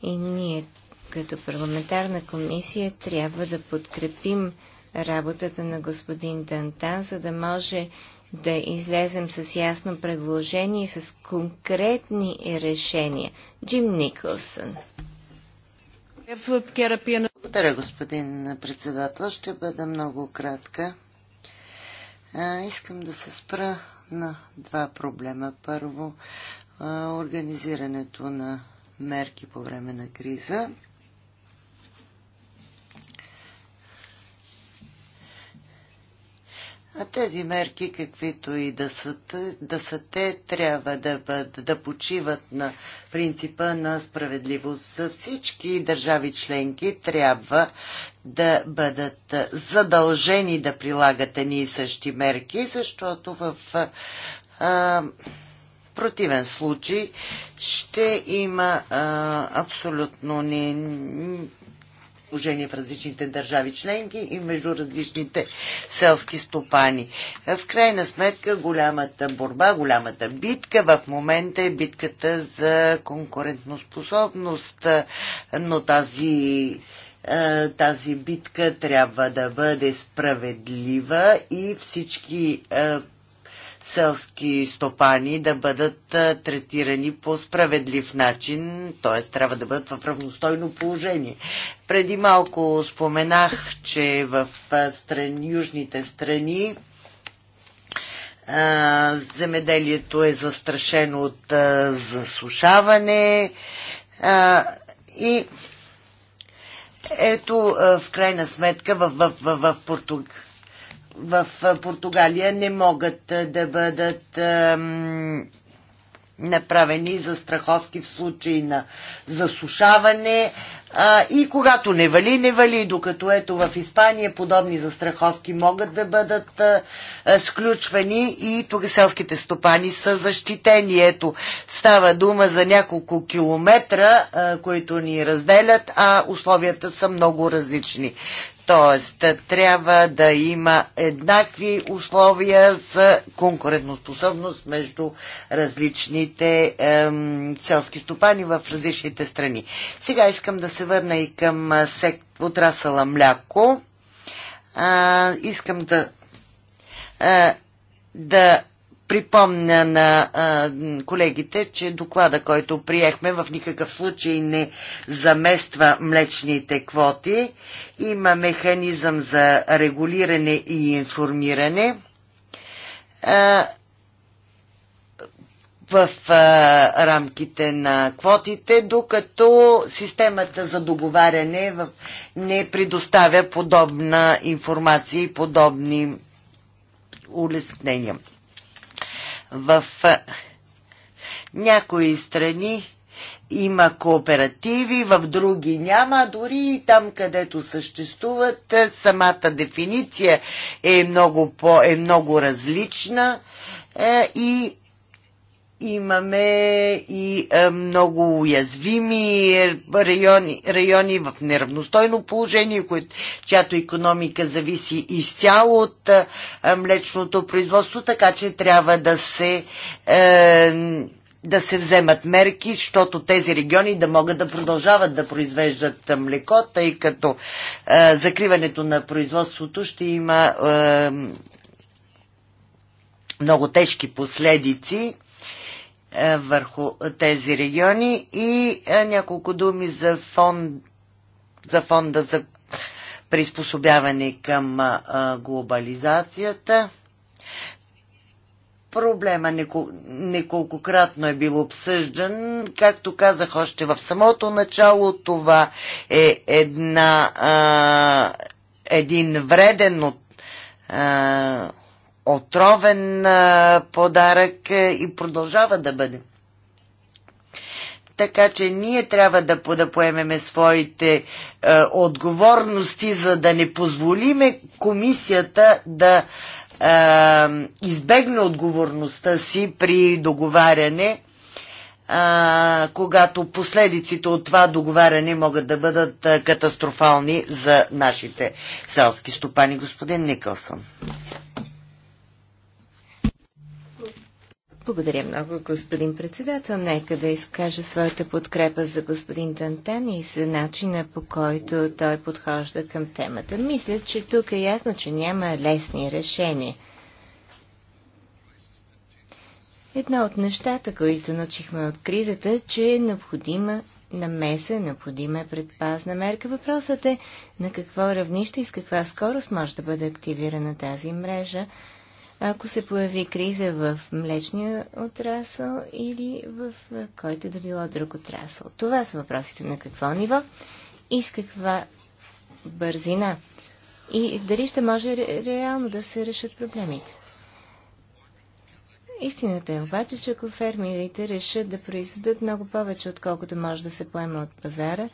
Speaker 3: И ние като парламентарна комисия трябва да подкрепим работата на господин Дантан, за да може да излезем с ясно предложение, и с конкретни решения. Джим
Speaker 2: Никълсън. Благодаря, господин председател. Ще бъда много кратка. искам да се спра на два проблема. Първо, организирането на мерки по време на криза. А тези мерки, каквито и да са, да са те, трябва да, бъд, да почиват на принципа на справедливост. Всички държави членки трябва да бъдат задължени да прилагат едни и същи мерки, защото в а, противен случай ще има а, абсолютно не, в различните държави членки и между различните селски стопани. В крайна сметка голямата борба, голямата битка в момента е битката за конкурентноспособност, но тази тази битка трябва да бъде справедлива и всички селски стопани да бъдат третирани по справедлив начин, т.е. трябва да бъдат в равностойно положение. Преди малко споменах, че в стран, южните страни земеделието е застрашено от засушаване и ето в крайна сметка в, в, в, в Португалия в Португалия не могат да бъдат направени за страховки в случай на засушаване а, и когато не вали, не вали, докато ето в Испания подобни застраховки могат да бъдат а, а, сключвани и тук селските стопани са защитени. Ето става дума за няколко километра, а, които ни разделят, а условията са много различни. Тоест, трябва да има еднакви условия за конкурентоспособност между различните ем, селски стопани в различните страни. Сега искам да се върна и към сек... отрасъла мляко. А, искам да, а, да припомня на а, колегите, че доклада, който приехме, в никакъв случай не замества млечните квоти. Има механизъм за регулиране и информиране. А, в а, рамките на квотите, докато системата за договаряне в, не предоставя подобна информация и подобни улеснения. В някои страни има кооперативи, в други няма, дори и там, където съществуват, самата дефиниция е много, по, е много различна е, и имаме и е, много уязвими райони, райони в неравностойно положение, чиято економика зависи изцяло от е, е, млечното производство, така че трябва да се, да се вземат мерки, защото тези региони да могат да продължават да произвеждат млеко, тъй като закриването на производството ще има много тежки последици е, върху тези региони и е, няколко думи за, фон, за фонда за приспособяване към е, глобализацията. Проблема неколкократно е бил обсъждан. Както казах още в самото начало, това е една, а, един вреден от, а, отровен подарък е, и продължава да бъде. Така че ние трябва да, да поемеме своите е, отговорности, за да не позволиме комисията да е, избегне отговорността си при договаряне, е, когато последиците от това договаряне могат да бъдат е, катастрофални за нашите селски стопани. Господин Никълсън.
Speaker 3: Благодаря много, господин председател. Нека да изкажа своята подкрепа за господин Дантен и за начина по който той подхожда към темата. Мисля, че тук е ясно, че няма лесни решения. Едно от нещата, които научихме от кризата, е, че е необходима намеса, необходима е предпазна мерка. Въпросът е на какво равнище и с каква скорост може да бъде активирана тази мрежа, ако се появи криза в млечния отрасъл или в който да било друг отрасъл. Това са въпросите на какво ниво и с каква бързина. И дали ще може реално да се решат проблемите. Истината е обаче, че ако фермерите решат да произведат много повече, отколкото може да се поема от пазара,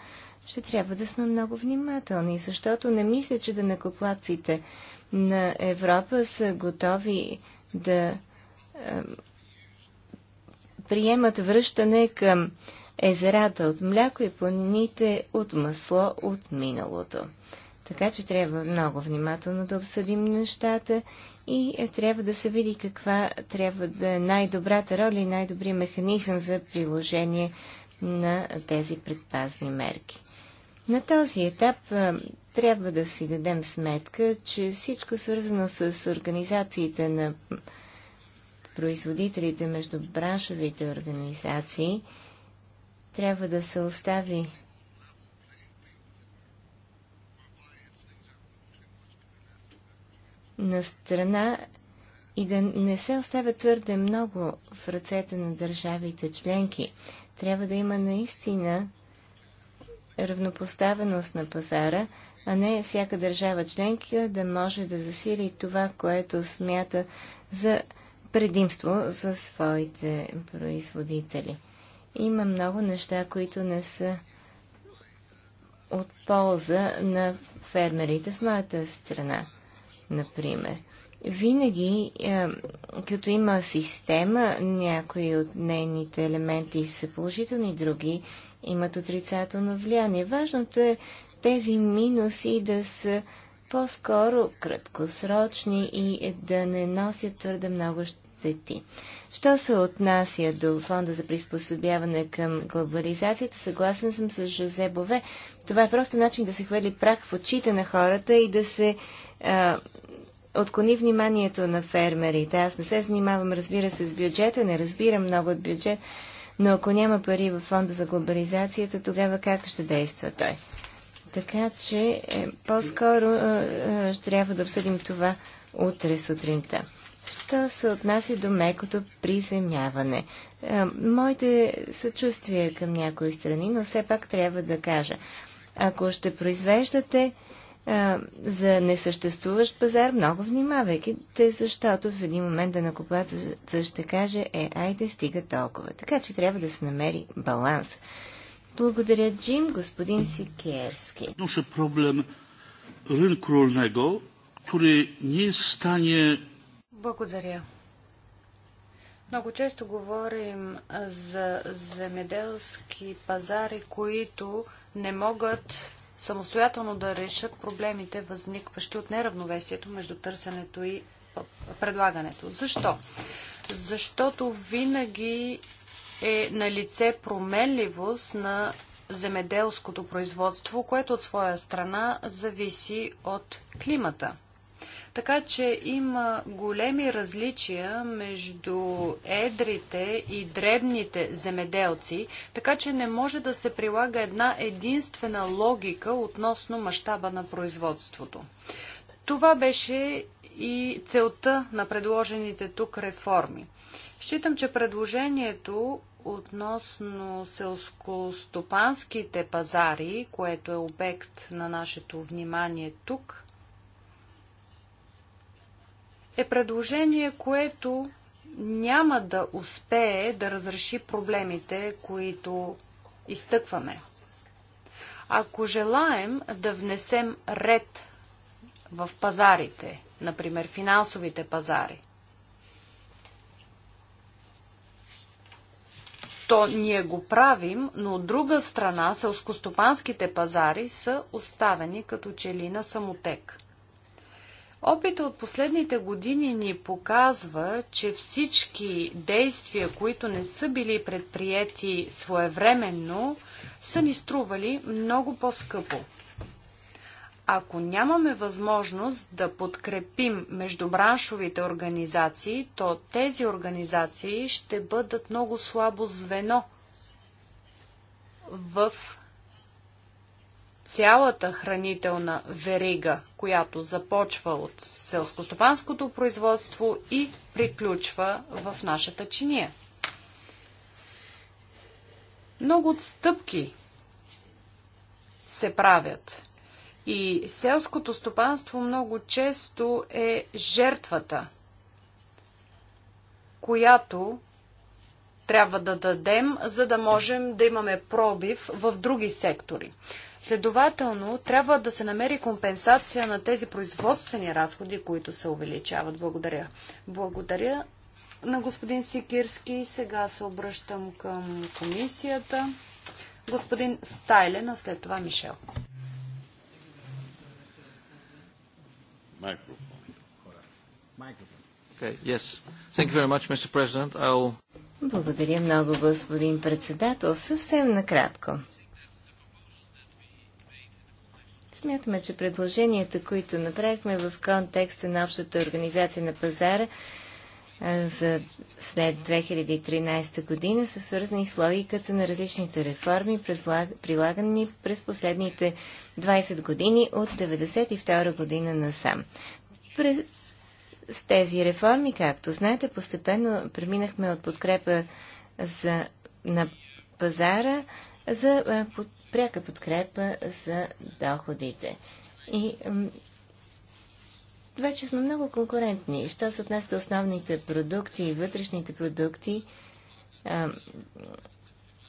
Speaker 3: ще трябва да сме много внимателни, защото не мисля, че накоплаците на Европа са готови да е, приемат връщане към езерата от мляко и планините от масло от миналото. Така че трябва много внимателно да обсъдим нещата и е, трябва да се види каква трябва да е най-добрата роля и най добрия механизъм за приложение на тези предпазни мерки. На този етап трябва да си дадем сметка, че всичко свързано с организациите на производителите между браншовите организации трябва да се остави на страна и да не се оставя твърде много в ръцете на държавите членки. Трябва да има наистина равнопоставеност на пазара, а не всяка държава членка да може да засили това, което смята за предимство за своите производители. Има много неща, които не са от полза на фермерите в моята страна, например. Винаги, е, като има система, някои от нейните елементи са положителни, други имат отрицателно влияние. Важното е тези минуси да са по-скоро краткосрочни и да не носят твърде много щети. Що се отнася до фонда за приспособяване към глобализацията, съгласен съм с Жозе Бове. Това е просто начин да се хвърли прах в очите на хората и да се отклони вниманието на фермерите. Аз не се занимавам, разбира се, с бюджета, не разбирам много от бюджет, но ако няма пари в фонда за глобализацията, тогава как ще действа той? Така че е, по-скоро е, е ще трябва да обсъдим това утре сутринта. Що се отнася до мекото приземяване? Е, моите съчувствия към някои страни, но все пак трябва да кажа. Ако ще произвеждате а, за несъществуващ пазар, много внимавайки, те, защото в един момент да накоплата ще каже, е, айде, стига толкова. Така че трябва да се намери баланс. Благодаря, Джим, господин
Speaker 1: Сикерски. Наша проблем рынку ролnego, który не е стане... Благодаря. Много често говорим за земеделски пазари, които не могат самостоятелно да решат проблемите, възникващи от неравновесието между търсенето и предлагането. Защо? Защото винаги е на лице променливост на земеделското производство, което от своя страна зависи от климата. Така че има големи различия между едрите и дребните земеделци, така че не може да се прилага една единствена логика относно мащаба на производството. Това беше и целта на предложените тук реформи. Считам, че предложението относно селскостопанските пазари, което е обект на нашето внимание тук, е предложение, което няма да успее да разреши проблемите, които изтъкваме. Ако желаем да внесем ред в пазарите, например финансовите пазари, то ние го правим, но от друга страна селскостопанските пазари са оставени като чели на самотек. Опита от последните години ни показва, че всички действия, които не са били предприяти своевременно, са ни стрували много по-скъпо. Ако нямаме възможност да подкрепим междубраншовите организации, то тези организации ще бъдат много слабо звено в цялата хранителна верига, която започва от селскостопанското производство и приключва в нашата чиния. Много отстъпки се правят и селското стопанство много често е жертвата, която трябва да дадем, за да можем да имаме пробив в други сектори. Следователно, трябва да се намери компенсация на тези производствени разходи, които се увеличават. Благодаря. Благодаря на господин Сикирски. Сега се обръщам към комисията. Господин Стайлен, а след това Мишел.
Speaker 3: Microphone. Okay, yes. Thank you very much, Mr. President. I'll благодаря много, господин председател. Съвсем накратко. Смятаме, че предложенията, които направихме в контекста на общата организация на пазара за след 2013 година са свързани с логиката на различните реформи, прилагани през последните 20 години от 1992 година насам. С тези реформи, както знаете, постепенно преминахме от подкрепа за, на пазара за под, пряка подкрепа за доходите. И вече сме много конкурентни. Що се отнася до основните продукти и вътрешните продукти,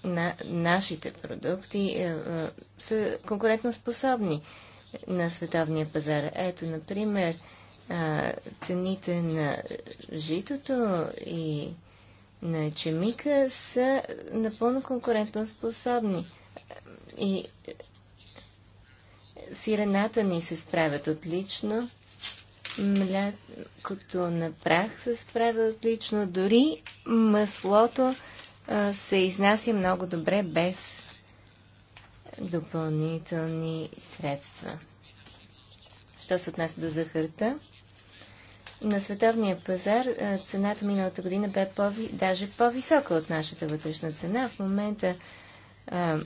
Speaker 3: на нашите продукти са конкурентно способни на световния пазар. Ето, например, цените на житото и на ечемика са напълно конкурентно способни. И сирената ни се справят отлично, млякото на прах се справя отлично, дори маслото се изнася много добре без допълнителни средства. Що се отнася до захарта, на световния пазар цената миналата година бе пови, даже по-висока от нашата вътрешна цена. В момента а,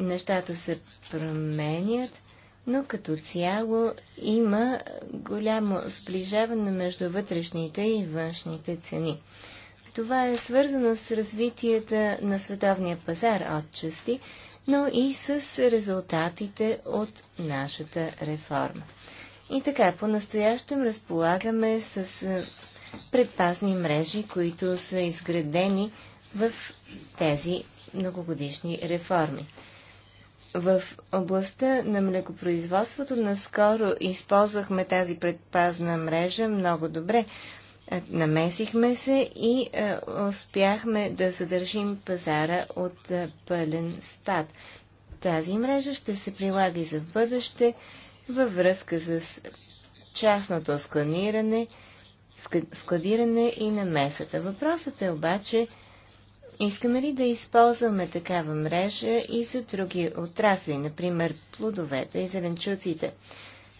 Speaker 3: нещата се променят, но като цяло има голямо сближаване между вътрешните и външните цени. Това е свързано с развитията на световния пазар отчасти, но и с резултатите от нашата реформа. И така, по-настоящем разполагаме с е, предпазни мрежи, които са изградени в тези многогодишни реформи. В областта на млекопроизводството наскоро използвахме тази предпазна мрежа много добре. Е, намесихме се и е, успяхме да задържим пазара от пълен спад. Тази мрежа ще се прилага и за в бъдеще във връзка с частното сканиране, складиране и намесата. Въпросът е обаче, искаме ли да използваме такава мрежа и за други отрасли, например плодовете и зеленчуците?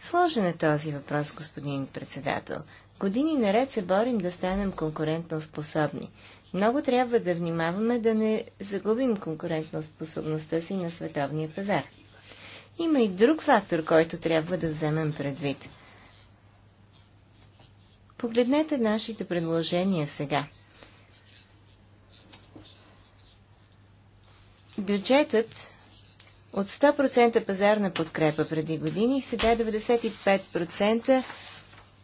Speaker 3: Сложен е този въпрос, господин председател. Години наред се борим да станем конкурентно способни. Много трябва да внимаваме да не загубим конкурентно способността си на световния пазар. Има и друг фактор, който трябва да вземем предвид. Погледнете нашите предложения сега. Бюджетът от 100% пазарна подкрепа преди години, сега 95% е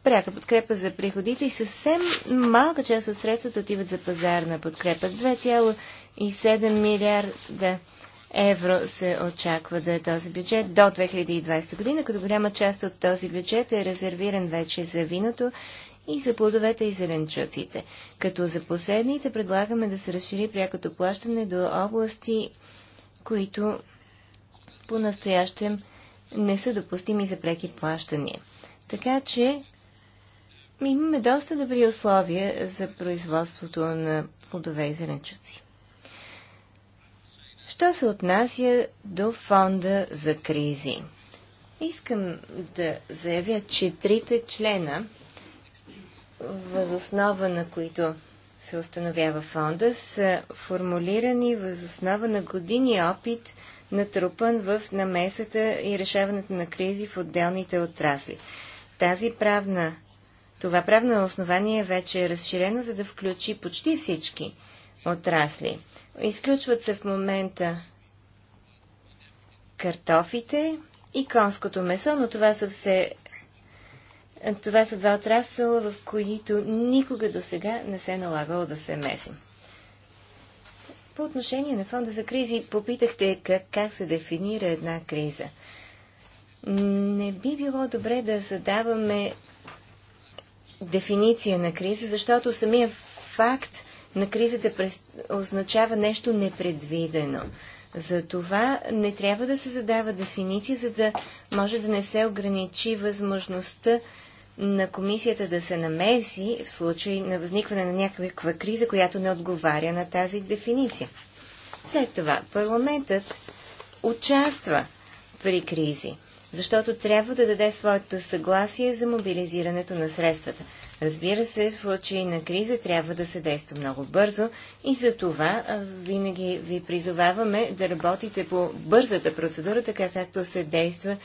Speaker 3: пряка подкрепа за приходите и съвсем малка част от средствата отиват за пазарна подкрепа. 2,7 милиарда евро се очаква да е този бюджет до 2020 година, като голяма част от този бюджет е резервиран вече за виното и за плодовете и зеленчуците. Като за последните предлагаме да се разшири прякото плащане до области, които по-настоящем не са допустими за преки плащания. Така че имаме доста добри условия за производството на плодове и зеленчуци. Що се отнася до фонда за кризи? Искам да заявя, че трите члена, възоснова на които се установява фонда, са формулирани възоснова на години опит, натрупан в намесата и решаването на кризи в отделните отрасли. Тази правна, това правно основание вече е разширено, за да включи почти всички отрасли. Изключват се в момента картофите и конското месо, но това са все това са два отрасъла, в които никога до сега не се е налагало да се месим. По отношение на фонда за кризи, попитахте как, как се дефинира една криза. Не би било добре да задаваме дефиниция на криза, защото самия факт, на кризата през... означава нещо непредвидено. За това не трябва да се задава дефиниция, за да може да не се ограничи възможността на комисията да се намеси в случай на възникване на някаква криза, която не отговаря на тази дефиниция. След това парламентът участва при кризи, защото трябва да даде своето съгласие за мобилизирането на средствата. Разбира се, в случай на криза трябва да се действа много бързо и за това винаги ви призоваваме да работите по бързата процедура, така както се действа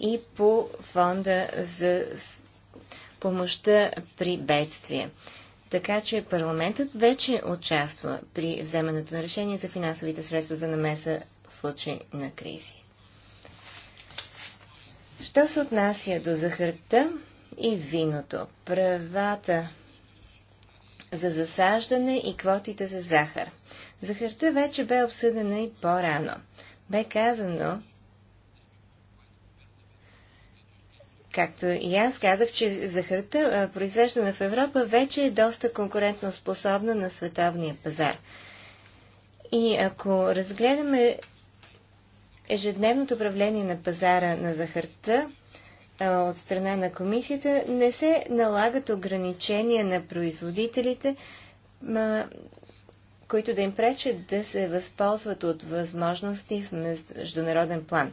Speaker 3: и по фонда за помощта при бедствия. Така че парламентът вече участва при вземането на решение за финансовите средства за намеса в случай на кризи. Що се отнася до захарта, и виното, правата за засаждане и квотите за захар. Захарта вече бе обсъдена и по-рано. Бе казано, както и аз казах, че захарта, произвеждана в Европа, вече е доста конкурентно способна на световния пазар. И ако разгледаме ежедневното управление на пазара на захарта, от страна на комисията не се налагат ограничения на производителите, които да им пречат да се възползват от възможности в международен план.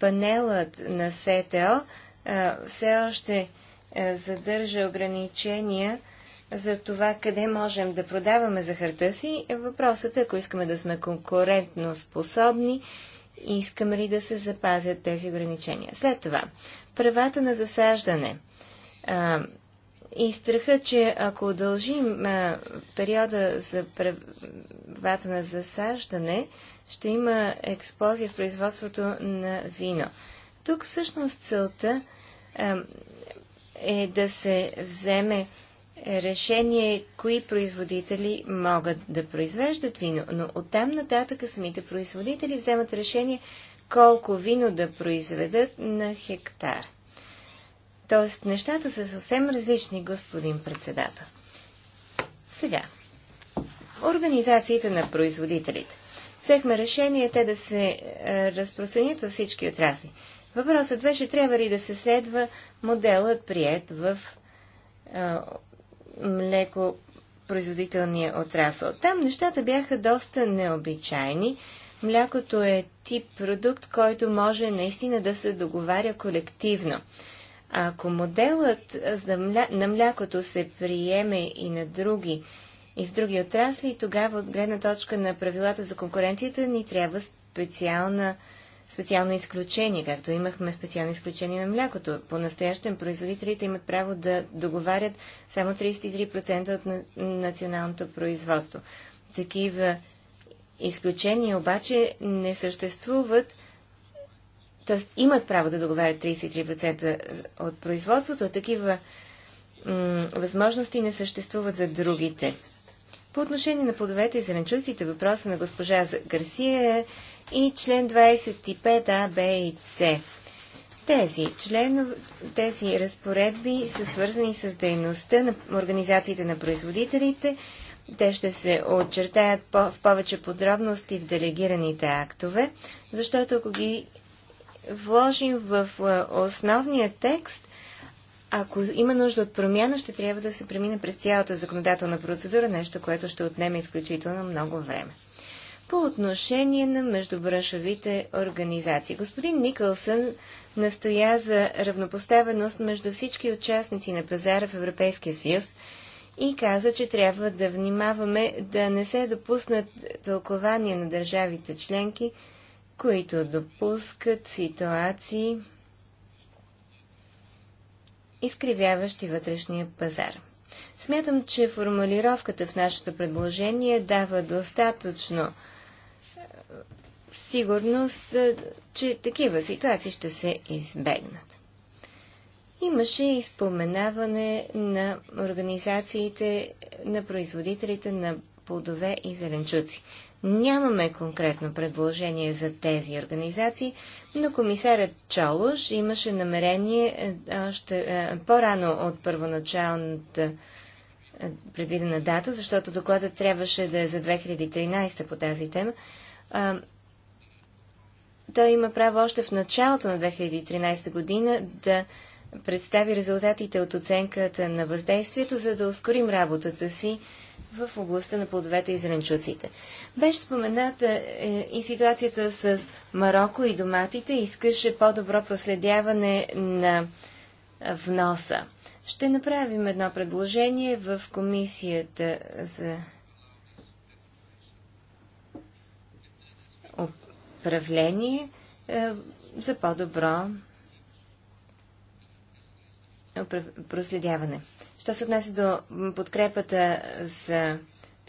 Speaker 3: Панелът на СТО а, все още а, задържа ограничения за това къде можем да продаваме захарта си. Въпросът е, ако искаме да сме конкурентно способни, искаме ли да се запазят тези ограничения. След това, правата на засаждане. А, и страха, че ако удължим а, периода за правата на засаждане, ще има експлозия в производството на вино. Тук всъщност целта а, е да се вземе решение, кои производители могат да произвеждат вино, но оттам нататък самите производители вземат решение колко вино да произведат на хектар. Тоест, нещата са съвсем различни, господин председател. Сега, организациите на производителите. Взехме решение те да се е, разпространят във всички отрасли. Въпросът беше, трябва ли да се следва моделът прият в е, млекопроизводителния отрасъл. Там нещата бяха доста необичайни. Е, Млякото е тип продукт, който може наистина да се договаря колективно. ако моделът на млякото се приеме и на други, и в други отрасли, тогава от гледна точка на правилата за конкуренцията ни трябва специална, специално изключение, както имахме специално изключение на млякото. По-настоящен производителите имат право да договарят само 33% от националното производство. Такива Изключения обаче не съществуват, т.е. имат право да договарят 33% от производството, а такива възможности не съществуват за другите. По отношение на плодовете и зеленчуците, въпроса на госпожа Гарсия е и член 25А, Б и С. Тези, членов, тези разпоредби са свързани с дейността на организациите на производителите те ще се отчертаят по- в повече подробности в делегираните актове, защото ако ги вложим в е, основния текст, ако има нужда от промяна, ще трябва да се премине през цялата законодателна процедура, нещо, което ще отнеме изключително много време. По отношение на междубраншовите организации. Господин Никълсън настоя за равнопоставеност между всички участници на пазара в Европейския съюз и каза, че трябва да внимаваме да не се допуснат тълкования на държавите членки, които допускат ситуации, изкривяващи вътрешния пазар. Смятам, че формулировката в нашето предложение дава достатъчно е, сигурност, е, че такива ситуации ще се избегнат. Имаше и споменаване на организациите на производителите на плодове и зеленчуци. Нямаме конкретно предложение за тези организации, но комисарят Чолош имаше намерение е, още е, по-рано от първоначалната е, предвидена дата, защото докладът трябваше да е за 2013 по тази тема. той има право още в началото на 2013 година да представи резултатите от оценката на въздействието, за да ускорим работата си в областта на плодовете и зеленчуците. Беше спомената е, и ситуацията с Марокко и доматите искаше по-добро проследяване на вноса. Ще направим едно предложение в комисията за управление е, за по-добро е, проследяване. Що се отнася до подкрепата за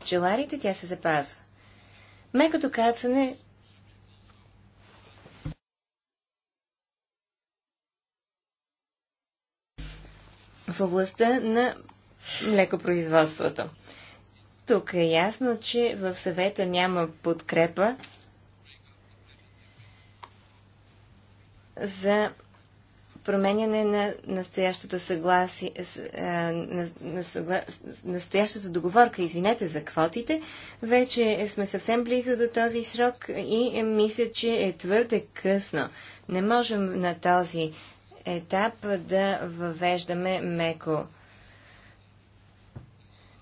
Speaker 3: пчеларите, тя се запазва. Мекото кацане в областта на млекопроизводството. Тук е ясно, че в съвета няма подкрепа за променяне на настоящото съгласие, на, на на, настоящата договорка, извинете, за квотите. Вече сме съвсем близо до този срок и мисля, че е твърде късно. Не можем на този етап да въвеждаме меко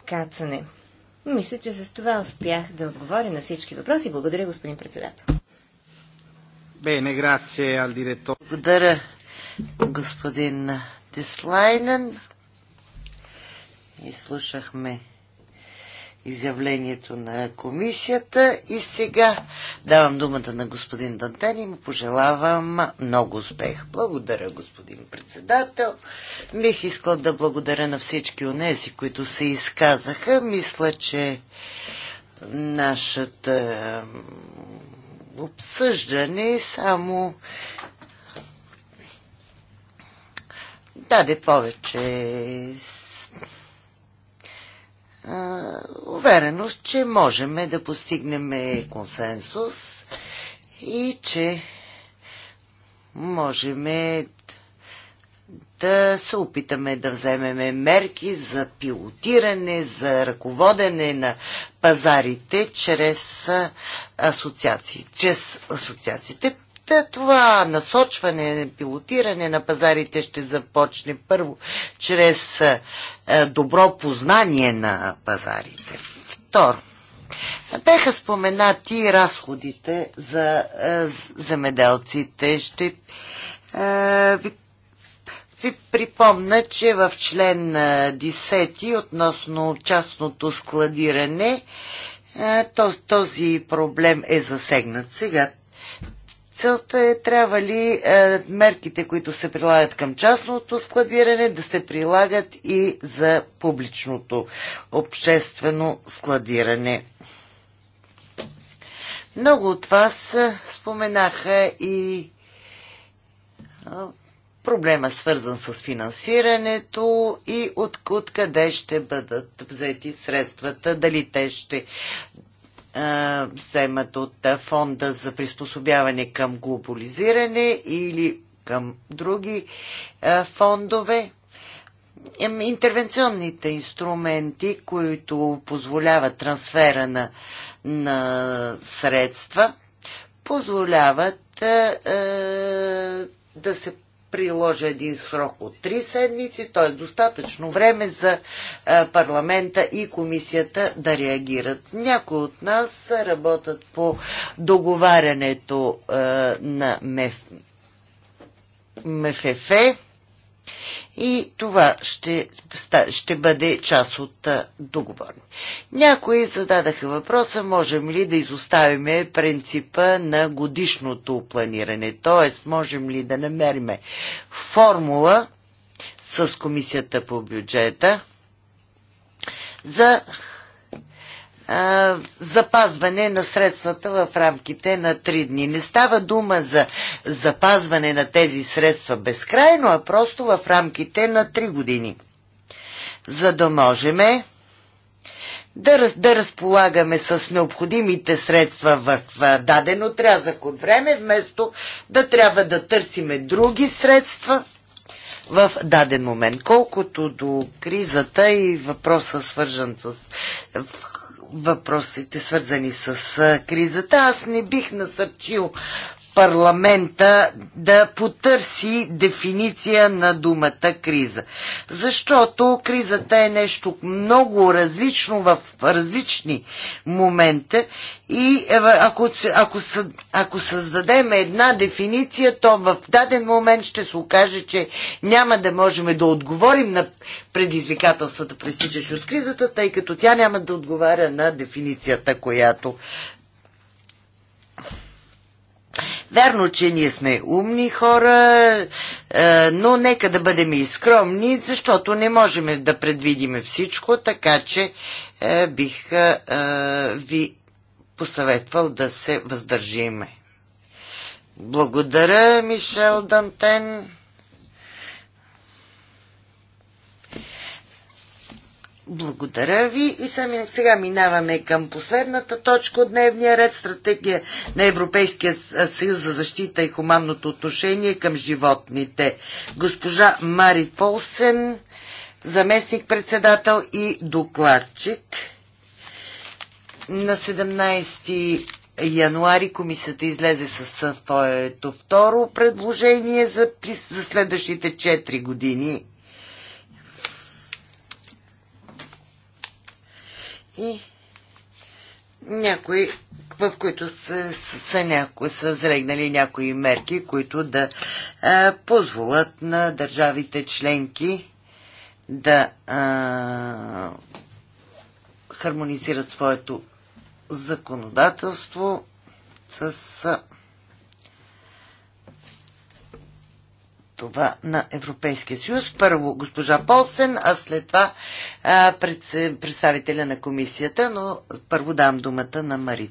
Speaker 3: кацане. Мисля, че с това успях да отговоря на всички въпроси. Благодаря, господин председател.
Speaker 2: Благодаря господин Деслайнен. И слушахме изявлението на комисията и сега давам думата на господин Дантен и му пожелавам много успех. Благодаря, господин председател. Бих искал да благодаря на всички онези, които се изказаха. Мисля, че нашата обсъждане е само даде повече увереност, че можем да постигнем консенсус и че можем да се опитаме да вземеме мерки за пилотиране, за ръководене на пазарите чрез асоциации. Чрез асоциациите Та това насочване, пилотиране на пазарите ще започне първо чрез е, е, добро познание на пазарите. Второ, беха споменати разходите за е, замеделците. Ще ви ви припомна, че в член 10 относно частното складиране този проблем е засегнат. Сега Целта е трябва ли е, мерките, които се прилагат към частното складиране, да се прилагат и за публичното обществено складиране. Много от вас е, споменаха и е, проблема свързан с финансирането и от, откъде ще бъдат взети средствата, дали те ще вземат от фонда за приспособяване към глобализиране или към други фондове. Интервенционните инструменти, които позволяват трансфера на, на средства, позволяват е, да се приложа един срок от 3 седмици, т.е. достатъчно време за парламента и комисията да реагират. Някои от нас работят по договарянето на МФ, МФФ и това ще, ще бъде част от договор. Някои зададаха въпроса, можем ли да изоставиме принципа на годишното планиране, т.е. можем ли да намериме формула с комисията по бюджета за запазване на средствата в рамките на 3 дни. Не става дума за запазване на тези средства безкрайно, а просто в рамките на 3 години. За да можем да, раз, да разполагаме с необходимите средства в, в даден отрязък от време, вместо да трябва да търсиме други средства в даден момент. Колкото до кризата и въпроса свържен с въпросите, свързани с кризата. Аз не бих насърчил парламента да потърси дефиниция на думата криза. Защото кризата е нещо много различно в различни момента и е, ако, ако, ако създадем една дефиниция, то в даден момент ще се окаже, че няма да можем да отговорим на предизвикателствата, пресичащи от кризата, тъй като тя няма да отговаря на дефиницията, която Вярно, че ние сме умни хора, е, но нека да бъдем и скромни, защото не можем да предвидим всичко, така че е, бих е, ви посъветвал да се въздържиме. Благодаря, Мишел Дантен. Благодаря ви. И сега минаваме към последната точка от дневния ред стратегия на Европейския съюз за защита и хуманното отношение към животните. Госпожа Мари Полсен, заместник-председател и докладчик. На 17 януари комисията излезе със своето второ предложение за, за следващите 4 години и някои, в които са, са, няко, са зрегнали някои мерки, които да а, позволят на държавите членки да а, хармонизират своето законодателство с това на Европейския съюз. Първо госпожа Полсен, а след това а, пред, представителя на комисията, но първо дам думата на Мари.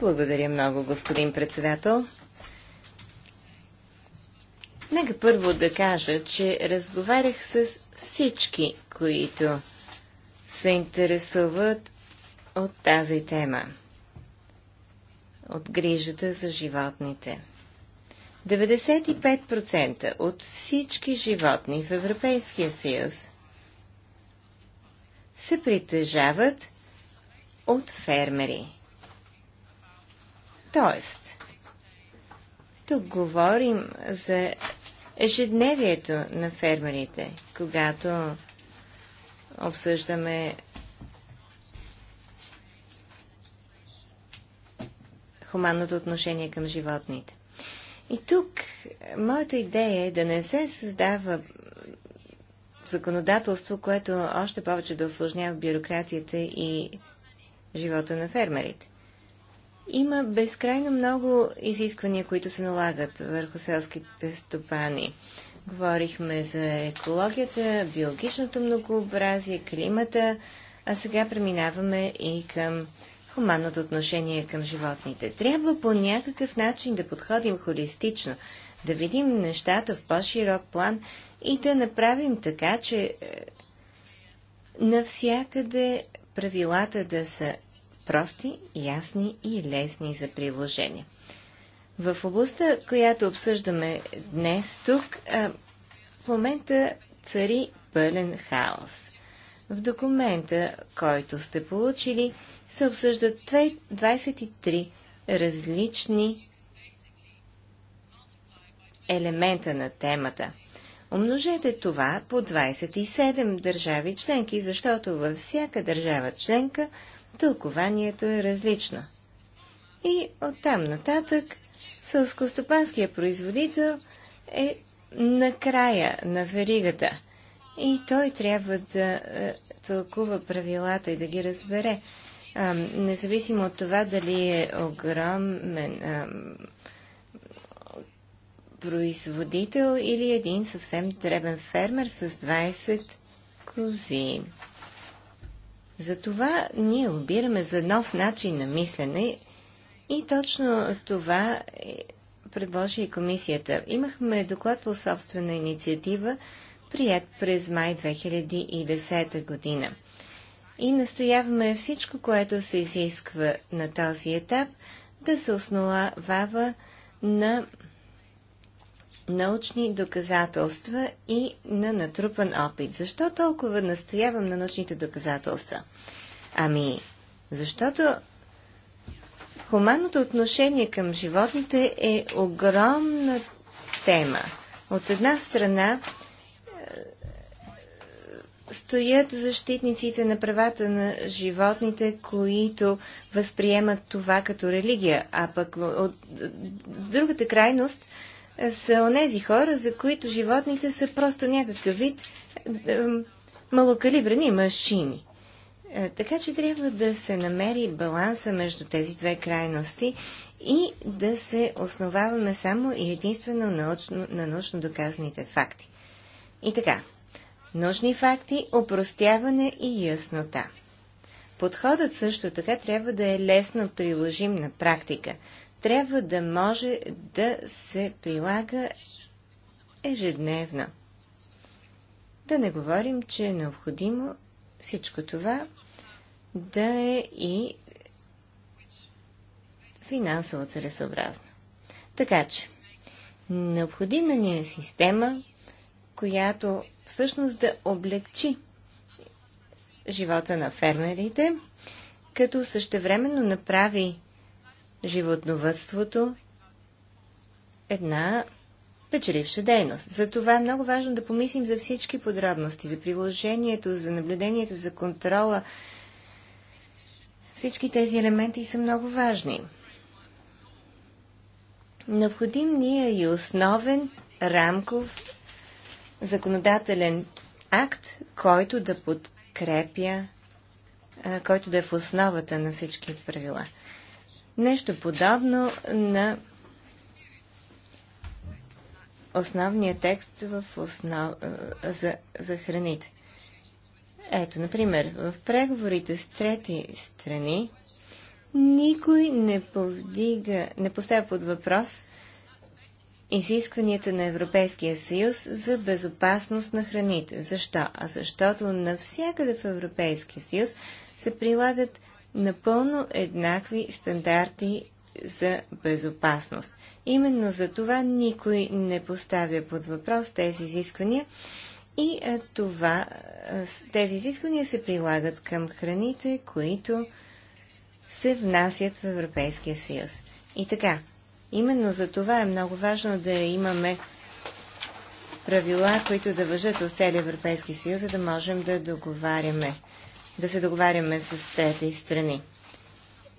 Speaker 3: Благодаря много, господин председател. Нека първо да кажа, че разговарях с всички, които се интересуват от тази тема от грижата за животните. 95% от всички животни в Европейския съюз се притежават от фермери. Тоест, тук говорим за ежедневието на фермерите, когато обсъждаме хуманното отношение към животните. И тук е, моята идея е да не се създава законодателство, което още повече да осложнява бюрокрацията и живота на фермерите. Има безкрайно много изисквания, които се налагат върху селските стопани. Говорихме за екологията, биологичното многообразие, климата, а сега преминаваме и към хуманното отношение към животните. Трябва по някакъв начин да подходим холистично, да видим нещата в по-широк план и да направим така, че е, навсякъде правилата да са прости, ясни и лесни за приложение. В областта, която обсъждаме днес тук, е, в момента цари пълен хаос. В документа, който сте получили, се обсъждат 23 различни елемента на темата. Умножете това по 27 държави членки, защото във всяка държава членка тълкованието е различно. И оттам нататък сълскостопанския производител е на края на веригата. И той трябва да е, тълкува правилата и да ги разбере а, независимо от това дали е огромен а, производител или един съвсем дребен фермер с 20 кози. Затова ние лобираме за нов начин на мислене и точно това е, предложи и комисията. Имахме доклад по собствена инициатива, прият през май 2010 година и настояваме всичко, което се изисква на този етап, да се основава на научни доказателства и на натрупан опит. Защо толкова настоявам на научните доказателства? Ами, защото хуманното отношение към животните е огромна тема. От една страна, стоят защитниците на правата на животните, които възприемат това като религия, а пък от другата крайност е, са онези хора, за които животните са просто някакъв вид е, малокалибрени машини. Е, така че трябва да се намери баланса между тези две крайности и да се основаваме само и единствено научно, на научно доказаните факти. И така, Нужни факти, опростяване и яснота. Подходът също така трябва да е лесно приложим на практика. Трябва да може да се прилага ежедневно. Да не говорим, че е необходимо всичко това да е и финансово целесообразно. Така че, необходима ни е система, която всъщност да облегчи живота на фермерите, като същевременно направи животновътството една печеливша дейност. Затова е много важно да помислим за всички подробности, за приложението, за наблюдението, за контрола. Всички тези елементи са много важни. Необходим ни е и основен рамков законодателен акт, който да подкрепя, който да е в основата на всички правила. Нещо подобно на основния текст в основ... за, за храните. Ето, например, в преговорите с трети страни никой не повдига, не поставя под въпрос изискванията на Европейския съюз за безопасност на храните. Защо? А защото навсякъде в Европейския съюз се прилагат напълно еднакви стандарти за безопасност. Именно за това никой не поставя под въпрос тези изисквания и това, тези изисквания се прилагат към храните, които се внасят в Европейския съюз. И така, Именно за това е много важно да имаме правила, които да въжат в целия Европейски съюз, за да можем да договаряме, да се договаряме с тези страни.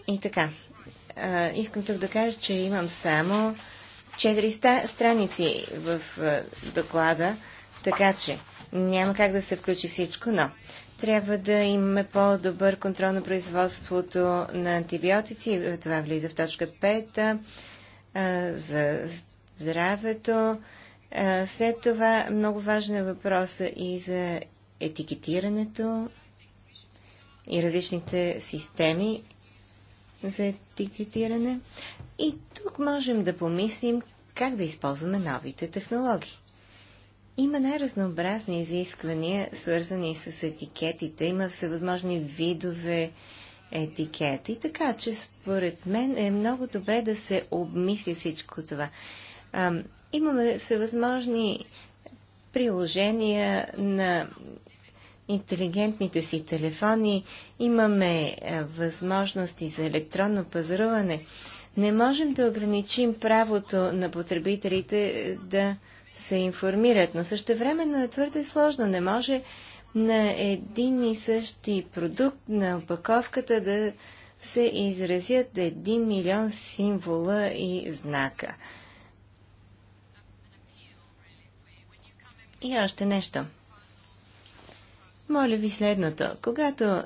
Speaker 3: И така, искам тук да кажа, че имам само 400 страници в доклада, така че няма как да се включи всичко, но трябва да имаме по-добър контрол на производството на антибиотици. Това влиза в точка 5 за здравето. След това много важен е въпроса и за етикетирането и различните системи за етикетиране. И тук можем да помислим как да използваме новите технологии. Има най-разнообразни изисквания, свързани с етикетите. Има всевъзможни видове етикет. И така, че според мен е много добре да се обмисли всичко това. А, имаме всевъзможни приложения на интелигентните си телефони, имаме а, възможности за електронно пазаруване. Не можем да ограничим правото на потребителите е, да се информират, но също времено е твърде сложно. Не може на един и същи продукт на опаковката да се изразят един милион символа и знака. И още нещо. Моля ви следното. Когато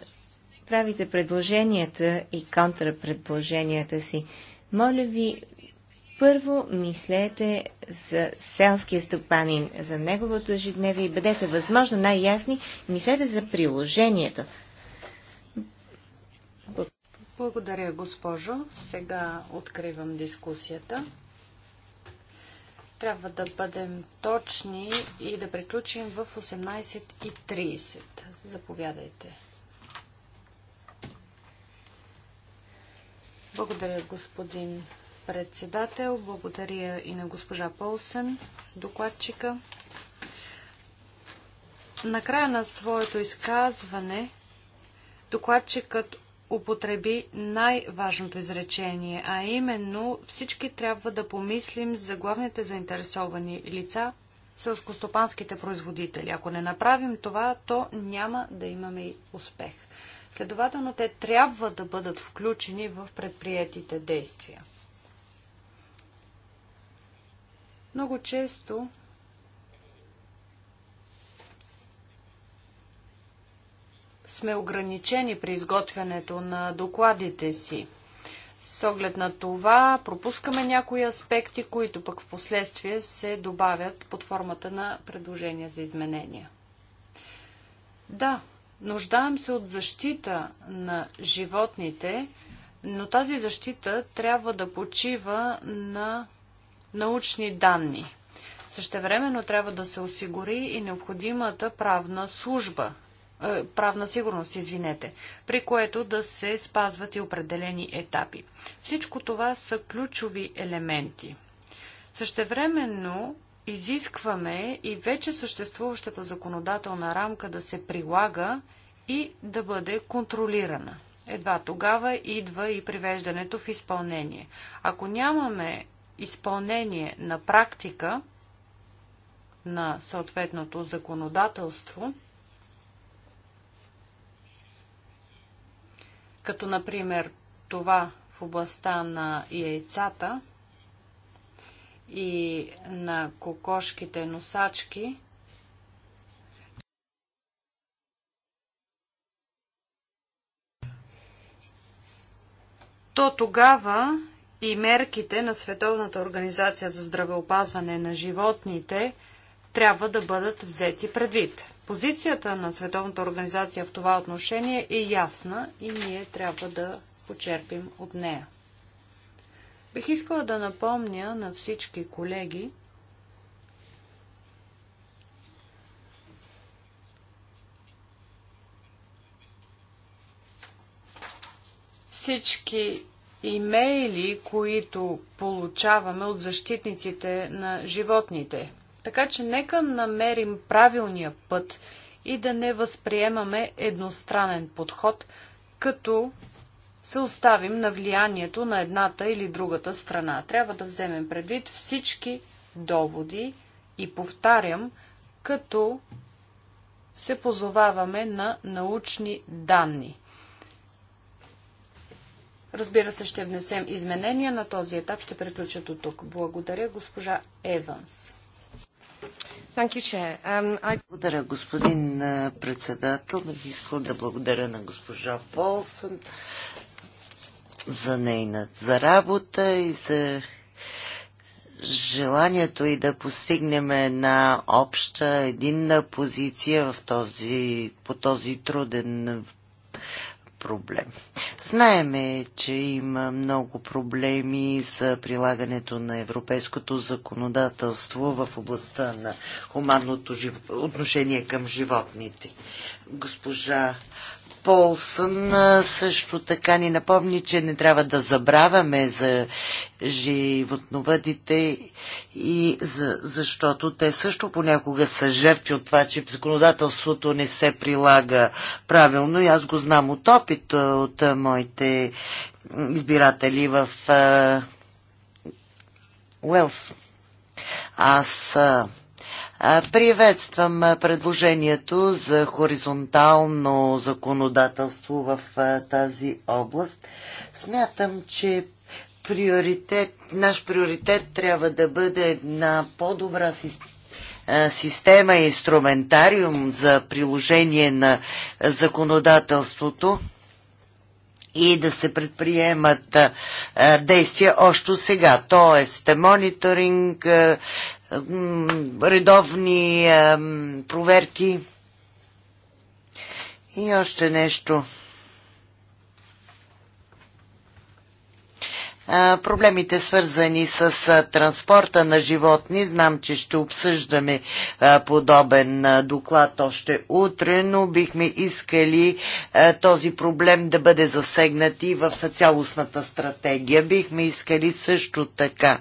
Speaker 3: правите предложенията и контрапредложенията си, моля ви първо мислете за селския стопанин, за неговото ежедневие и бъдете възможно най-ясни. Мислете за приложението.
Speaker 1: Благодаря, госпожо. Сега откривам дискусията. Трябва да бъдем точни и да приключим в 18.30. Заповядайте. Благодаря, господин председател. Благодаря и на госпожа Полсен, докладчика. Накрая на своето изказване докладчикът употреби най-важното изречение, а именно всички трябва да помислим за главните заинтересовани лица – селскостопанските производители. Ако не направим това, то няма да имаме и успех. Следователно, те трябва да бъдат включени в предприятите действия. Много често сме ограничени при изготвянето на докладите си. С оглед на това пропускаме някои аспекти, които пък в последствие се добавят под формата на предложения за изменения. Да, нуждаем се от защита на животните, но тази защита трябва да почива на научни данни. Същевременно трябва да се осигури и необходимата правна служба, э, правна сигурност, извинете, при което да се спазват и определени етапи. Всичко това са ключови елементи. Същевременно изискваме и вече съществуващата законодателна рамка да се прилага и да бъде контролирана. Едва тогава идва и привеждането в изпълнение. Ако нямаме изпълнение на практика на съответното законодателство, като например това в областта на яйцата и на кокошките носачки, то тогава и мерките на Световната организация за здравеопазване на животните трябва да бъдат взети предвид. Позицията на Световната организация в това отношение е ясна и ние трябва да почерпим от нея. Бих искала да напомня на всички колеги, всички имейли, които получаваме от защитниците на животните. Така че нека намерим правилния път и да не възприемаме едностранен подход, като се оставим на влиянието на едната или другата страна. Трябва да вземем предвид всички доводи и повтарям, като се позоваваме на научни данни. Разбира се, ще внесем изменения. На този етап ще приключа до тук. Благодаря, госпожа Еванс.
Speaker 2: Um, благодаря, господин председател. Бих искал да благодаря на госпожа Полсън за нейната за работа и за желанието и да постигнем една обща, единна позиция в този, по този труден проблем. Знаеме, че има много проблеми за прилагането на европейското законодателство в областта на хуманното жив... отношение към животните. Госпожа Полсън също така ни напомни, че не трябва да забравяме за животновъдите и за, защото те също понякога са жертви от това, че законодателството не се прилага правилно и аз го знам от опит от моите избиратели в Уелс. Аз Приветствам предложението за хоризонтално законодателство в тази област. Смятам, че приоритет, наш приоритет трябва да бъде една по-добра система и инструментариум за приложение на законодателството и да се предприемат действия още сега, Тоест, мониторинг, редовни проверки и още нещо. проблемите свързани с транспорта на животни. Знам, че ще обсъждаме подобен доклад още утре, но бихме искали този проблем да бъде засегнат и в цялостната стратегия. Бихме искали също така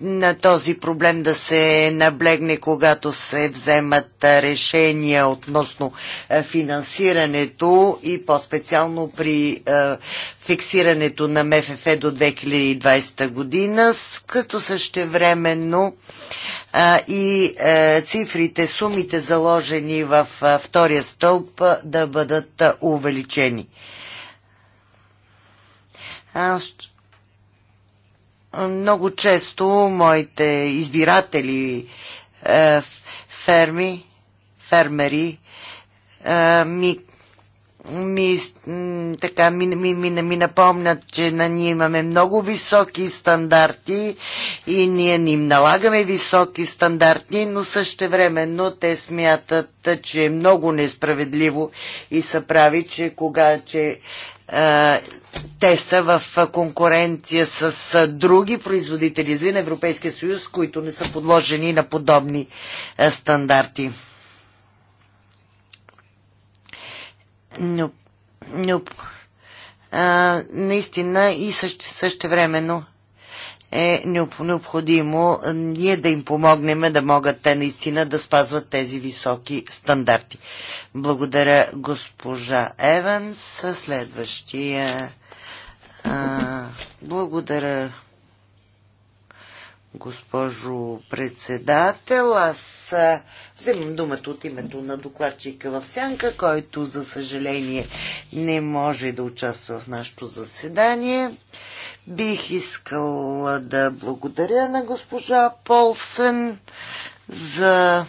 Speaker 2: на този проблем да се наблегне, когато се вземат решения относно финансирането и по-специално при фиксирането на МФФ до 2020 година, като същевременно и цифрите, сумите заложени в втория стълб да бъдат увеличени. Аз много често моите избиратели, е, ферми, фермери, е, ми, ми, така, ми, ми, ми, ми напомнят, че на ние имаме много високи стандарти и ние ни налагаме високи стандарти, но същевременно те смятат, че е много несправедливо и са прави, че кога, че е, те са в конкуренция с други производители извън Европейския съюз, които не са подложени на подобни стандарти. Но, но, а, наистина и също, времено е необходимо ние да им помогнем да могат те наистина да спазват тези високи стандарти. Благодаря госпожа Еванс. Следващия а, благодаря, госпожо председател. Аз вземам думата от името на докладчика в Сянка, който, за съжаление, не може да участва в нашето заседание. Бих искала да благодаря на госпожа Полсен за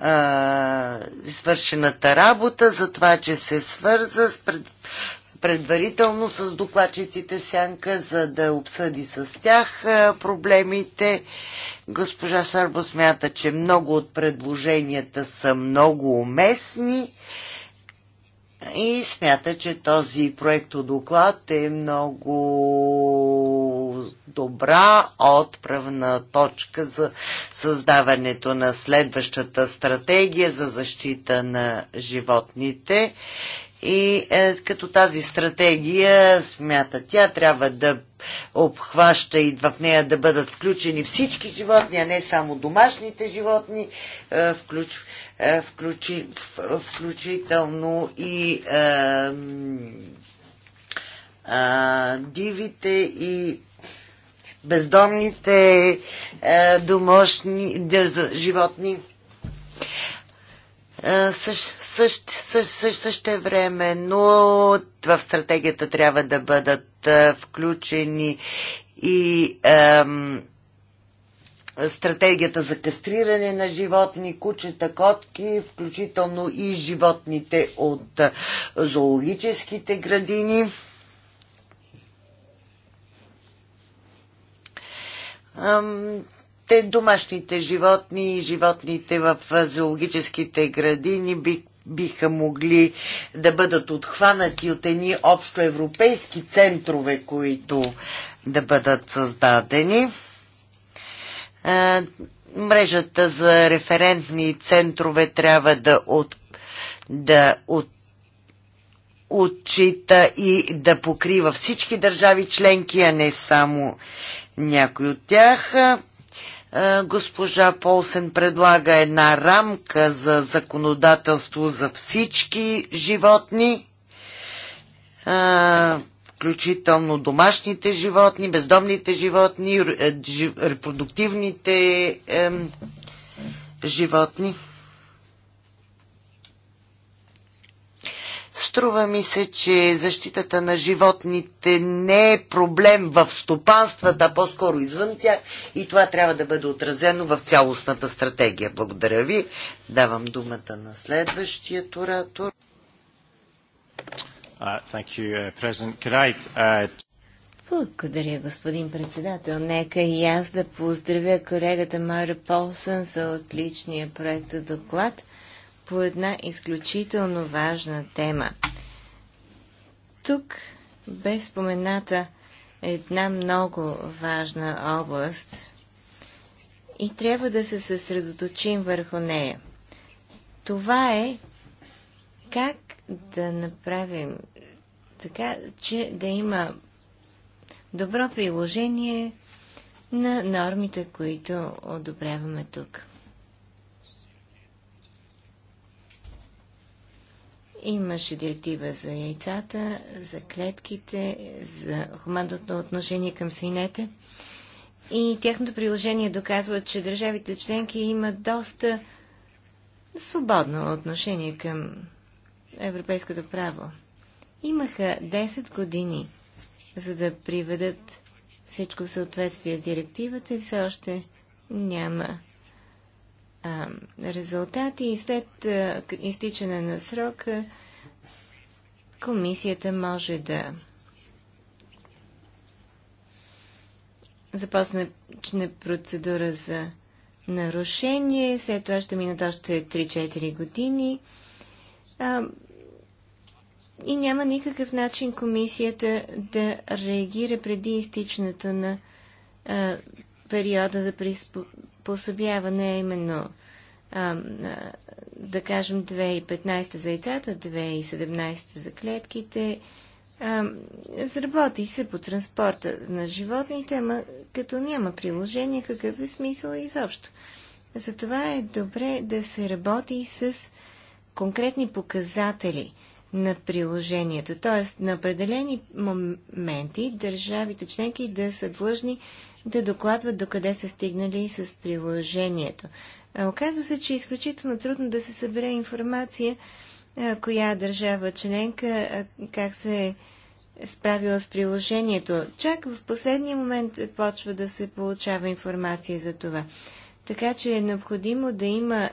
Speaker 2: а, работа, за това, че се свърза с пред, предварително с докладчиците в сянка, за да обсъди с тях проблемите. Госпожа Сърбо смята, че много от предложенията са много уместни и смята, че този проектодоклад е много добра отправна точка за създаването на следващата стратегия за защита на животните и е, като тази стратегия, смята тя, трябва да обхваща и в нея да бъдат включени всички животни, а не само домашните животни, е, включ, е, включи, в, включително и е, е, дивите и бездомните е, домашни животни. Е, същ, също време, но в стратегията трябва да бъдат е, включени и ем, стратегията за кастриране на животни, кучета, котки, включително и животните от е, зоологическите градини. Ем, те домашните животни и животните в зоологическите градини би, биха могли да бъдат отхванати от едни общоевропейски центрове, които да бъдат създадени. Мрежата за референтни центрове трябва да, от, да от, отчита и да покрива всички държави членки, а не само някои от тях. Е, госпожа Полсен предлага една рамка за законодателство за всички животни, е, включително домашните животни, бездомните животни, репродуктивните животни. Струва ми се, че защитата на животните не е проблем в стопанствата, а по-скоро извън тях и това трябва да бъде отразено в цялостната стратегия. Благодаря ви. Давам думата на следващия оратор.
Speaker 3: Uh, uh, uh, Благодаря, господин председател. Нека и аз да поздравя колегата Майра Полсън за отличния проект доклад – по една изключително важна тема. Тук бе спомената една много важна област и трябва да се съсредоточим върху нея. Това е как да направим така, че да има добро приложение на нормите, които одобряваме тук. Имаше директива за яйцата, за клетките, за хуманното отношение към свинете. И тяхното приложение доказва, че държавите членки имат доста свободно отношение към европейското право. Имаха 10 години, за да приведат всичко в съответствие с директивата и все още няма резултати и след изтичане на срока комисията може да започне процедура за нарушение, след това ще минат още 3-4 години. и няма никакъв начин комисията да реагира преди изтичането на периода за приспособяване, именно а, да кажем 2015 за яйцата, 2017 за клетките. А, заработи се по транспорта на животните, ама като няма приложение, какъв е смисъл изобщо? Затова е добре да се работи и с конкретни показатели на приложението. Т.е. на определени моменти държавите членки да са длъжни да докладват докъде са стигнали с приложението. Оказва се, че е изключително трудно да се събере информация коя държава членка как се е справила с приложението. Чак в последния момент почва да се получава информация за това. Така че е необходимо да има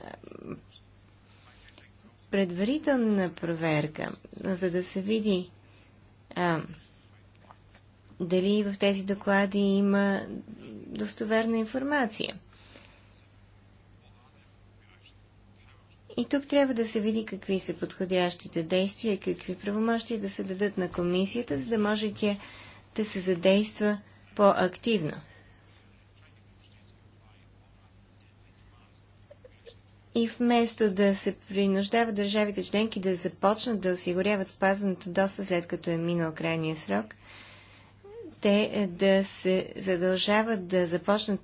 Speaker 3: предварителна проверка, за да се види а, дали в тези доклади има достоверна информация. И тук трябва да се види какви са подходящите действия и какви правомощи да се дадат на комисията, за да може тя да се задейства по-активно. И вместо да се принуждава държавите членки да започнат да осигуряват спазването доста след като е минал крайния срок – те е, да се задължават да започнат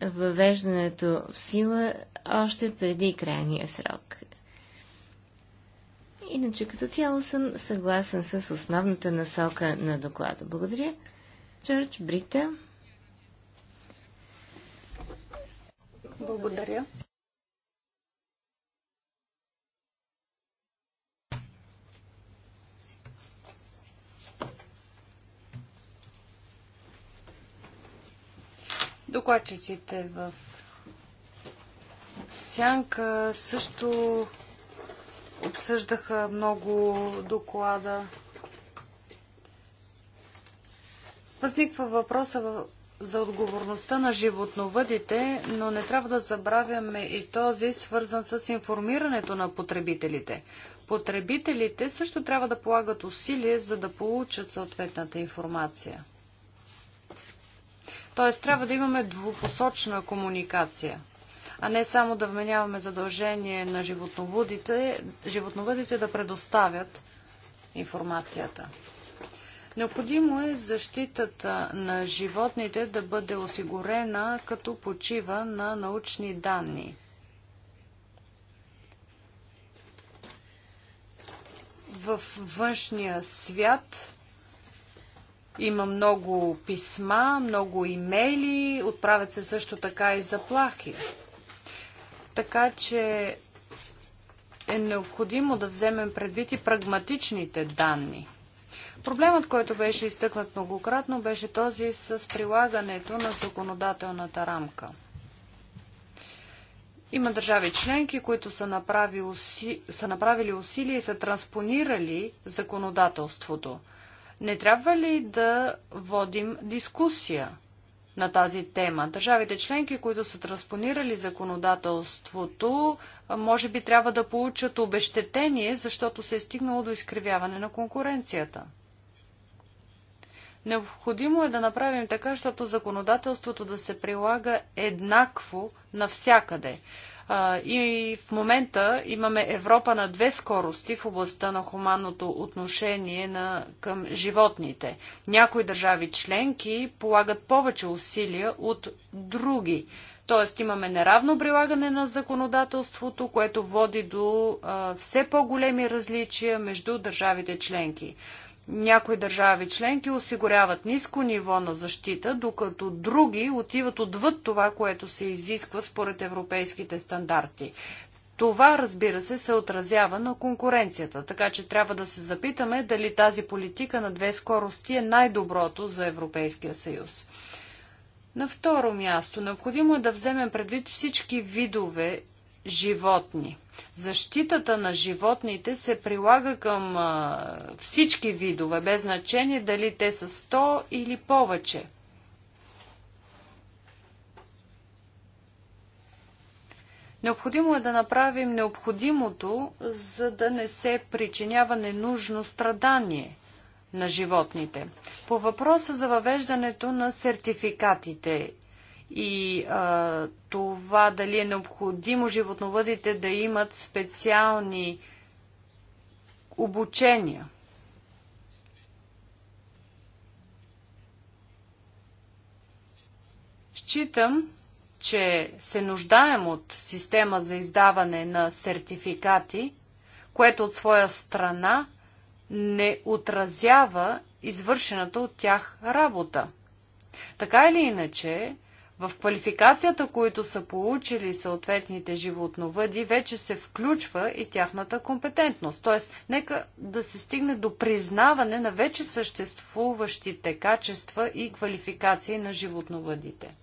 Speaker 3: въвеждането в сила още преди крайния срок. Иначе като цяло съм съгласен с основната насока на доклада. Благодаря. Джордж Брита.
Speaker 1: Благодаря. Докладчиците в Сянка също обсъждаха много доклада. Възниква въпроса за отговорността на животновъдите, но не трябва да забравяме и този, свързан с информирането на потребителите. Потребителите също трябва да полагат усилие, за да получат съответната информация. Тоест, трябва да имаме двупосочна комуникация, а не само да вменяваме задължение на животновъдите, животновъдите да предоставят информацията. Необходимо е защитата на животните да бъде осигурена като почива на научни данни. В външния свят има много писма, много имейли, отправят се също така и заплахи. Така че е необходимо да вземем предвид и прагматичните данни. Проблемът, който беше изтъкнат многократно, беше този с прилагането на законодателната рамка. Има държави членки, които са, уси... са направили усилия и са транспонирали законодателството. Не трябва ли да водим дискусия на тази тема? Държавите членки, които са транспонирали законодателството, може би трябва да получат обещетение, защото се е стигнало до изкривяване на конкуренцията. Необходимо е да направим така, защото законодателството да се прилага еднакво навсякъде. И в момента имаме Европа на две скорости в областта на хуманното отношение на, към животните. Някои държави членки полагат повече усилия от други. Тоест имаме неравно прилагане на законодателството, което води до а, все по-големи различия между държавите членки. Някои държави членки осигуряват ниско ниво на защита, докато други отиват отвъд това, което се изисква според европейските стандарти. Това, разбира се, се отразява на конкуренцията, така че трябва да се запитаме дали тази политика на две скорости е най-доброто за Европейския съюз. На второ място, необходимо е да вземем предвид всички видове животни. Защитата на животните се прилага към а, всички видове, без значение дали те са 100 или повече. Необходимо е да направим необходимото, за да не се причинява ненужно страдание на животните. По въпроса за въвеждането на сертификатите и а, това дали е необходимо животновъдите да имат специални обучения. Считам, че се нуждаем от система за издаване на сертификати, което от своя страна не отразява извършената от тях работа. Така или иначе, в квалификацията, които са получили съответните животновъди, вече се включва и тяхната компетентност. Тоест, нека да се стигне до признаване на вече съществуващите качества и квалификации на животновъдите.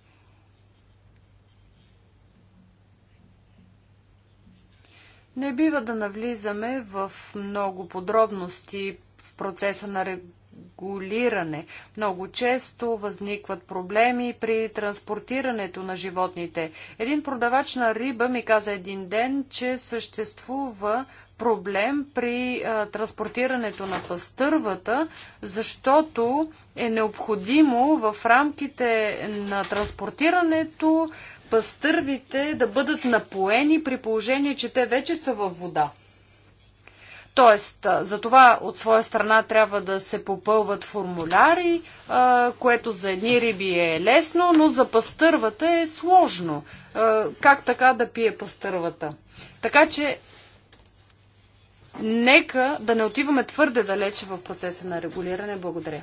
Speaker 1: Не бива да навлизаме в много подробности в процеса на регулация регулиране. Много често възникват проблеми при транспортирането на животните. Един продавач на риба ми каза един ден, че съществува проблем при а, транспортирането на пастървата, защото е необходимо в рамките на транспортирането пастървите да бъдат напоени при положение, че те вече са във вода. Тоест, за това от своя страна трябва да се попълват формуляри, което за едни риби е лесно, но за пастървата е сложно. Как така да пие пастървата? Така че, нека да не отиваме твърде далече в процеса на регулиране. Благодаря.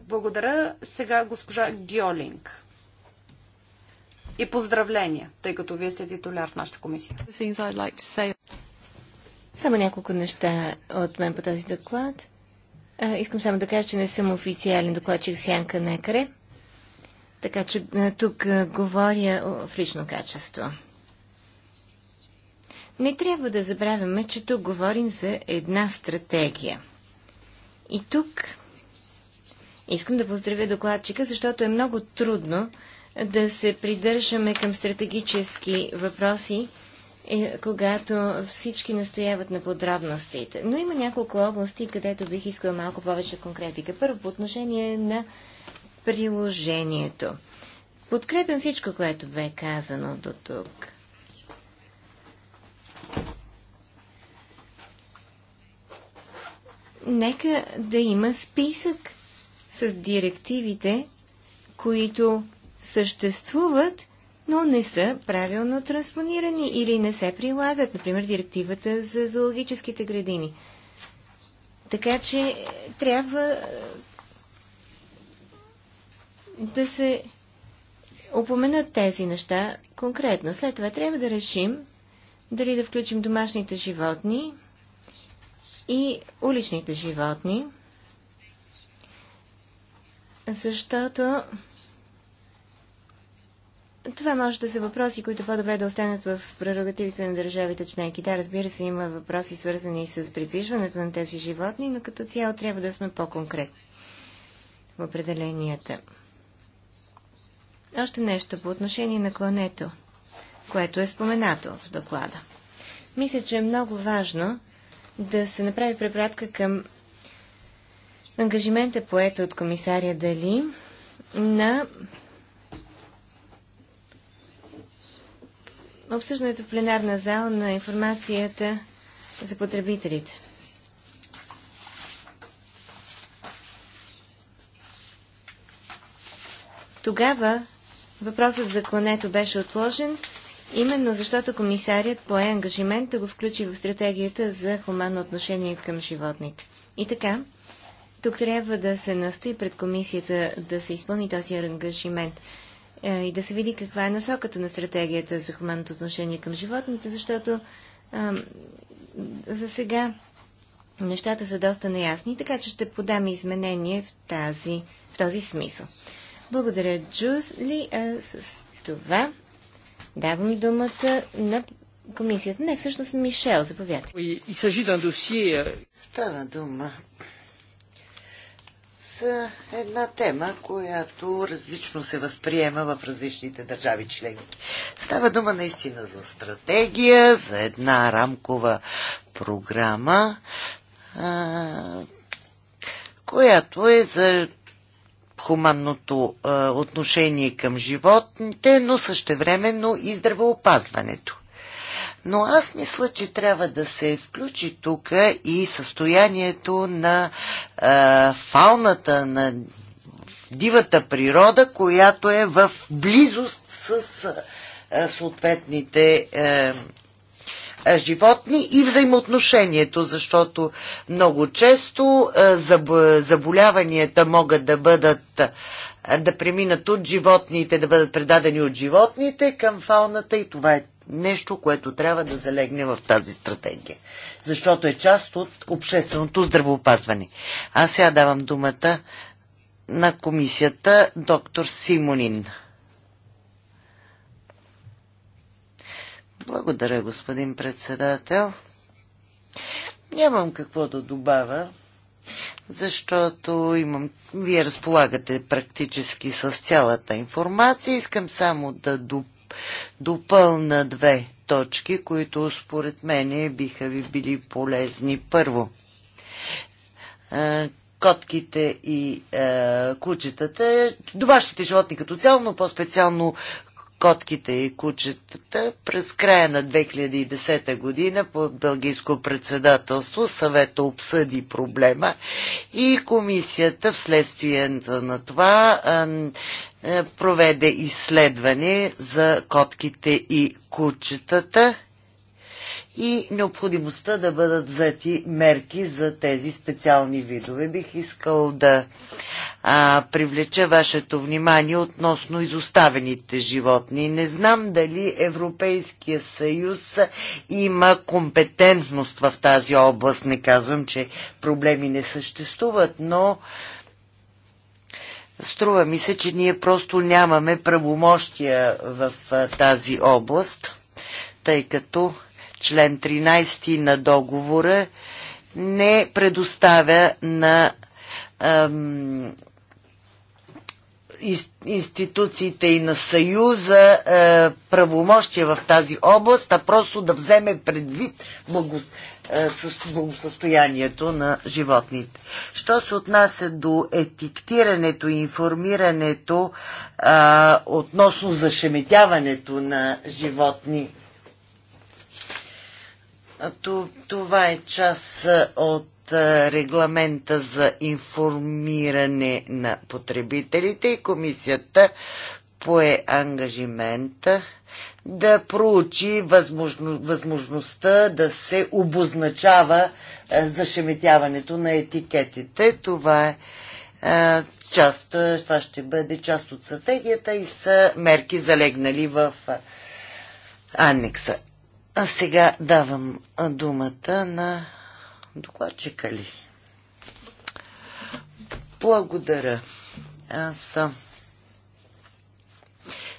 Speaker 1: Благодаря сега госпожа Гьолинг. И поздравления, тъй като вие сте титуляр в нашата комисия.
Speaker 3: Само няколко неща от мен по този доклад. А, искам само да кажа, че не съм официален докладчик в Сянка Некаре, така че а, тук а, говоря в лично качество. Не трябва да забравяме, че тук говорим за една стратегия. И тук искам да поздравя докладчика, защото е много трудно да се придържаме към стратегически въпроси, е, когато всички настояват на подробностите. Но има няколко области, където бих искал малко повече конкретика. Първо, по отношение на приложението. Подкрепям всичко, което бе казано до тук. Нека да има списък с директивите, които съществуват но не са правилно транспонирани или не се прилагат, например, директивата за зоологическите градини. Така че трябва е, да се упоменат тези неща конкретно. След това трябва да решим дали да включим домашните животни и уличните животни, защото това може да са въпроси, които по-добре да останат в прерогативите на държавите членки. Да, разбира се, има въпроси свързани с придвижването на тези животни, но като цяло трябва да сме по-конкретни в определенията. Още нещо по отношение на клането, което е споменато в доклада. Мисля, че е много важно да се направи препратка към ангажимента поета от комисаря Дали на обсъждането в пленарна зала на информацията за потребителите. Тогава въпросът за клането беше отложен, именно защото комисарият пое ангажимент да го включи в стратегията за хуманно отношение към животните. И така, тук трябва да се настои пред комисията да се изпълни този ангажимент. Е, и да се види каква е насоката на стратегията за хуманното отношение към животните, защото е, за сега нещата са доста неясни, така че ще подам изменение в, тази, в този смисъл. Благодаря, Джузли. А с това давам думата на комисията. Не, всъщност Мишел, заповядайте.
Speaker 2: Става дума е, една тема, която различно се възприема в различните държави членки. Става дума наистина за стратегия, за една рамкова програма, е, която е за хуманното е, отношение към животните, но същевременно и здравеопазването. Но аз мисля, че трябва да се включи тук и състоянието на а, фауната, на дивата природа, която е в близост с а, съответните а, животни и взаимоотношението, защото много често а, заболяванията могат да бъдат да преминат от животните, да бъдат предадени от животните към фауната и това е нещо, което трябва да залегне в тази стратегия. Защото е част от общественото здравеопазване. Аз сега давам думата на комисията доктор Симонин. Благодаря, господин председател. Нямам какво да добавя, защото имам... Вие разполагате практически с цялата информация. Искам само да допълня допълна две точки, които според мен биха ви били полезни. Първо, котките и кучетата, домашните животни като цяло, но по-специално котките и кучетата през края на 2010 година под бългийско председателство съвета обсъди проблема и комисията вследствие на това проведе изследване за котките и кучетата и необходимостта да бъдат взети мерки за тези специални видове. Бих искал да а, привлеча вашето внимание относно изоставените животни. Не знам дали Европейския съюз има компетентност в тази област. Не казвам, че проблеми не съществуват, но струва ми се, че ние просто нямаме правомощия в а, тази област, тъй като член 13 на договора не предоставя на ам, институциите и на Съюза е, правомощия в тази област, а просто да вземе предвид благосъстоянието на животните. Що се отнася до етиктирането и информирането е, относно зашеметяването на животни, това е част от регламента за информиране на потребителите и комисията пое ангажимента да проучи възможно, възможността да се обозначава зашеметяването на етикетите. Това е част, това ще бъде част от стратегията и са мерки залегнали в анекса. А сега давам думата на докладчика ли. Благодаря. Аз съм.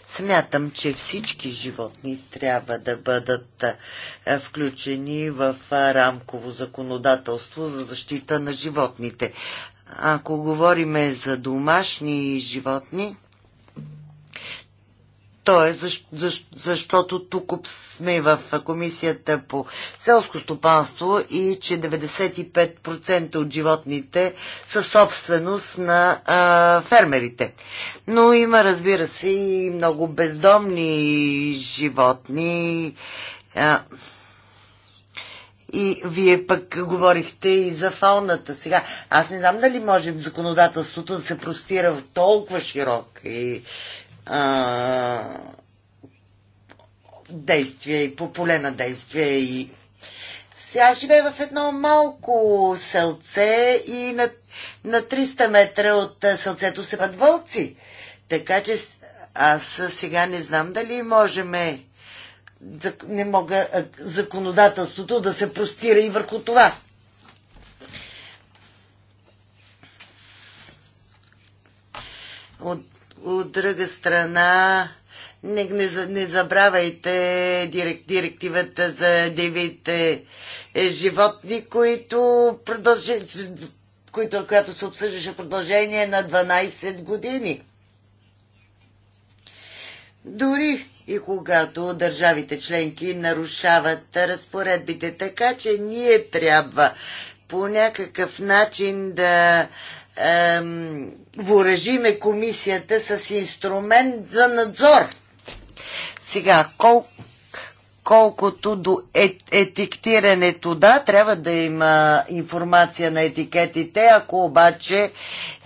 Speaker 2: Смятам, че всички животни трябва да бъдат включени в рамково законодателство за защита на животните. Ако говориме за домашни животни, то е защ, защ, защото тук сме в комисията по селско стопанство и че 95% от животните са собственост на а, фермерите. Но има, разбира се, и много бездомни животни. А, и вие пък говорихте и за фауната сега. Аз не знам дали може законодателството да се простира в толкова широк и а, действия и по поле на действия и сега живее в едно малко селце и на, на 300 метра от селцето се път вълци. Така че аз сега не знам дали можем не мога законодателството да се простира и върху това. От от друга страна, не, не, не забравяйте директ, директивата за девите животни, които продължи, които, която се обсъждаше продължение на 12 години. Дори и когато държавите членки нарушават разпоредбите, така че ние трябва по някакъв начин да въоръжиме комисията с инструмент за надзор. Сега, кол, колкото до е-, етиктирането, да, трябва да има информация на етикетите, ако обаче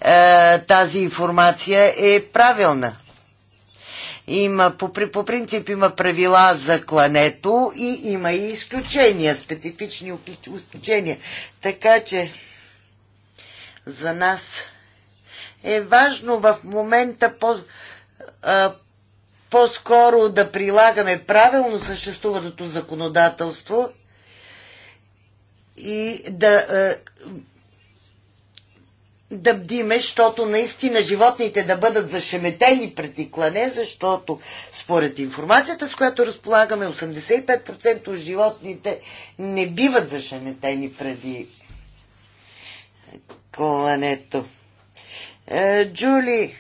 Speaker 2: е, тази информация е правилна. Има, по, по принцип има правила за клането и има и изключения, специфични изключения. Така че за нас е важно в момента по, а, по-скоро да прилагаме правилно съществуваното законодателство и да, а, да бдиме, защото наистина животните да бъдат зашеметени преди клане, защото според информацията, с която разполагаме, 85% от животните не биват зашеметени преди клането. Е, Джули,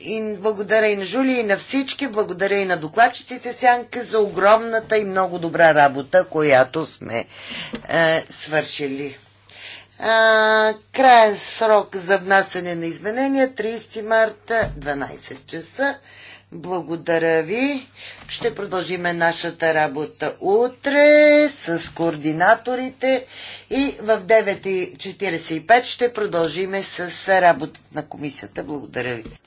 Speaker 2: и благодаря и на Жули, и на всички, благодаря и на докладчиците Сянка за огромната и много добра работа, която сме е, свършили. А, краен срок за внасене на изменения 30 марта 12 часа. Благодаря ви. Ще продължиме нашата работа утре с координаторите и в 9.45 ще продължиме с работата на комисията. Благодаря ви.